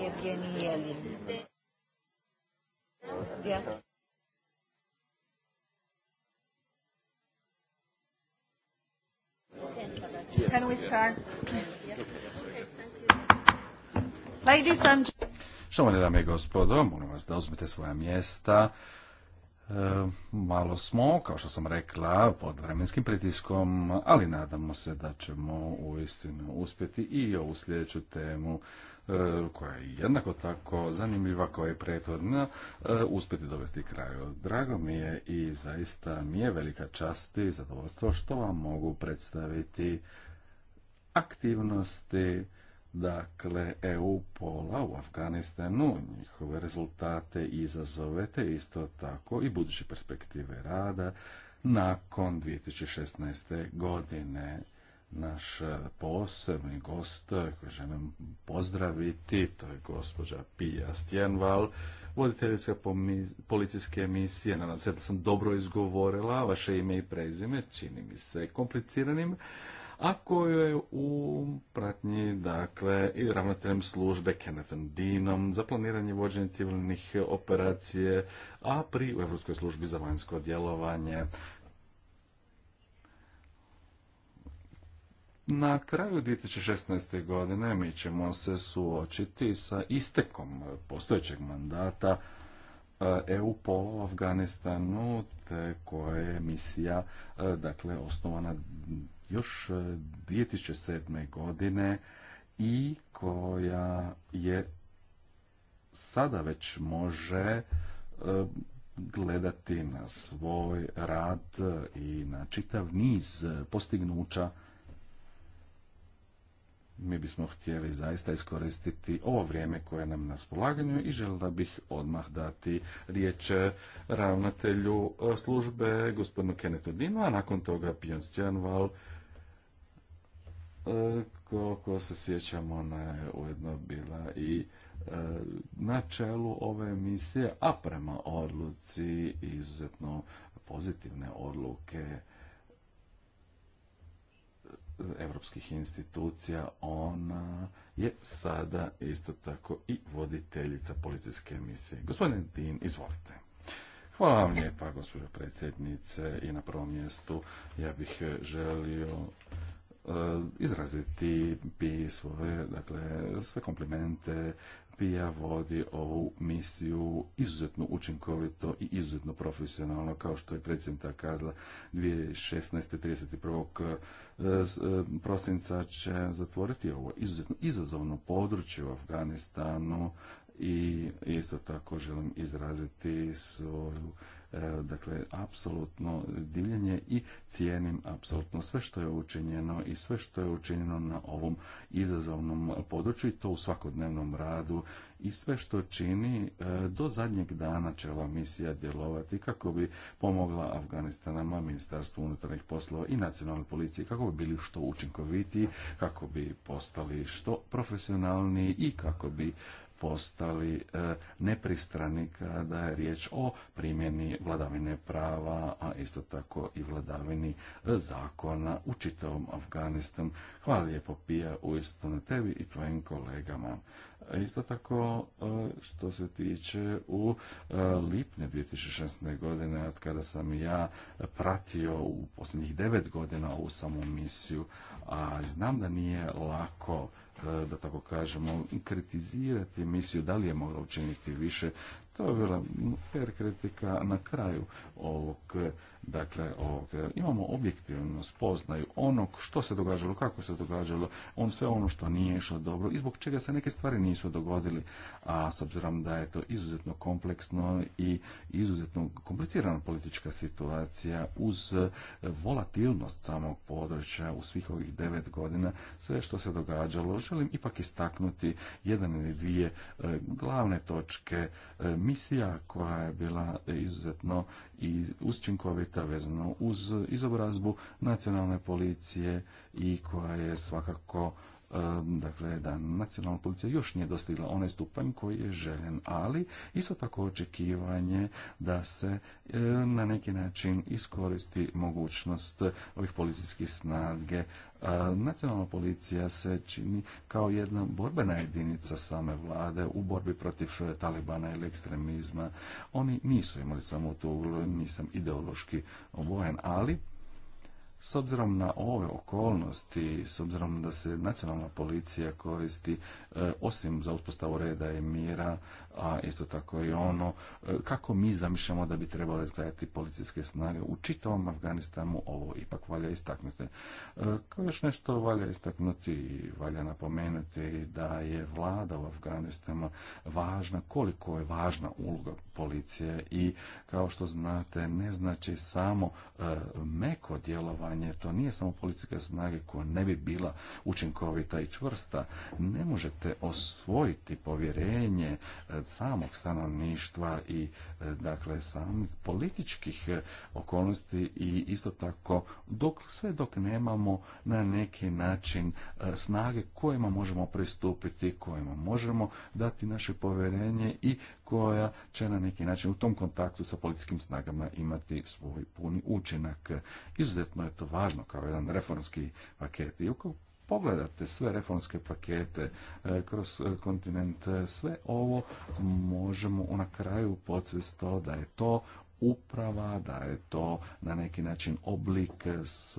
Yevgeny Yelin. Yeah. Can we start? Ladies and... Štovane dame i gospodo, molim vas da uzmete svoja mjesta. E, malo smo, kao što sam rekla, pod vremenskim pritiskom, ali nadamo se da ćemo uistinu uspjeti i ovu sljedeću temu e, koja je jednako tako zanimljiva kao je prethodna, e, uspjeti dovesti kraju. Drago mi je i zaista mi je velika čast i zadovoljstvo što vam mogu predstaviti aktivnosti dakle EU pola u Afganistanu, njihove rezultate i izazove, te isto tako i buduće perspektive rada nakon 2016. godine. Naš posebni gost koji želim pozdraviti, to je gospođa Pija Stjenval, voditeljica policijske emisije. Nadam se da sam dobro izgovorila vaše ime i prezime, čini mi se kompliciranim a koju je u pratnji dakle, i ravnateljem službe and Deanom za planiranje vođenja civilnih operacije, a pri u Europskoj službi za vanjsko djelovanje. Na kraju 2016. godine mi ćemo se suočiti sa istekom postojećeg mandata eh, EU po Afganistanu, te koja je misija eh, dakle, osnovana još 2007. E, godine i koja je sada već može e, gledati na svoj rad i na čitav niz postignuća mi bismo htjeli zaista iskoristiti ovo vrijeme koje nam na raspolaganju i želila bih odmah dati riječ ravnatelju e, službe gospodinu Kennethu Dinu, a nakon toga Björn Stjernval koliko se sjećamo ona je ujedno bila i e, na čelu ove emisije, a prema odluci izuzetno pozitivne odluke europskih institucija, ona je sada isto tako i voditeljica policijske emisije. Gospodin Din, izvolite. Hvala vam lijepa, gospođo predsjednice, i na prvom mjestu ja bih e, želio E, izraziti bi svoje, dakle, sve komplimente Pija vodi ovu misiju izuzetno učinkovito i izuzetno profesionalno, kao što je predsjednica kazala 2016. 31. E, e, prosinca će zatvoriti ovo izuzetno izazovno područje u Afganistanu i isto tako želim izraziti svoju E, dakle, apsolutno divljenje i cijenim apsolutno sve što je učinjeno i sve što je učinjeno na ovom izazovnom području i to u svakodnevnom radu i sve što čini e, do zadnjeg dana će ova misija djelovati kako bi pomogla Afganistanama, Ministarstvu unutarnjih poslova i nacionalnoj policiji kako bi bili što učinkovitiji, kako bi postali što profesionalniji i kako bi postali e, nepristrani kada je riječ o primjeni vladavine prava, a isto tako i vladavini e, zakona u čitavom Afganistanu. Hvala lijepo Pija uistinu na tebi i tvojim kolegama. E, isto tako, što se tiče u tisuće 2016. godine, od kada sam ja pratio u posljednjih devet godina ovu samu misiju, a znam da nije lako E, da tako kažemo, kritizirati emisiju, da li je mogla učiniti više. To je bila fer kritika na kraju ovog dakle, e, imamo objektivnu spoznaju onog što se događalo, kako se događalo, on sve ono što nije išlo dobro i zbog čega se neke stvari nisu dogodili, a s obzirom da je to izuzetno kompleksno i izuzetno komplicirana politička situacija uz e, volatilnost samog područja u svih ovih devet godina, sve što se događalo, želim ipak istaknuti jedan ili dvije e, glavne točke misija koja je bila izuzetno i učinkovita vezano uz izobrazbu nacionalne policije i koja je svakako dakle da nacionalna policija još nije dostigla onaj stupanj koji je željen, ali isto tako očekivanje da se e, na neki način iskoristi mogućnost ovih policijskih snage Nacionalna policija se čini kao jedna borbena jedinica same vlade u borbi protiv talibana ili ekstremizma. Oni nisu imali samo tu nisam ideološki obojen, ali s obzirom na ove okolnosti, s obzirom da se nacionalna policija koristi, e, osim za uspostavu reda i mira, a isto tako i ono e, kako mi zamišljamo da bi trebalo izgledati policijske snage u čitavom Afganistanu, ovo ipak valja istaknuti. E, kao još nešto valja istaknuti i valja napomenuti da je vlada u Afganistanu važna, koliko je važna uloga policije i kao što znate ne znači samo e, meko djelovanje, to nije samo policijske snage koja ne bi bila učinkovita i čvrsta. Ne možete osvojiti povjerenje samog stanovništva i e, dakle samih političkih e, okolnosti i isto tako dok sve dok nemamo na neki način e, snage kojima možemo pristupiti, kojima možemo dati naše povjerenje i koja će na neki način u tom kontaktu sa političkim snagama imati svoj puni učinak. Izuzetno je to važno kao jedan reformski paket i pogledate sve reformske pakete e, kroz e, kontinent, e, sve ovo možemo na kraju podsvesti to da je to uprava, da je to na neki način oblik s,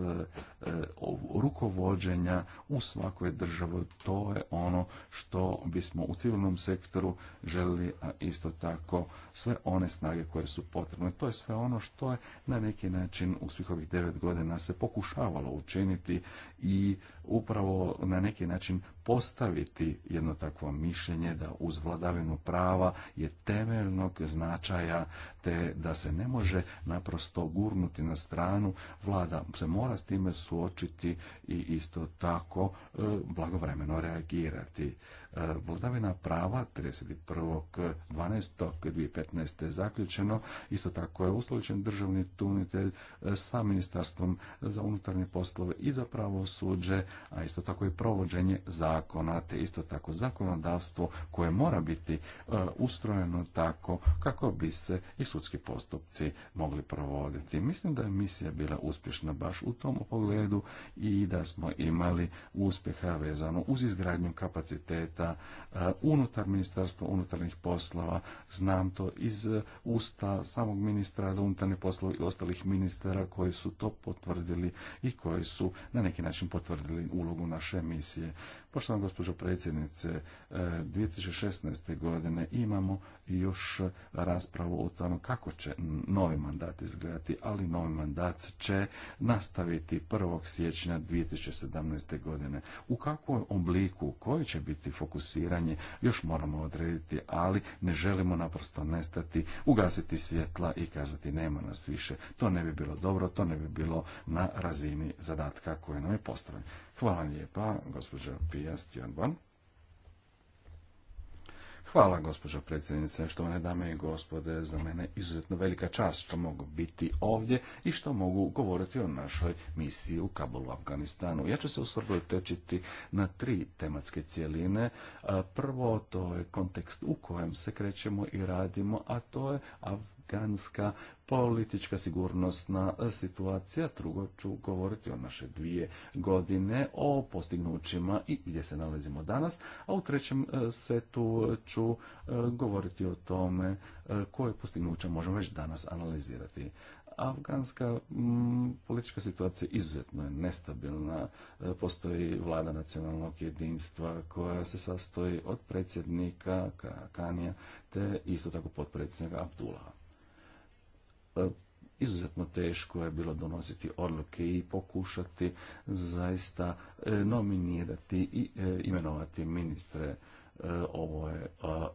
rukovođenja u svakoj državi. To je ono što bismo u civilnom sektoru željeli, a isto tako sve one snage koje su potrebne. To je sve ono što je na neki način u svih ovih devet godina se pokušavalo učiniti i upravo na neki način postaviti jedno takvo mišljenje da uz vladavinu prava je temeljnog značaja te da se ne može naprosto gurnuti na stranu. Vlada se mora s time suočiti i isto tako e, blagovremeno reagirati. E, vladavina prava 31.12.2015. je zaključeno. Isto tako je uslovičen državni tunitelj e, sa Ministarstvom za unutarnje poslove i za pravosuđe, a isto tako i provođenje zakona, te isto tako zakonodavstvo koje mora biti e, ustrojeno tako kako bi se i sudski postupci mogli provoditi. Mislim da je misija bila uspješna baš u tom pogledu i da smo imali uspjeha vezano uz izgradnju kapaciteta zaista e, unutar ministarstva unutarnjih poslova. Znam to iz e, usta samog ministra za unutarnje poslove i ostalih ministara koji su to potvrdili i koji su na neki način potvrdili ulogu naše misije. Poštovana gospođo predsjednice, 2016. E, godine imamo još raspravu o tome kako će novi mandat izgledati, ali novi mandat će nastaviti 1. siječnja 2017. godine. U kakvom obliku, koji će biti fokusiranje, još moramo odrediti, ali ne želimo naprosto nestati, ugasiti svjetla i kazati nema nas više. To ne bi bilo dobro, to ne bi bilo na razini zadatka koje nam je postavljeno. Hvala lijepa, gospođo Pija Stjernborn. Hvala, gospođo predsjednice, one dame i gospode, za mene izuzetno velika čast što mogu biti ovdje i što mogu govoriti o našoj misiji u Kabulu, Afganistanu. Ja ću se tečiti na tri tematske cijeline. E, prvo, to je kontekst u kojem se krećemo i radimo, a to je afganska politička sigurnosna situacija. Drugo ću govoriti o naše dvije godine, o postignućima i gdje se nalazimo danas. A u trećem e, setu ću e, govoriti o tome e, koje postignuća možemo već danas analizirati afganska politička situacija izuzetno je nestabilna. Postoji vlada nacionalnog jedinstva koja se sastoji od predsjednika Kanija te isto tako potpredsjednika Abdullaha. E, izuzetno teško je bilo donositi odluke i pokušati zaista e, nominirati i e, imenovati ministre. Ovo je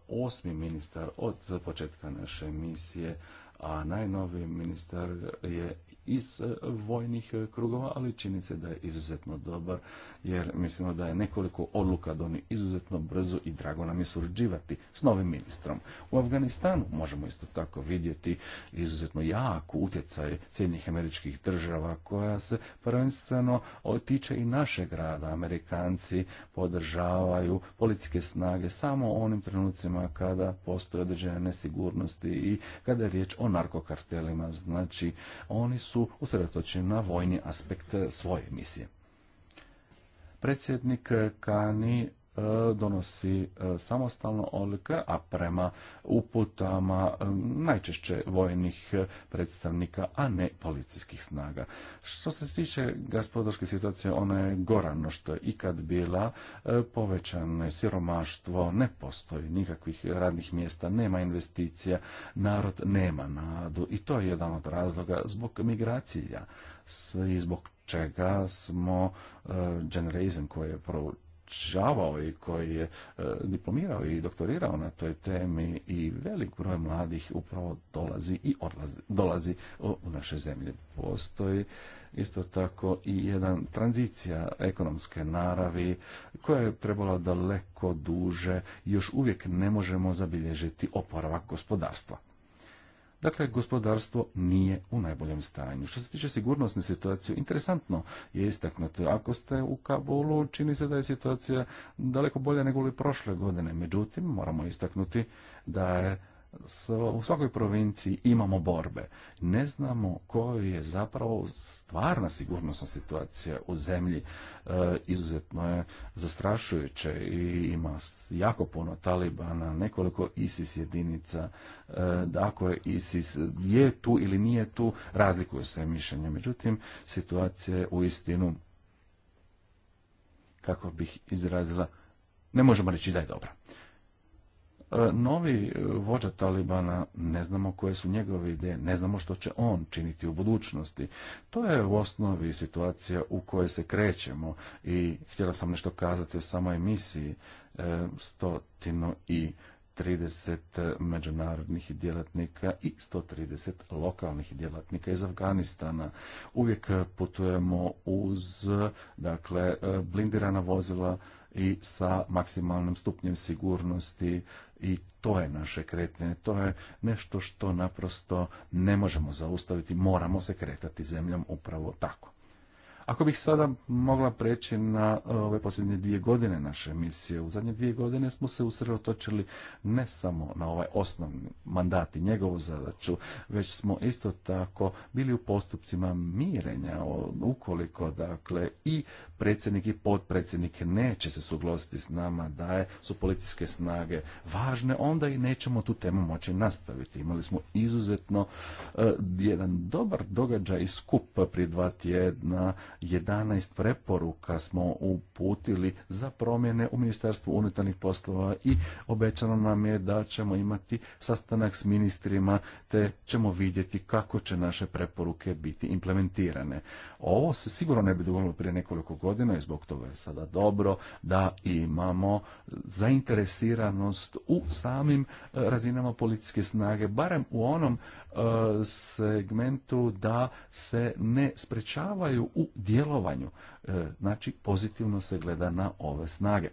osmi ministar od početka naše misije, a najnoviji ministar je iz e, vojnih e, krugova, ali čini se da je izuzetno dobar, jer mislimo da je nekoliko odluka doni izuzetno brzo i drago nam je surđivati s novim ministrom. U Afganistanu možemo isto tako vidjeti izuzetno jako utjecaj Sjedinjenih američkih država koja se prvenstveno tiče i našeg rada. Amerikanci podržavaju policijske snage samo u onim trenucima kada postoje određene nesigurnosti i kada je riječ o narkokartelima. Znači, oni su su usredotočeni na vojni aspekt svoje misije. Predsjednik Kani E, donosi e, samostalno odluke, a prema uputama e, najčešće vojnih predstavnika, a ne policijskih snaga. Što se tiče gospodarske situacije, ona je gora no što je ikad bila, povećano je siromaštvo, ne postoji nikakvih radnih mjesta, nema investicija, narod nema nadu i to je jedan od razloga zbog migracija i zbog čega smo uh, generation koje je i koji je e, diplomirao i doktorirao na toj temi i velik broj mladih upravo dolazi i odlazi, dolazi u naše zemlje. Postoji isto tako i jedan tranzicija ekonomske naravi koja je trebala daleko duže još uvijek ne možemo zabilježiti oporavak gospodarstva. Dakle, gospodarstvo nije u najboljem stanju. Što se tiče sigurnosne situacije, interesantno je istaknuto. Ako ste u Kabulu, čini se da je situacija daleko bolja nego li prošle godine. Međutim, moramo istaknuti da je u svakoj provinciji imamo borbe. Ne znamo koja je zapravo stvarna sigurnosna situacija u zemlji. E, izuzetno je zastrašujuće i ima jako puno Talibana, nekoliko ISIS jedinica. E, je ISIS je tu ili nije tu, razlikuju se mišljenje. Međutim, situacija je u istinu, kako bih izrazila, ne možemo reći da je dobra. E, novi e, vođa Talibana, ne znamo koje su njegove ideje, ne znamo što će on činiti u budućnosti. To je u osnovi situacija u kojoj se krećemo i htjela sam nešto kazati o samoj emisiji e, stotinu i međunarodnih djelatnika i 130 lokalnih djelatnika iz Afganistana. Uvijek putujemo uz dakle, blindirana vozila, i sa maksimalnim stupnjem sigurnosti i to je naše kretanje, to je nešto što naprosto ne možemo zaustaviti, moramo se kretati zemljom upravo tako. Ako bih sada mogla preći na e, ove posljednje dvije godine naše emisije, u zadnje dvije godine smo se usredotočili ne samo na ovaj osnovni mandat i njegovu zadaću, već smo isto tako bili u postupcima mirenja, ukoliko dakle i predsjednik i podpredsjednik neće se suglasiti s nama da su policijske snage važne, onda i nećemo tu temu moći nastaviti. Imali smo izuzetno e, jedan dobar događaj i skup prije dva tjedna 11 preporuka smo uputili za promjene u Ministarstvu unutarnjih poslova i obećano nam je da ćemo imati sastanak s ministrima te ćemo vidjeti kako će naše preporuke biti implementirane. Ovo se sigurno ne bi dogodilo prije nekoliko godina i zbog toga je sada dobro da imamo zainteresiranost u samim eh, razinama policijske snage, barem u onom E, segmentu da se ne sprečavaju u djelovanju. E, znači, pozitivno se gleda na ove snage.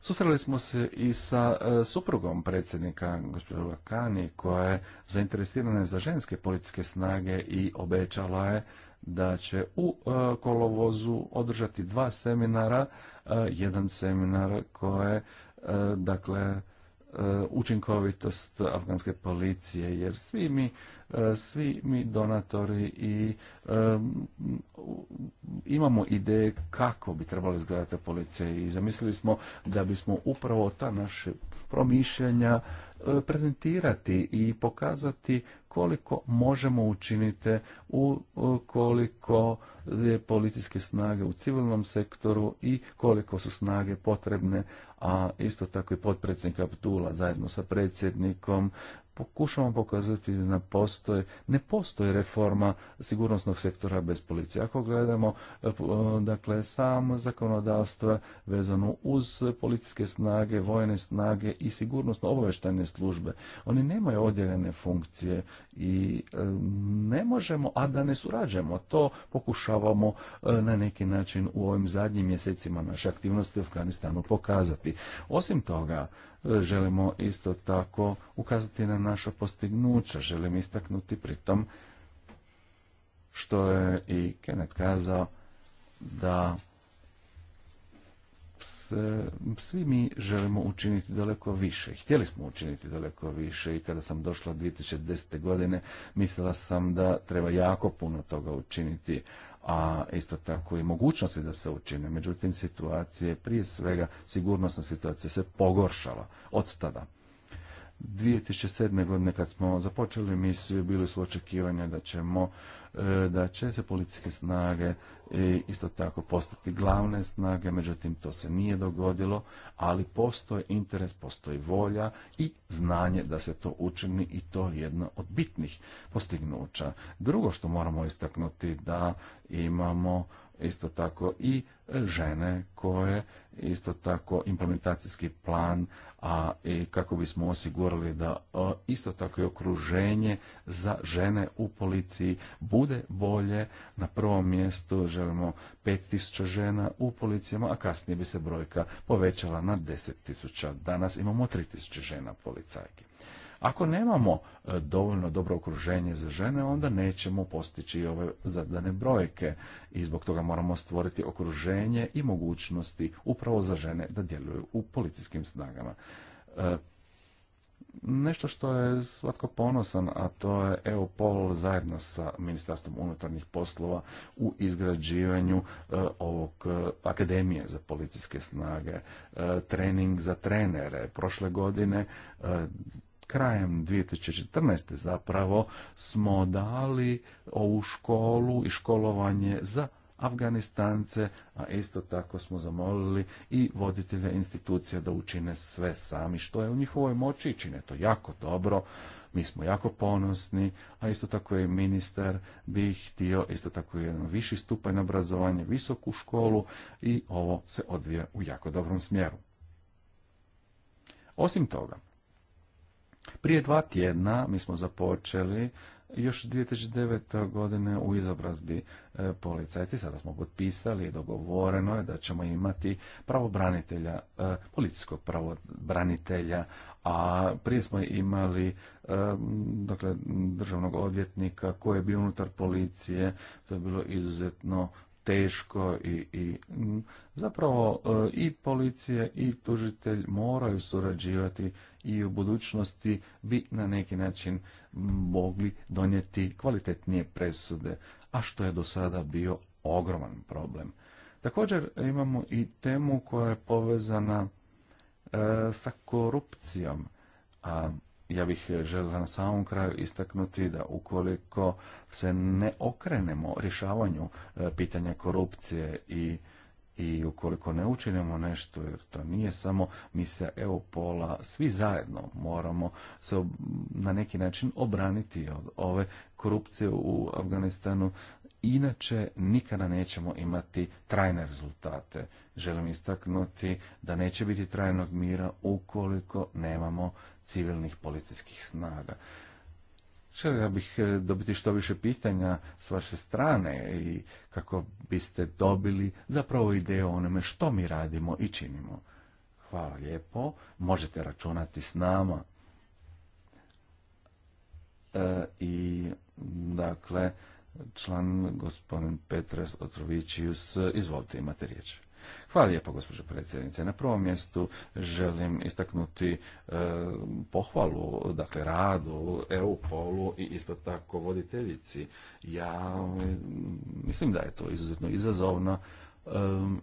Susreli smo se i sa e, suprugom predsjednika gospođa Kani koja je zainteresirana za ženske politiske snage i obećala je da će u kolovozu održati dva seminara, jedan seminar koje dakle E, učinkovitost afganske policije jer svi mi e, svi mi donatori i e, imamo ideje kako bi trebalo izgledati policije i zamislili smo da bismo upravo ta naše promišljanja prezentirati i pokazati koliko možemo učiniti koliko je policijske snage u civilnom sektoru i koliko su snage potrebne, a isto tako i potpredsjednik Abdula zajedno sa predsjednikom pokušamo pokazati da ne postoji, ne postoji reforma sigurnosnog sektora bez policije. Ako gledamo eh, eh, dakle samo zakonodavstva vezano uz policijske snage, vojne snage i sigurnosno obavještajne službe, oni nemaju odjeljene funkcije i eh, ne možemo, a da ne surađujemo. To pokušavamo na neki način u ovim zadnjim mjesecima naše aktivnosti u Afganistanu pokazati. Osim toga, Želimo isto tako ukazati na naša postignuća. Želim istaknuti pritom što je i Kenneth kazao da svi mi želimo učiniti daleko više. Htjeli smo učiniti daleko više i kada sam došla 2010. godine mislila sam da treba jako puno toga učiniti, a isto tako i mogućnosti da se učine. Međutim, situacije, prije svega sigurnosna situacija se pogoršala od tada. 2007. godine kad smo započeli misiju, bili su očekivanja da ćemo E, da će se policijske snage e, isto tako postati glavne snage, međutim to se nije dogodilo, ali postoji interes, postoji volja i znanje da se to učini i to je jedno od bitnih postignuća. Drugo što moramo istaknuti da imamo isto tako i e, žene koje isto tako implementacijski plan, a i kako bismo osigurali da e, isto tako i okruženje za žene u policiji bude bolje. Na prvom mjestu želimo 5000 žena u policijama, a kasnije bi se brojka povećala na 10.000. Danas imamo 3000 žena policajki. Ako nemamo e, dovoljno dobro okruženje za žene, onda nećemo postići ove zadane brojke i zbog toga moramo stvoriti okruženje i mogućnosti upravo za žene da djeluju u policijskim snagama e, nešto što je svatko ponosan, a to je EUPOL zajedno sa Ministarstvom unutarnjih poslova u izgrađivanju e, ovog Akademije za policijske snage, trening za trenere. Prošle godine krajem 2014. zapravo smo dali ovu školu i školovanje za Afganistance, a isto tako smo zamolili i voditelje institucija da učine sve sami što je u njihovoj moći i čine to jako dobro. Mi smo jako ponosni, a isto tako je ministar bi htio isto tako jedan viši stupanj obrazovanja, visoku školu i ovo se odvija u jako dobrom smjeru. Osim toga, prije dva tjedna mi smo započeli još 2009. godine u izobrazbi e, policajci, sada smo potpisali i dogovoreno je da ćemo imati pravobranitelja, e, policijskog pravobranitelja, a prije smo imali e, dakle, državnog odvjetnika koji je bio unutar policije, to je bilo izuzetno teško i, i zapravo e, i policija i tužitelj moraju surađivati i u budućnosti bi na neki način mogli donijeti kvalitetnije presude, a što je do sada bio ogroman problem. Također imamo i temu koja je povezana e, sa korupcijom, a ja bih e, želio na samom kraju istaknuti da ukoliko se ne okrenemo rješavanju e, pitanja korupcije i i ukoliko ne učinimo nešto, jer to nije samo misija EU pola, svi zajedno moramo se na neki način obraniti od ove korupcije u Afganistanu, inače nikada nećemo imati trajne rezultate. Želim istaknuti da neće biti trajnog mira ukoliko nemamo civilnih policijskih snaga. Želio bih e, dobiti što više pitanja s vaše strane i kako biste dobili zapravo ideju o onome što mi radimo i činimo. Hvala lijepo, možete računati s nama. E, I dakle, član gospodin Petres Otrovićius, izvolite imate riječ. Hvala lijepo, gospođo predsjednice. Na prvom mjestu želim istaknuti e, pohvalu, dakle radu EU-polu i isto tako voditeljici. Ja e, mislim da je to izuzetno izazovno e,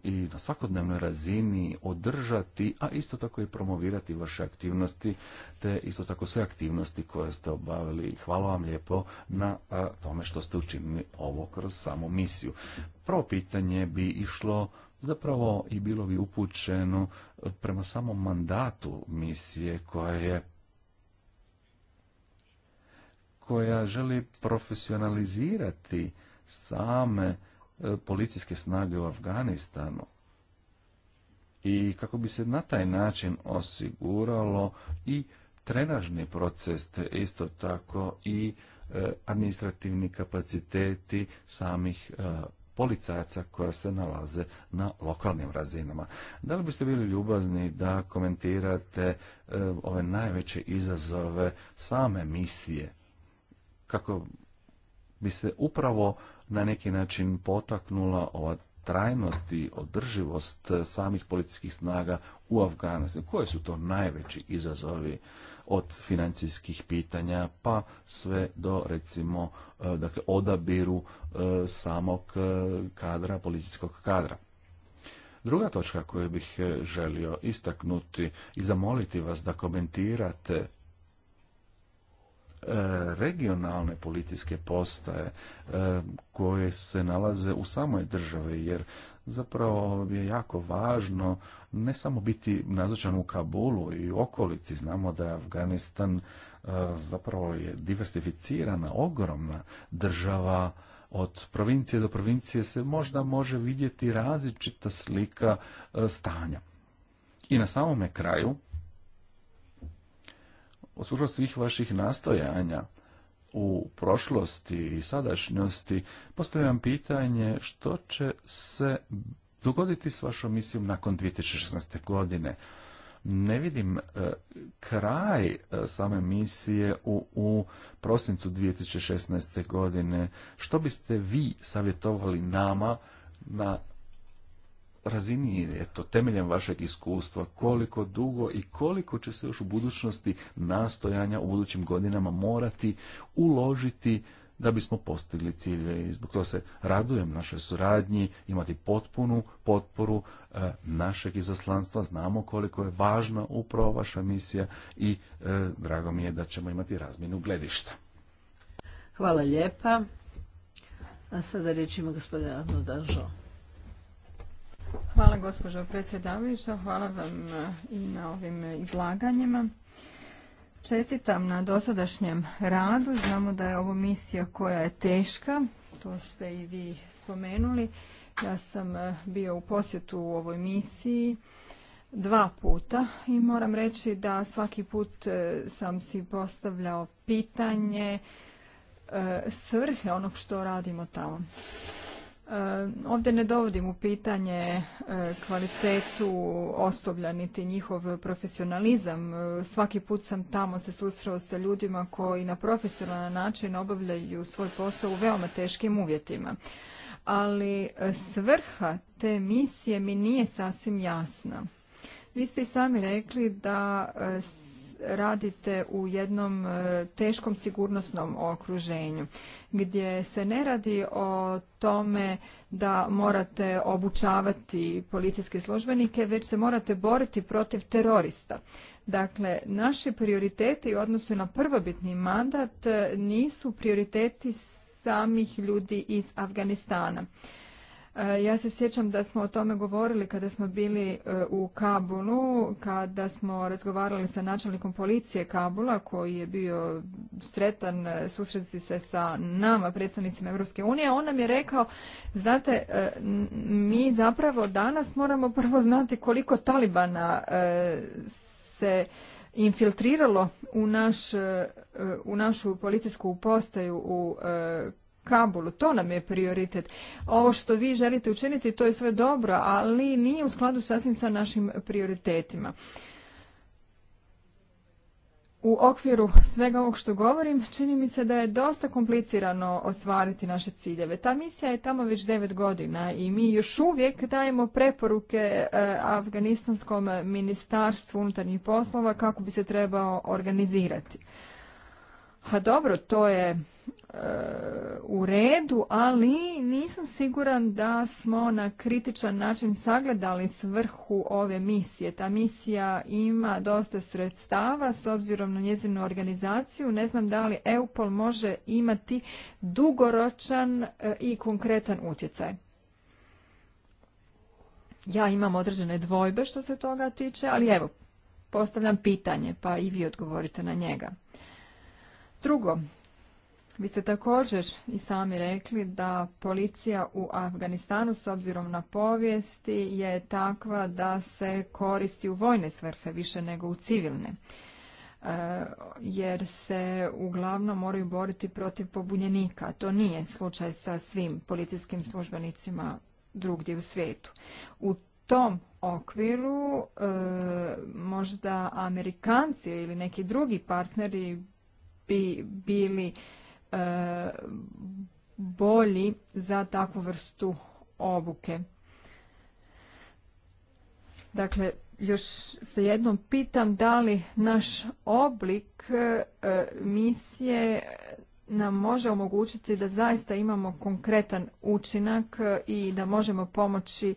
i na svakodnevnoj razini održati, a isto tako i promovirati vaše aktivnosti, te isto tako sve aktivnosti koje ste obavili. Hvala vam lijepo na tome što ste učinili ovo kroz samu misiju. Prvo pitanje bi išlo zapravo i bilo bi upućeno e, prema samom mandatu misije koja je koja želi profesionalizirati same e, policijske snage u Afganistanu i kako bi se na taj način osiguralo i trenažni proces, te isto tako i e, administrativni kapaciteti samih policajaca koja se nalaze na lokalnim razinama. Da li biste bili ljubazni da komentirate e, ove najveće izazove same misije kako bi se upravo na neki način potaknula ova trajnost i održivost samih policijskih snaga u Afganistanu. Koje su to najveći izazovi od financijskih pitanja pa sve do recimo e, dakle, odabiru e, samog e, kadra, policijskog kadra. Druga točka koju bih želio istaknuti i zamoliti vas da komentirate regionalne policijske postaje koje se nalaze u samoj državi, jer zapravo je jako važno ne samo biti nazočan u Kabulu i u okolici. Znamo da je Afganistan e, zapravo je diversificirana, ogromna država od provincije do provincije se možda može vidjeti različita slika e, stanja. I na samome kraju, usprkos svih vaših nastojanja, u prošlosti i sadašnjosti, postavljam pitanje što će se dogoditi s vašom misijom nakon 2016. godine. Ne vidim e, kraj e, same misije u, u prosincu 2016. godine. Što biste vi savjetovali nama na razini eto, temeljem vašeg iskustva koliko dugo i koliko će se još u budućnosti nastojanja u budućim godinama morati uložiti da bismo postigli cilje i zbog toga se radujem našoj suradnji, imati potpunu potporu e, našeg izaslanstva, znamo koliko je važna upravo vaša misija i e, drago mi je da ćemo imati razmjenu gledišta. Hvala lijepa. A sada rečimo gospodinu gospodina Hvala gospođo predsjedavajuća, hvala vam e, i na ovim izlaganjima. Čestitam na dosadašnjem radu, znamo da je ovo misija koja je teška, to ste i vi spomenuli. Ja sam e, bio u posjetu u ovoj misiji dva puta i moram reći da svaki put e, sam si postavljao pitanje svrhe onog što radimo tamo. Ovdje ne dovodim u pitanje e, kvalitetu osoblja niti njihov profesionalizam. E, svaki put sam tamo se susreo sa ljudima koji na profesionalan način obavljaju svoj posao u veoma teškim uvjetima. Ali e, svrha te misije mi nije sasvim jasna. Vi ste i sami rekli da radite u jednom e, teškom sigurnosnom okruženju gdje se ne radi o tome da morate obučavati policijske službenike već se morate boriti protiv terorista. Dakle, naši prioriteti u odnosu na prvobitni mandat e, nisu prioriteti samih ljudi iz Afganistana. E, ja se sjećam da smo o tome govorili kada smo bili e, u Kabulu, kada smo razgovarali sa načelnikom policije Kabula koji je bio sretan e, susreti se sa nama, predstavnicima Europske unije. On nam je rekao, znate, mi zapravo danas moramo prvo znati koliko Talibana se infiltriralo u, naš, u našu policijsku postaju u Kabulu. To nam je prioritet. Ovo što vi želite učiniti, to je sve dobro, ali nije u skladu sasvim sa našim prioritetima. U okviru svega ovog što govorim, čini mi se da je dosta komplicirano ostvariti naše ciljeve. Ta misija je tamo već devet godina i mi još uvijek dajemo preporuke e, Afganistanskom ministarstvu unutarnjih poslova kako bi se trebao organizirati. Ha dobro, to je e, u redu, ali nisam siguran da smo na kritičan način sagledali svrhu ove misije. Ta misija ima dosta sredstava s obzirom na njezinu organizaciju. Ne znam da li EUPOL može imati dugoročan e, i konkretan utjecaj. Ja imam određene dvojbe što se toga tiče, ali evo, postavljam pitanje pa i vi odgovorite na njega. Drugo, vi ste također i sami rekli da policija u Afganistanu s obzirom na povijesti je takva da se koristi u vojne svrhe više nego u civilne. E, jer se uglavnom moraju boriti protiv pobunjenika. To nije slučaj sa svim policijskim službenicima drugdje u svijetu. U tom okviru e, možda Amerikanci ili neki drugi partneri bi bili e, bolji za takvu vrstu obuke. Dakle, još se jednom pitam da li naš oblik e, misije nam može omogućiti da zaista imamo konkretan učinak e, i da možemo pomoći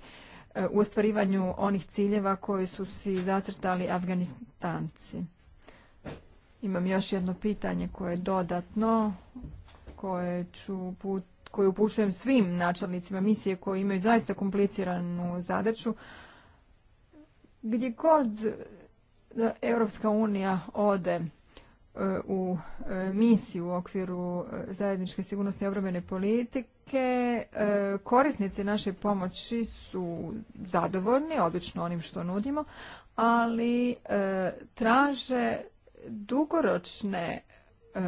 u ostvarivanju onih ciljeva koji su si zacrtali Afganistanci. Imam još jedno pitanje koje je dodatno, koje ću upućujem svim načelnicima misije koji imaju zaista kompliciranu zadaću. Gdje god Europska unija ode e, u e, misiju u okviru e, zajedničke sigurnosti i obrambene politike. Korisnici naše pomoći su zadovoljni, obično onim što nudimo, ali traže dugoročne e,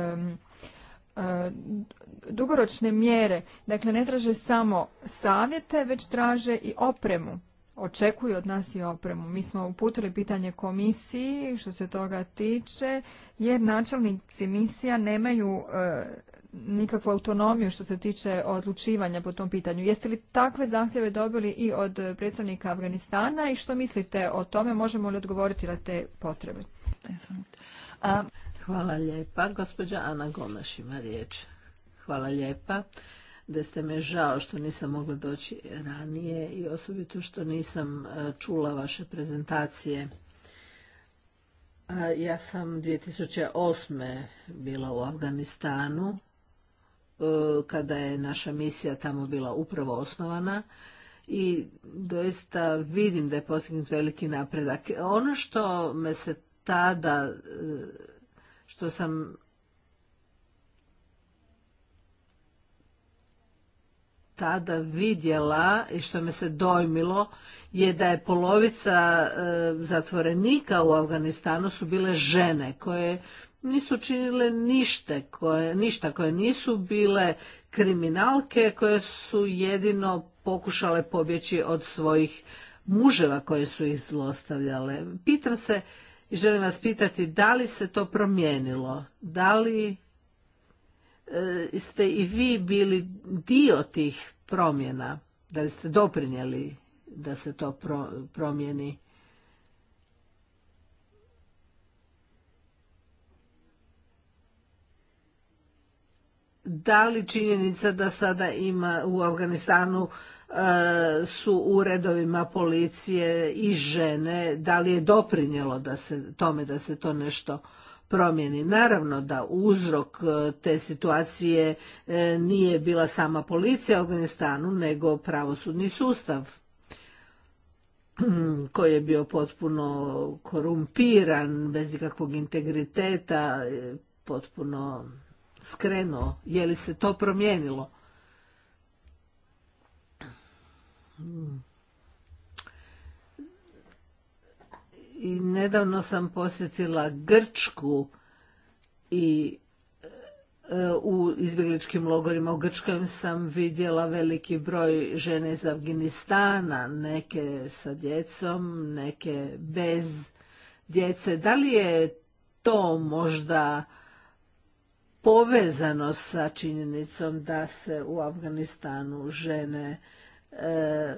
dugoročne mjere. Dakle, ne traže samo savjete, već traže i opremu. Očekuju od nas i opremu. Mi smo uputili pitanje komisiji što se toga tiče, jer načelnici misija nemaju e, nikakvu autonomiju što se tiče odlučivanja po tom pitanju. Jeste li takve zahtjeve dobili i od predstavnika Afganistana i što mislite o tome? Možemo li odgovoriti na te potrebe? Hvala lijepa. Gospođa Ana Gomaš ima riječ. Hvala lijepa da ste me žao što nisam mogla doći ranije i osobito što nisam e, čula vaše prezentacije. E, ja sam 2008. bila u Afganistanu e, kada je naša misija tamo bila upravo osnovana i doista vidim da je postignut veliki napredak. Ono što me se tada e, što sam tada vidjela i što me se dojmilo je da je polovica e, zatvorenika u Afganistanu su bile žene koje nisu činile ništa koje, ništa koje nisu bile kriminalke koje su jedino pokušale pobjeći od svojih muževa koje su ih zlostavljale. Pitam se i želim vas pitati da li se to promijenilo, da li e, ste i vi bili dio tih promjena, da li ste doprinijeli da se to promijeni. da li činjenica da sada ima u Afganistanu e, su u redovima policije i žene, da li je doprinjelo da se, tome da se to nešto promijeni? Naravno da uzrok e, te situacije e, nije bila sama policija u Afganistanu, nego pravosudni sustav koji je bio potpuno korumpiran, bez ikakvog integriteta, potpuno skrenuo? Je li se to promijenilo? I nedavno sam posjetila Grčku i e, u izbjegličkim logorima u Grčkoj sam vidjela veliki broj žene iz Afganistana, neke sa djecom, neke bez djece. Da li je to možda povezano sa činjenicom da se u Afganistanu žene e,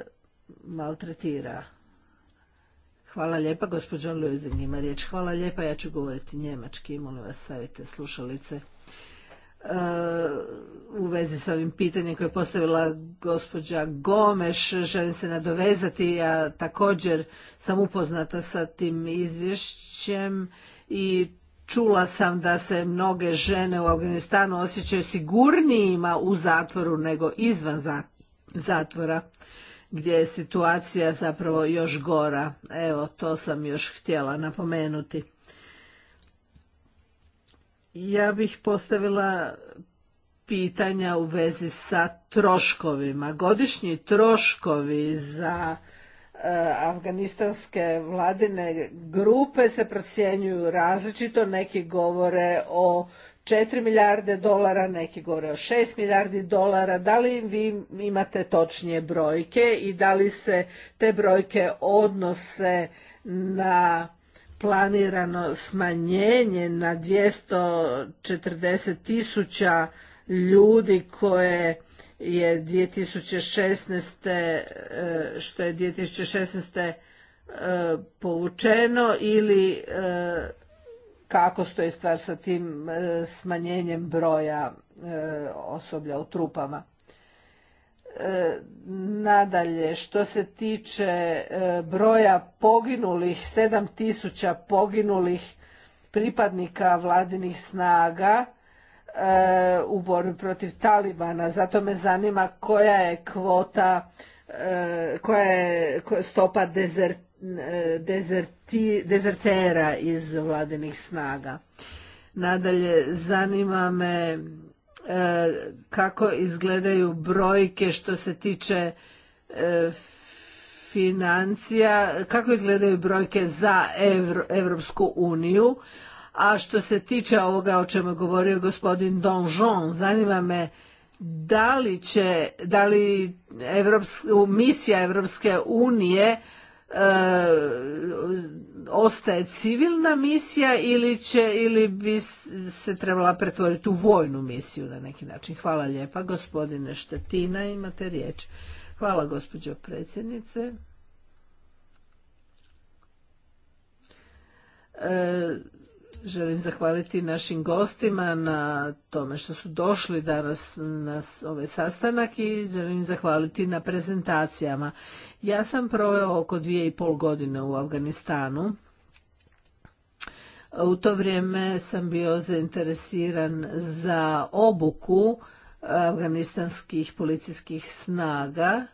maltretira. Hvala lijepa, gospođa Luzing ima riječ. Hvala lijepa, ja ću govoriti njemački, molim vas stavite slušalice. E, u vezi sa ovim pitanjem koje je postavila gospođa Gomeš, želim se nadovezati, ja također sam upoznata sa tim izvješćem i čula sam da se mnoge žene u Afganistanu osjećaju sigurnijima u zatvoru nego izvan zatvora gdje je situacija zapravo još gora. Evo, to sam još htjela napomenuti. Ja bih postavila pitanja u vezi sa troškovima. Godišnji troškovi za Eh, afganistanske vladine grupe se procjenjuju različito, neki govore o 4 milijarde dolara, neki govore o 6 milijardi dolara. Da li vi imate točnije brojke i da li se te brojke odnose na planirano smanjenje na 240 tisuća ljudi koje je 2016. E, što je 2016. E, povučeno ili e, kako stoji stvar sa tim smanjenjem broja osoblja u trupama. Nadalje, što se tiče broja poginulih, 7000 poginulih pripadnika vladinih snaga, u borbi protiv Talibana. Zato me zanima koja je kvota, e, koja je stopa e, dezertera iz vladinih snaga. Nadalje, zanima me e, kako izgledaju brojke što se tiče financija, kako izgledaju brojke za Evropsku uniju, a što se tiče ovoga o čemu je govorio gospodin Donjon, zanima me da li će, da li misija Evropske unije e, ostaje civilna misija ili će ili bi se trebala pretvoriti u vojnu misiju na neki način. Hvala lijepa gospodine Štetina, imate riječ. Hvala gospođo predsjednice. E, Želim zahvaliti našim gostima na tome što su došli danas na ovaj sastanak i želim zahvaliti na prezentacijama. Ja sam proveo oko dvije i pol godine u Afganistanu. U to vrijeme sam bio zainteresiran za obuku eh, afganistanskih policijskih snaga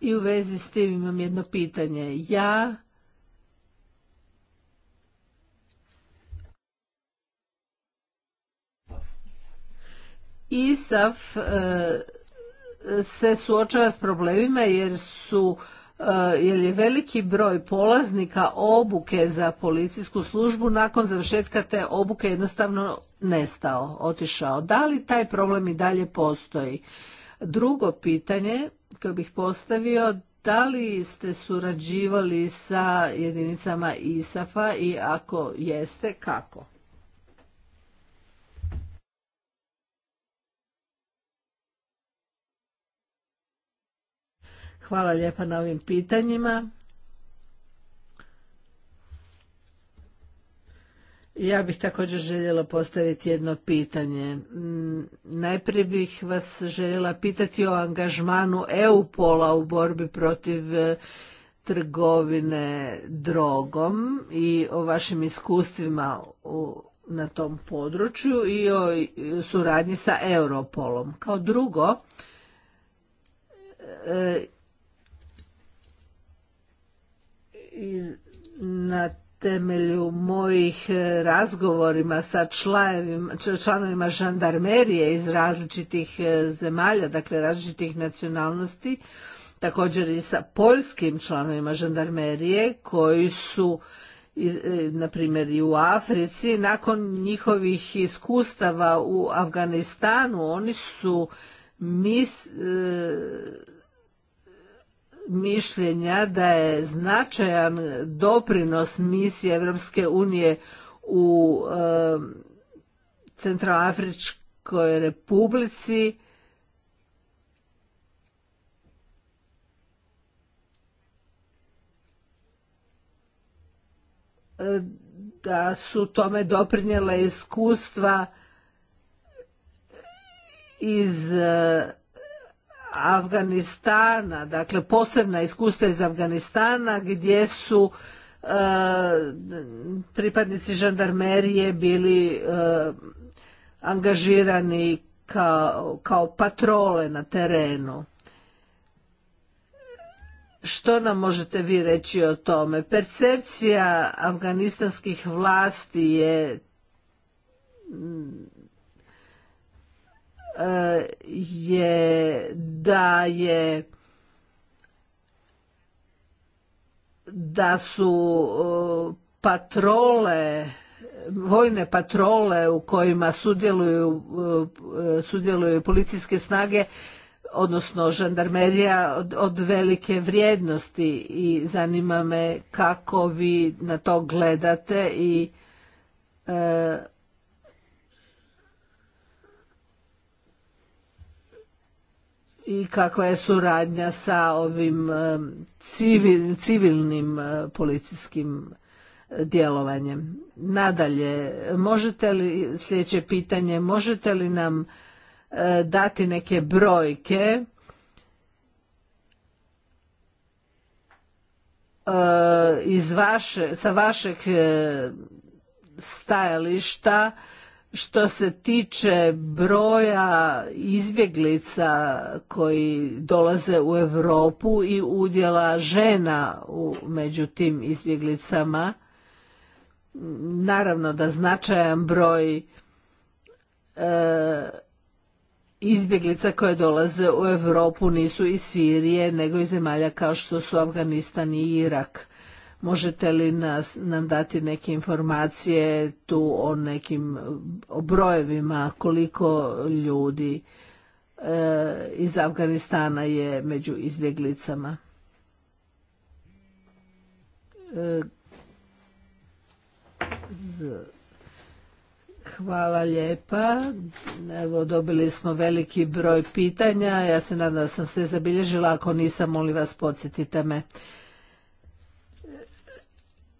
I u vezi s tim imam jedno pitanje. Ja ISAF e, se suočava s problemima jer su e, jer je veliki broj polaznika obuke za policijsku službu nakon završetka te obuke jednostavno nestao, otišao. Da li taj problem i dalje postoji? Drugo pitanje koju bih postavio, da li ste surađivali sa jedinicama ISAF-a i ako jeste, kako? Hvala lijepa na ovim pitanjima. Ja bih također željela postaviti jedno pitanje. Mm, najprije bih vas željela pitati o angažmanu eu u borbi protiv e, trgovine drogom i o vašim iskustvima u, na tom području i o suradnji sa Europolom. Kao drugo, e, na temelju mojih e, razgovorima sa članovima žandarmerije iz različitih e, zemalja, dakle različitih nacionalnosti, također i sa poljskim članovima žandarmerije koji su e, na primjer i u Africi, nakon njihovih iskustava u Afganistanu, oni su mis, mišljenja da je značajan doprinos misije Europske unije u Centralafričkoj republici da su tome doprinjela iskustva iz Afganistana, dakle posebna iskustva iz Afganistana gdje su e, pripadnici žandarmerije bili e, angažirani kao, patrole na terenu. Što nam možete vi reći o tome? Percepcija afganistanskih vlasti je je da je da su patrole vojne patrole u kojima sudjeluju, sudjeluju policijske snage odnosno žandarmerija od, velike vrijednosti i zanima me kako vi na to gledate i e, i kakva je suradnja sa ovim e, civil, civilnim e, policijskim e, djelovanjem. Nadalje, možete li, sljedeće pitanje, možete li nam dati neke brojke iz vaše, sa vašeg stajališta što se tiče broja izbjeglica koji dolaze u Europu i udjela žena u, među tim izbjeglicama, naravno da značajan broj e, izbjeglica koje dolaze u Europu nisu iz Sirije nego iz zemalja kao što su Afganistan i Irak. Možete li nas, nam dati neke informacije tu o nekim o brojevima koliko ljudi e, iz Afganistana je među izbjeglicama? E, hvala lijepa. Evo, dobili smo veliki broj pitanja. Ja se nadam da sam sve zabilježila. Ako nisam, molim vas, podsjetite me.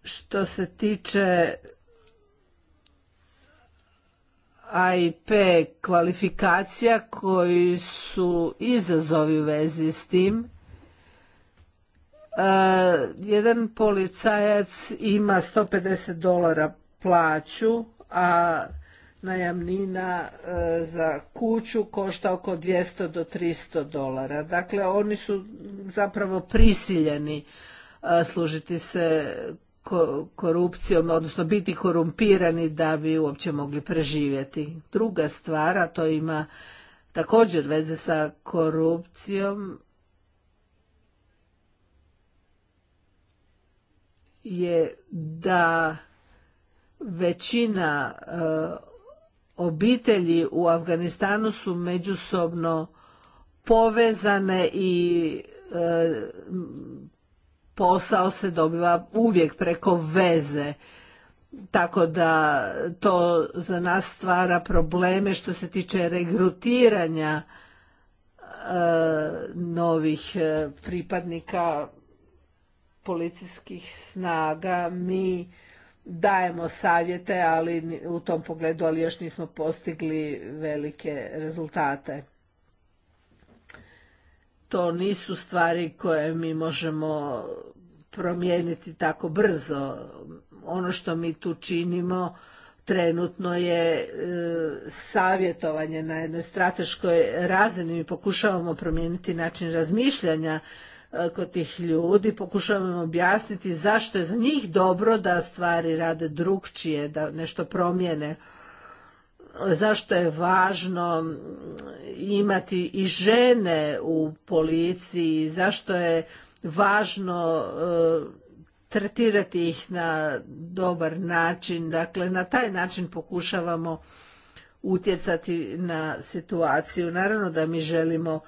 Što se tiče AIP kvalifikacija koji su izazovi u vezi s tim. E, jedan policajac ima 150 dolara plaću, a najamnina e, za kuću košta oko 200 do 300 dolara. Dakle, oni su zapravo prisiljeni e, služiti se korupcijom, odnosno biti korumpirani da bi uopće mogli preživjeti. Druga stvar, a to ima također veze sa korupcijom, je da većina eh, obitelji u Afganistanu su međusobno povezane i eh, posao se dobiva uvijek preko veze. Tako da to za nas stvara probleme što se tiče regrutiranja e, novih e, pripadnika policijskih snaga. Mi dajemo savjete, ali u tom pogledu ali još nismo postigli velike rezultate to nisu stvari koje mi možemo promijeniti tako brzo. Ono što mi tu činimo trenutno je e, savjetovanje na jednoj strateškoj razini. Mi pokušavamo promijeniti način razmišljanja e, kod tih ljudi, pokušavamo objasniti zašto je za njih dobro da stvari rade drugčije, da nešto promijene zašto je važno imati i žene u policiji, zašto je važno e, tretirati ih na dobar način. Dakle, na taj način pokušavamo utjecati na situaciju. Naravno da mi želimo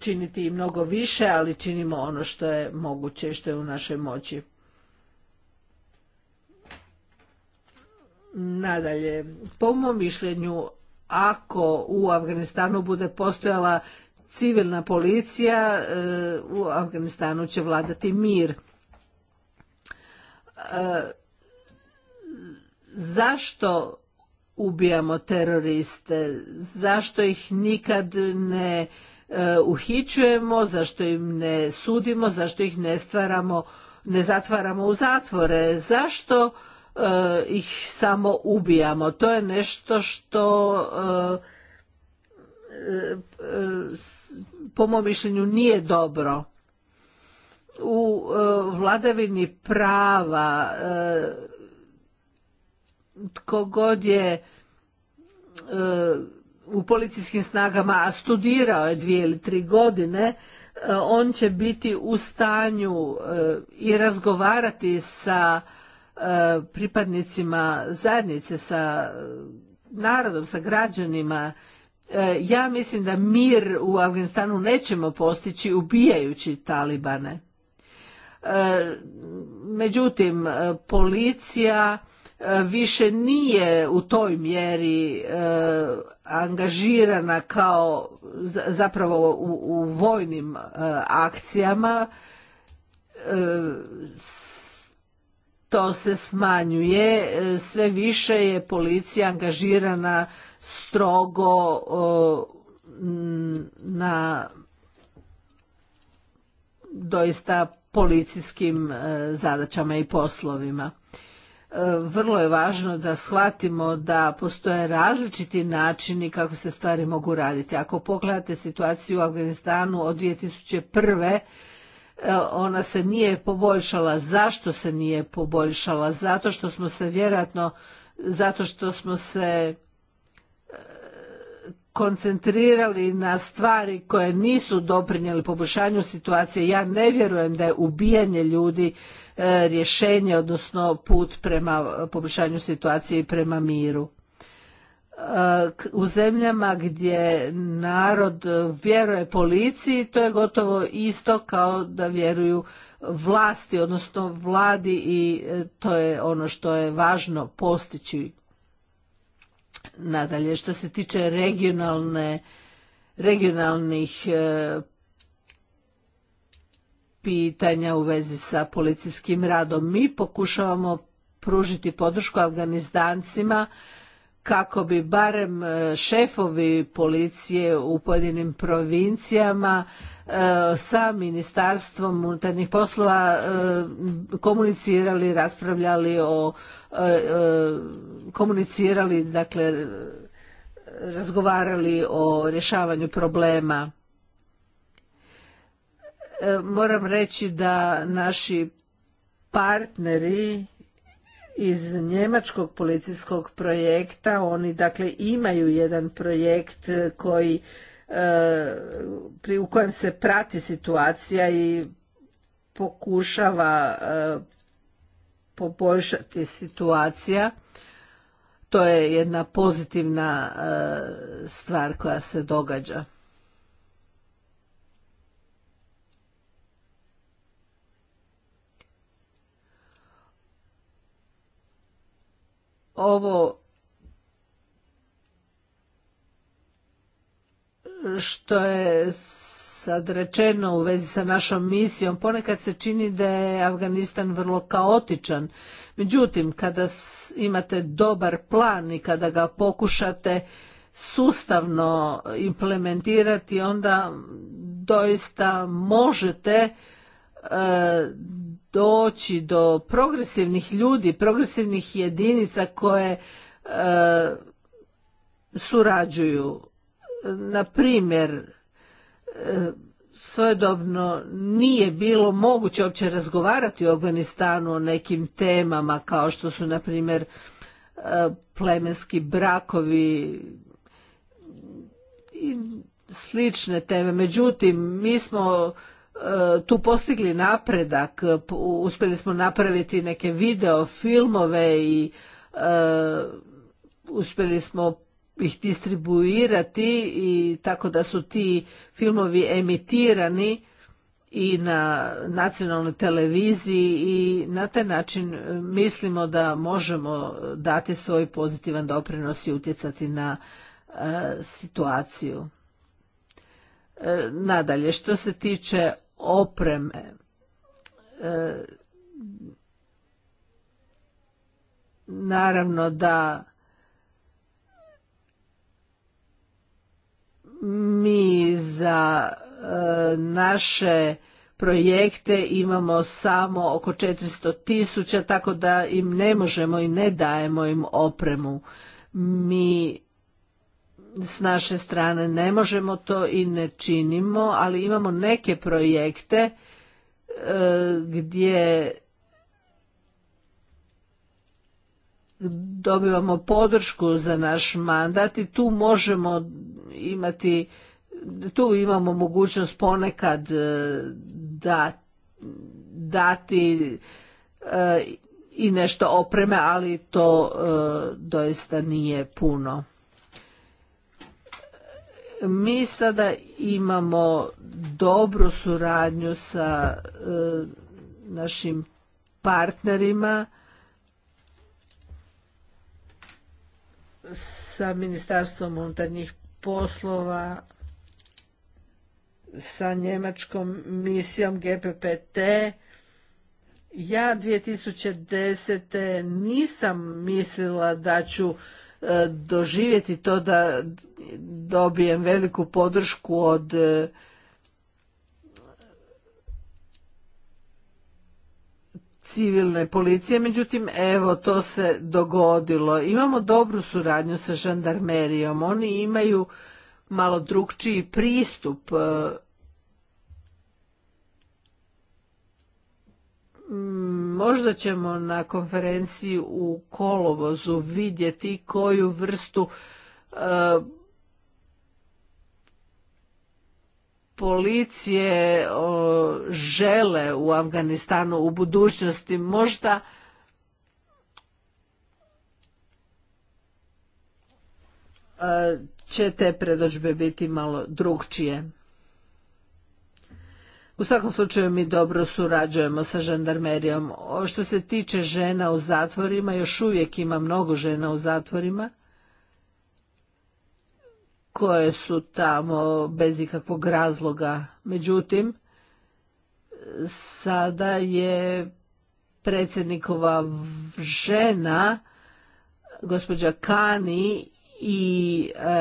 činiti i mnogo više, ali činimo ono što je moguće i što je u našoj moći. Nadalje, po mom mišljenju, ako u Afganistanu bude postojala civilna policija, e, u Afganistanu će vladati mir. E, zašto ubijamo teroriste? Zašto ih nikad ne e, uhićujemo? Zašto im ne sudimo? Zašto ih ne stvaramo, ne zatvaramo u zatvore? Zašto E, ih samo ubijamo. To je nešto što e, e, po mom mišljenju nije dobro. U vladavini prava tko god je u policijskim snagama, a studirao je dvije ili tri godine, on će biti u stanju i razgovarati sa E, pripadnicima zajednice sa narodom, sa građanima. E, ja mislim da mir u Afganistanu nećemo postići ubijajući Talibane. E, međutim, policija više nije u toj mjeri angažirana kao zapravo u, u vojnim akcijama to se smanjuje, e, sve više je policija angažirana strogo na doista policijskim e, zadaćama i poslovima. E, vrlo je važno da shvatimo da postoje različiti načini kako se stvari mogu raditi. Ako pogledate situaciju u Afganistanu od 2001 E, ona se nije poboljšala. Zašto se nije poboljšala? Zato što smo se vjerojatno, zato što smo se e, koncentrirali na stvari koje nisu doprinijele poboljšanju situacije. Ja ne vjerujem da je ubijanje ljudi e, rješenje, odnosno put prema poboljšanju situacije i prema miru u zemljama gdje narod vjeruje policiji, to je gotovo isto kao da vjeruju vlasti, odnosno vladi i e, to je ono što je važno postići nadalje. Što se tiče regionalne, regionalnih e, pitanja u vezi sa policijskim radom, mi pokušavamo pružiti podršku Afganistancima kako bi barem e, šefovi policije u pojedinim provincijama e, sa ministarstvom unutarnjih poslova e, komunicirali, raspravljali o komunicirali, dakle razgovarali o rješavanju problema. Moram reći da naši partneri iz njemačkog policijskog projekta oni dakle imaju jedan projekt e, koji e, u kojem se prati situacija i pokušava e, poboljšati situacija to je jedna pozitivna stvar koja se događa ovo što je sad rečeno u vezi sa našom misijom, ponekad se čini da je Afganistan vrlo kaotičan. Međutim, kada imate dobar plan i kada ga pokušate sustavno implementirati, onda doista možete E, doći do progresivnih ljudi, progresivnih jedinica koje e, surađuju. Na primjer, e, svojedobno nije bilo moguće uopće razgovarati u Afganistanu o nekim temama kao što su na primjer plemenski brakovi i slične teme. Međutim, mi smo E, tu postigli napredak, uspjeli smo napraviti neke video filmove i e, uspjeli smo ih distribuirati i tako da su ti filmovi emitirani i na nacionalnoj televiziji i na taj način e, mislimo da možemo dati svoj pozitivan doprinos i utjecati na situaciju. nadalje, što se tiče opreme. E, naravno da mi za e, naše projekte imamo samo oko 400 tisuća, tako da im ne možemo i ne dajemo im opremu. Mi s naše strane ne možemo to i ne činimo, ali imamo neke projekte e, gdje dobivamo podršku za naš mandat i tu možemo imati tu imamo mogućnost ponekad e, da dati e, i nešto opreme, ali to doista nije puno. Mi sada imamo dobru suradnju sa e, našim partnerima, sa Ministarstvom unutarnjih poslova, sa njemačkom misijom GPPT. Ja 2010. nisam mislila da ću E, doživjeti to da dobijem veliku podršku od e, civilne policije, međutim evo to se dogodilo. Imamo dobru suradnju sa žandarmerijom, oni imaju malo drugčiji pristup. E, Možda ćemo na konferenciji u kolovozu vidjeti koju vrstu e, policije žele u Afganistanu u budućnosti. Možda e, će te predođbe biti malo drugčije u svakom slučaju mi dobro surađujemo sa žandarmerijom. O što se tiče žena u zatvorima, još uvijek ima mnogo žena u zatvorima koje su tamo bez ikakvog razloga. Međutim, sada je predsjednikova žena, gospođa Kani i e,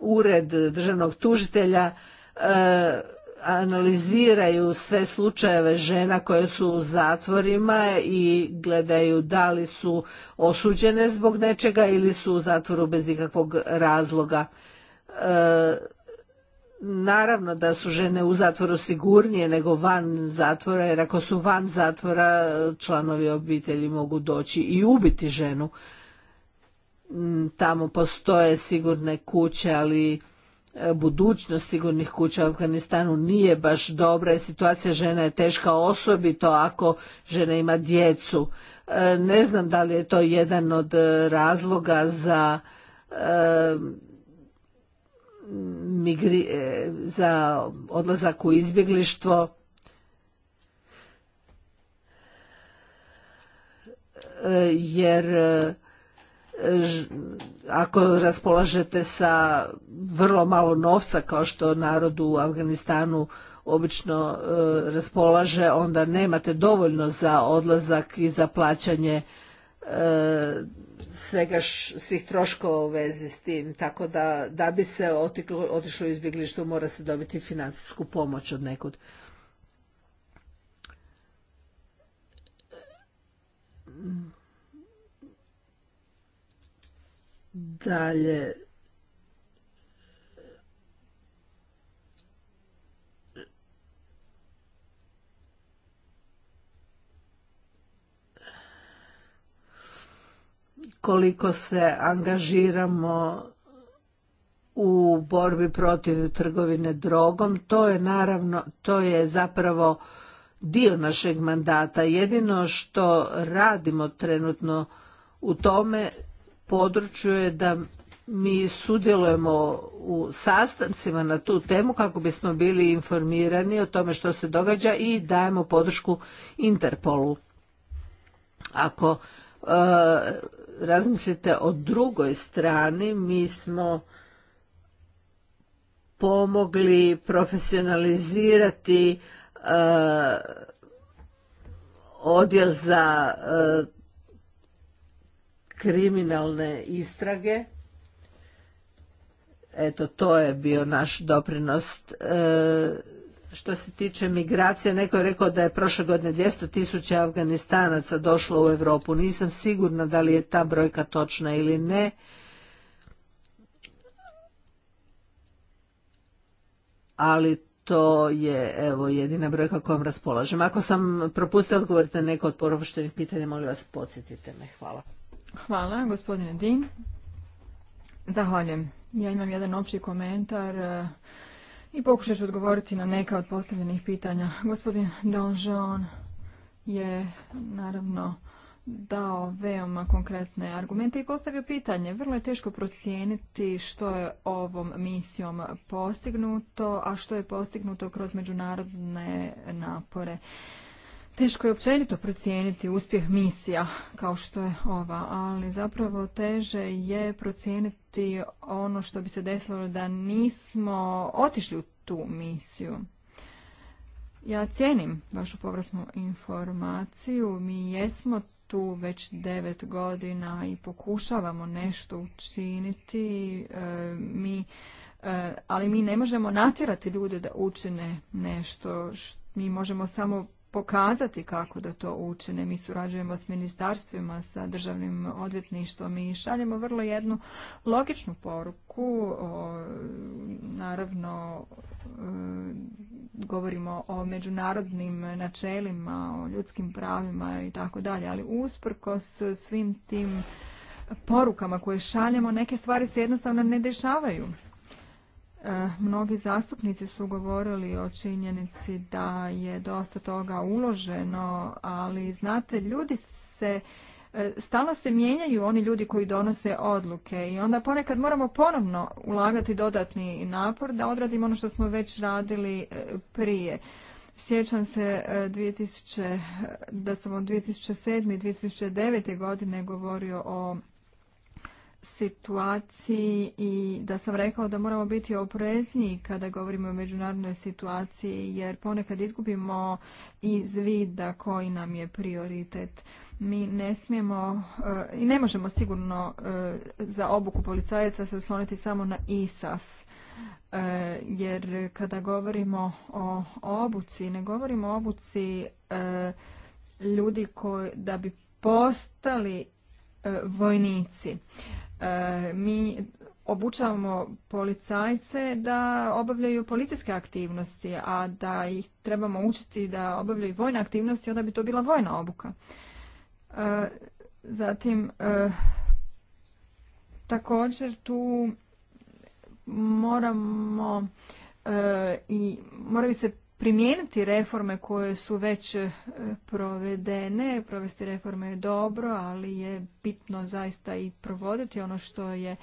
ured državnog tužitelja e, analiziraju sve slučajeve žena koje su u zatvorima i gledaju da li su osuđene zbog nečega ili su u zatvoru bez ikakvog razloga. E, naravno da su žene u zatvoru sigurnije nego van zatvora jer ako su van zatvora članovi obitelji mogu doći i ubiti ženu. Mm, tamo postoje sigurne kuće, ali E, budućnost sigurnih kuća u Afganistanu nije baš dobra i situacija žena je teška osobito ako žena ima djecu. E, ne znam da li je to jedan od e, razloga za za odlazak u izbjeglištvo. Jer ako raspolažete sa vrlo malo novca kao što narod u Afganistanu obično e, raspolaže, onda nemate dovoljno za odlazak i za plaćanje e, svega svih troškova u vezi s tim. Tako da, da bi se otišlo u izbjeglištvo mora se dobiti financijsku pomoć od nekud. Dalje, koliko se angažiramo u borbi protiv trgovine drogom, to je naravno, to je zapravo dio našeg mandata. Jedino što radimo trenutno u tome području je da mi sudjelujemo u sastancima na tu temu kako bismo bili informirani o tome što se događa i dajemo podršku Interpolu. Ako e, razmislite o drugoj strani, mi smo pomogli profesionalizirati e, odjel za e, kriminalne istrage. Eto, to je bio naš doprinos. E, što se tiče migracije, neko je rekao da je prošle godine 200 tisuća Afganistanaca došlo u Europu. Nisam sigurna da li je ta brojka točna ili ne. Ali to je evo jedina brojka kojom raspolažem. Ako sam propustila odgovoriti na neko od poropoštenih pitanja, molim vas podsjetite me. Hvala. Hvala, gospodine Din. Zahvaljujem. Ja imam jedan opći komentar e, i pokušat ću odgovoriti na neka od postavljenih pitanja. Gospodin Donžon je naravno dao veoma konkretne argumente i postavio pitanje. Vrlo je teško procijeniti što je ovom misijom postignuto, a što je postignuto kroz međunarodne napore. Teško je općenito procijeniti uspjeh misija kao što je ova, ali zapravo teže je procijeniti ono što bi se desilo da nismo otišli u tu misiju. Ja cijenim vašu povratnu informaciju. Mi jesmo tu već devet godina i pokušavamo nešto učiniti. E, mi, e, ali mi ne možemo natjerati ljude da učine nešto. Mi možemo samo pokazati kako da to učine. Mi surađujemo s ministarstvima, sa državnim odvjetništvom i šaljemo vrlo jednu logičnu poruku. Naravno, e, govorimo o međunarodnim načelima, o ljudskim pravima i tako dalje, ali usprkos svim tim porukama koje šaljemo, neke stvari se jednostavno ne dešavaju. E, mnogi zastupnici su govorili o činjenici da je dosta toga uloženo, ali znate, ljudi se e, stalno se mijenjaju oni ljudi koji donose odluke i onda ponekad moramo ponovno ulagati dodatni napor da odradimo ono što smo već radili e, prije. Sjećam se 2000, da sam od 2007. i 2009. godine govorio o situaciji i da sam rekao da moramo biti oprezniji kada govorimo o međunarodnoj situaciji jer ponekad izgubimo iz vida koji nam je prioritet. Mi ne smijemo eh, i ne možemo sigurno eh, za obuku policajaca se osloniti samo na ISAF eh, jer kada govorimo o obuci, ne govorimo o obuci ljudi koji da bi postali vojnici. E, mi obučavamo policajce da obavljaju policijske aktivnosti, a da ih trebamo učiti da obavljaju vojne aktivnosti, onda bi to bila vojna obuka. E, zatim, e, također tu moramo i moraju se primijeniti reforme koje su već e, provedene. Provesti reforme je dobro, ali je bitno zaista i provoditi ono što je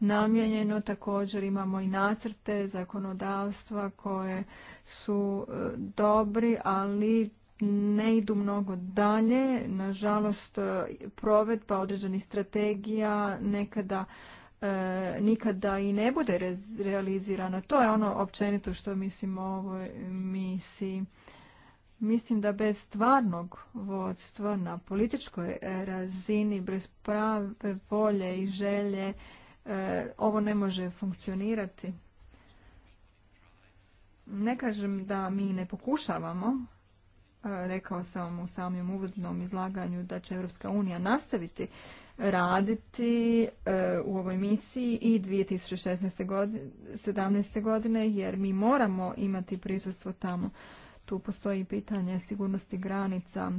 namijenjeno. Također imamo i nacrte zakonodavstva koje su e, dobri, ali ne idu mnogo dalje. Nažalost, e, provedba određenih strategija nekada E, nikada i ne bude realizirana. To je ono općenito što mislim o ovoj misiji. Mislim da bez stvarnog vodstva na političkoj razini, bez prave volje i želje, e, ovo ne može funkcionirati. Ne kažem da mi ne pokušavamo, e, rekao sam u samom uvodnom izlaganju da će Europska unija nastaviti raditi e, u ovoj misiji i 2016. godine, 17. godine jer mi moramo imati prisustvo tamo. Tu postoji pitanje sigurnosti granica,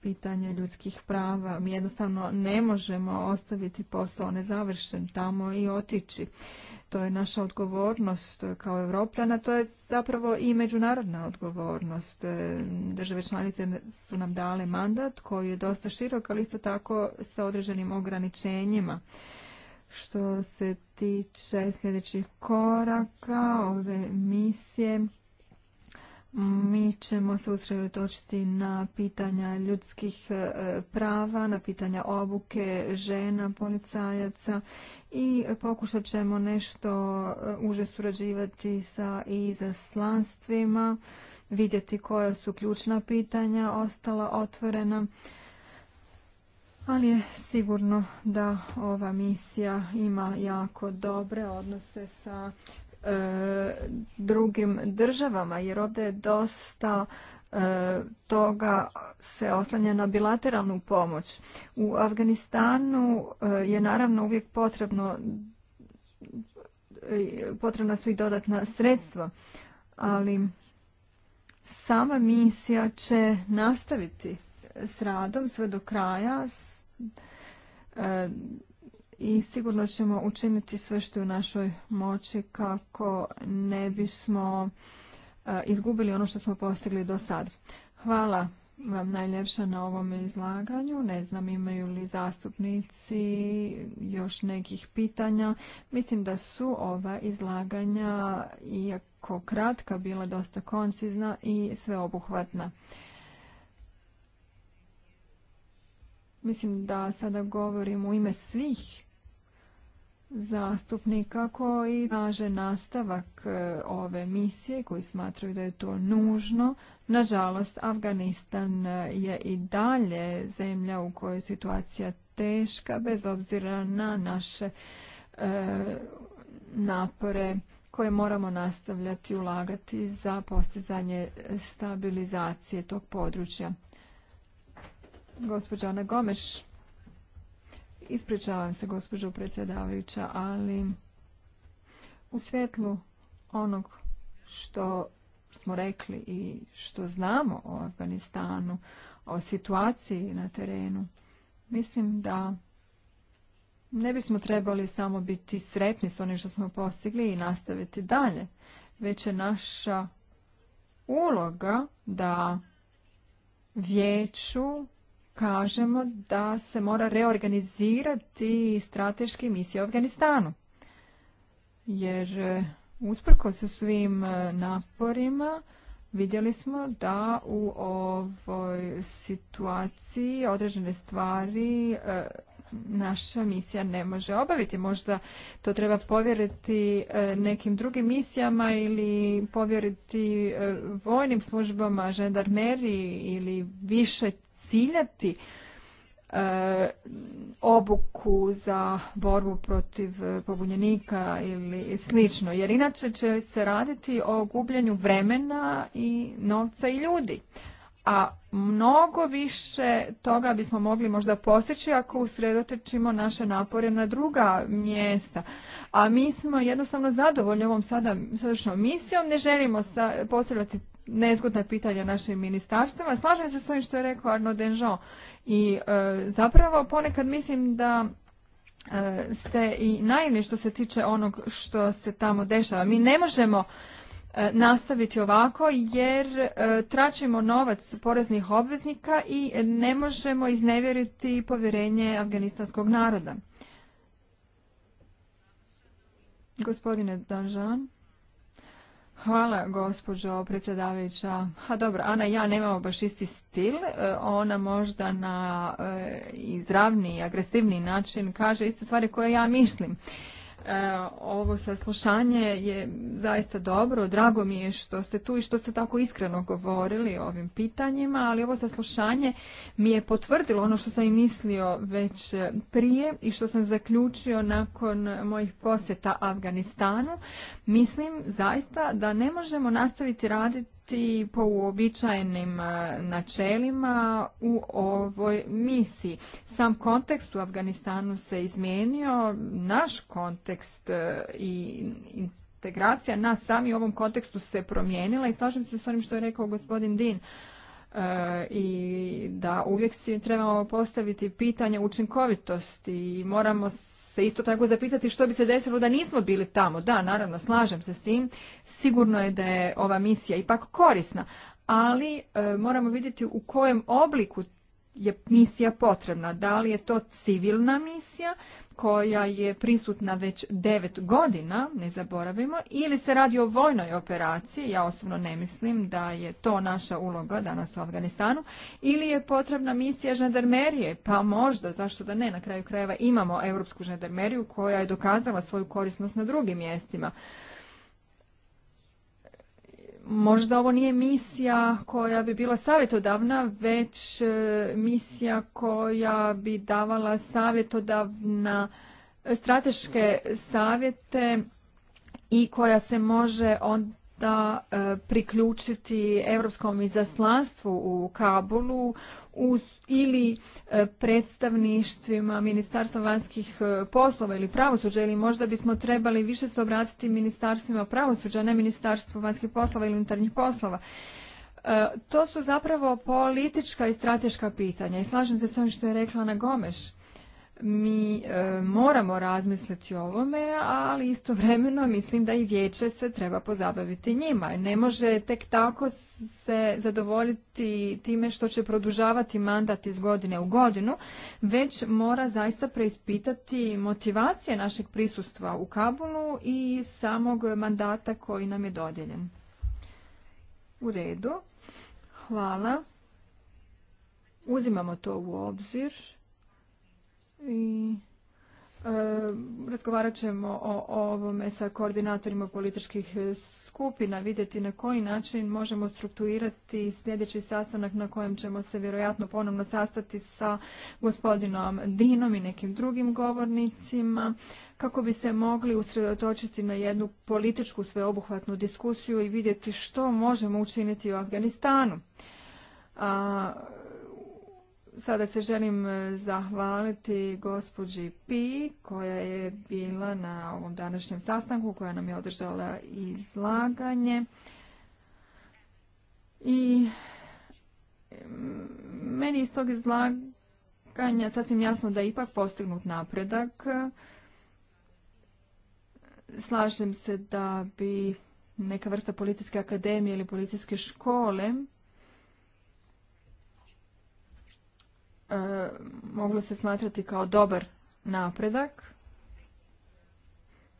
pitanje ljudskih prava. Mi jednostavno ne možemo ostaviti posao nezavršen tamo i otići to je naša odgovornost kao Evropljana, to je zapravo i međunarodna odgovornost. Države članice su nam dale mandat koji je dosta širok, ali isto tako sa određenim ograničenjima. Što se tiče sljedećih koraka, ove misije, mi ćemo se usredotočiti na pitanja ljudskih e, prava, na pitanja obuke žena, policajaca i pokušat ćemo nešto e, uže surađivati sa izaslanstvima, vidjeti koja su ključna pitanja ostala otvorena. Ali je sigurno da ova misija ima jako dobre odnose sa e, drugim državama jer ovdje je dosta E, toga se oslanja na bilateralnu pomoć. U Afganistanu e, je naravno uvijek potrebno e, potrebna su i dodatna sredstva, ali sama misija će nastaviti s radom sve do kraja i sigurno ćemo učiniti sve što je u našoj moći kako ne bismo izgubili ono što smo postigli do sad. Hvala vam najljepša na ovom izlaganju. Ne znam imaju li zastupnici još nekih pitanja. Mislim da su ova izlaganja, iako kratka, bila dosta koncizna i sveobuhvatna. Mislim da sada govorim u ime svih zastupnika koji traže nastavak e, ove misije, koji smatraju da je to nužno. Nažalost, Afganistan e, je i dalje zemlja u kojoj je situacija teška, bez obzira na naše e, napore koje moramo nastavljati ulagati za postizanje stabilizacije tog područja. Gospođa Ana Gomeš. Ispričavam se, gospođo predsjedavajuća, ali u svjetlu onog što smo rekli i što znamo o Afganistanu, o situaciji na terenu, mislim da ne bismo trebali samo biti sretni s onim što smo postigli i nastaviti dalje, već je naša uloga da vijeću kažemo da se mora reorganizirati strateški misije u Afganistanu. Jer e, usprko sa svim e, naporima vidjeli smo da u ovoj situaciji određene stvari e, naša misija ne može obaviti. Možda to treba povjeriti nekim drugim misijama ili povjeriti vojnim službama, žandarmeriji ili više ciljati e, obuku za borbu protiv pobunjenika ili slično, jer inače će se raditi o gubljenju vremena i novca i ljudi. A mnogo više toga bismo mogli možda postići ako usredotočimo naše napore na druga mjesta. A mi smo jednostavno zadovoljni ovom sada sadašnjom misijom, ne želimo postavljati nezgodna pitanja našim ministarstvima. Slažem se s ovim što je rekao Arno i e, zapravo ponekad mislim da e, ste i naivni što se tiče onog što se tamo dešava. Mi ne možemo e, nastaviti ovako jer tračimo novac poreznih obveznika i ne možemo iznevjeriti povjerenje afganistanskog naroda. Gospodine Danžan. Hvala, gospođo predsjedavajuća. Ha, dobro, Ana i ja nemamo baš isti stil. E, ona možda na izravni e, i agresivni način kaže iste stvari koje ja mislim ovo saslušanje je zaista dobro. Drago mi je što ste tu i što ste tako iskreno govorili o ovim pitanjima, ali ovo saslušanje mi je potvrdilo ono što sam i mislio već prije i što sam zaključio nakon mojih posjeta Afganistanu. Mislim zaista da ne možemo nastaviti raditi raditi po uobičajenim e, načelima u ovoj misiji. Sam kontekst u Afganistanu se izmijenio, naš kontekst e, i integracija nas sami u ovom kontekstu se promijenila i slažem se s onim što je rekao gospodin Din e, i da uvijek si trebamo postaviti pitanje učinkovitosti i moramo se isto tako zapitati što bi se desilo da nismo bili tamo. Da, naravno, slažem se s tim. Sigurno je da je ova misija ipak korisna, ali e, moramo vidjeti u kojem obliku je misija potrebna. Da li je to civilna misija koja je prisutna već devet godina, ne zaboravimo, ili se radi o vojnoj operaciji, ja osobno ne mislim da je to naša uloga danas u Afganistanu, ili je potrebna misija žandarmerije, pa možda, zašto da ne, na kraju krajeva imamo europsku žandarmeriju koja je dokazala svoju korisnost na drugim mjestima možda ovo nije misija koja bi bila savjetodavna, već e, misija koja bi davala savjetodavna e, strateške savjete i koja se može onda e, priključiti Europskom izaslanstvu u Kabulu u, ili e, predstavništvima ministarstva vanjskih e, poslova ili pravosuđa ili možda bismo trebali više se obratiti ministarstvima pravosuđa, ne ministarstvu vanjskih poslova ili unutarnjih poslova. E, to su zapravo politička i strateška pitanja i slažem se s ovim što je rekla Nagomeš. Gomeš mi e, moramo razmisliti o ovome, ali istovremeno mislim da i vijeće se treba pozabaviti njima. Ne može tek tako se zadovoljiti time što će produžavati mandat iz godine u godinu, već mora zaista preispitati motivacije našeg prisustva u Kabulu i samog mandata koji nam je dodijeljen. U redu. Hvala. Uzimamo to u obzir i e, razgovarat ćemo o ovome sa koordinatorima političkih skupina, vidjeti na koji način možemo strukturirati sljedeći sastanak na kojem ćemo se vjerojatno ponovno sastati sa gospodinom Dinom i nekim drugim govornicima kako bi se mogli usredotočiti na jednu političku sveobuhvatnu diskusiju i vidjeti što možemo učiniti u Afganistanu. A, Sada se želim e, zahvaliti gospođi Pi koja je bila na ovom današnjem sastanku koja nam je održala izlaganje. I mm, meni iz tog izlaganja sasvim jasno da je ipak postignut napredak. Slažem se da bi neka vrsta policijske akademije ili policijske škole E, moglo se smatrati kao dobar napredak,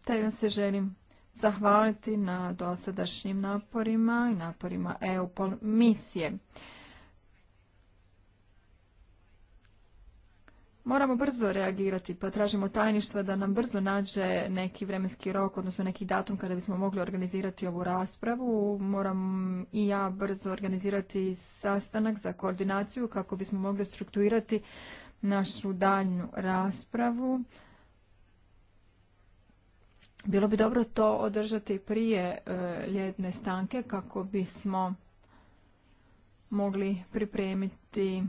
te vam se želim zahvaliti na dosadašnjim naporima i naporima EU misije. Moramo brzo reagirati, pa tražimo tajništva da nam brzo nađe neki vremenski rok, odnosno neki datum kada bismo mogli organizirati ovu raspravu. Moram i ja brzo organizirati sastanak za koordinaciju kako bismo mogli strukturirati našu daljnju raspravu. Bilo bi dobro to održati prije e, ljetne stanke kako bismo mogli pripremiti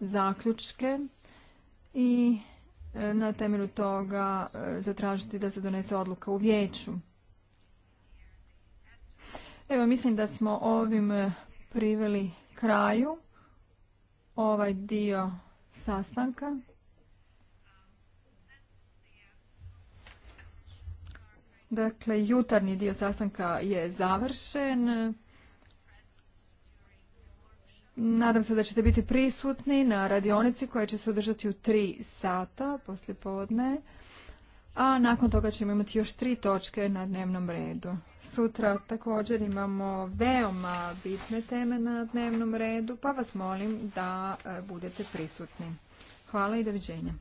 zaključke i e, na temelju toga e, zatražiti da se donese odluka u vijeću. Evo, mislim da smo ovim e, priveli kraju ovaj dio sastanka. Dakle, jutarnji dio sastanka je završen. Nadam se da ćete biti prisutni na radionici koja će se održati u 3 sata poslije podne, a nakon toga ćemo imati još tri točke na dnevnom redu. Sutra također imamo veoma bitne teme na dnevnom redu, pa vas molim da e, budete prisutni. Hvala i doviđenja.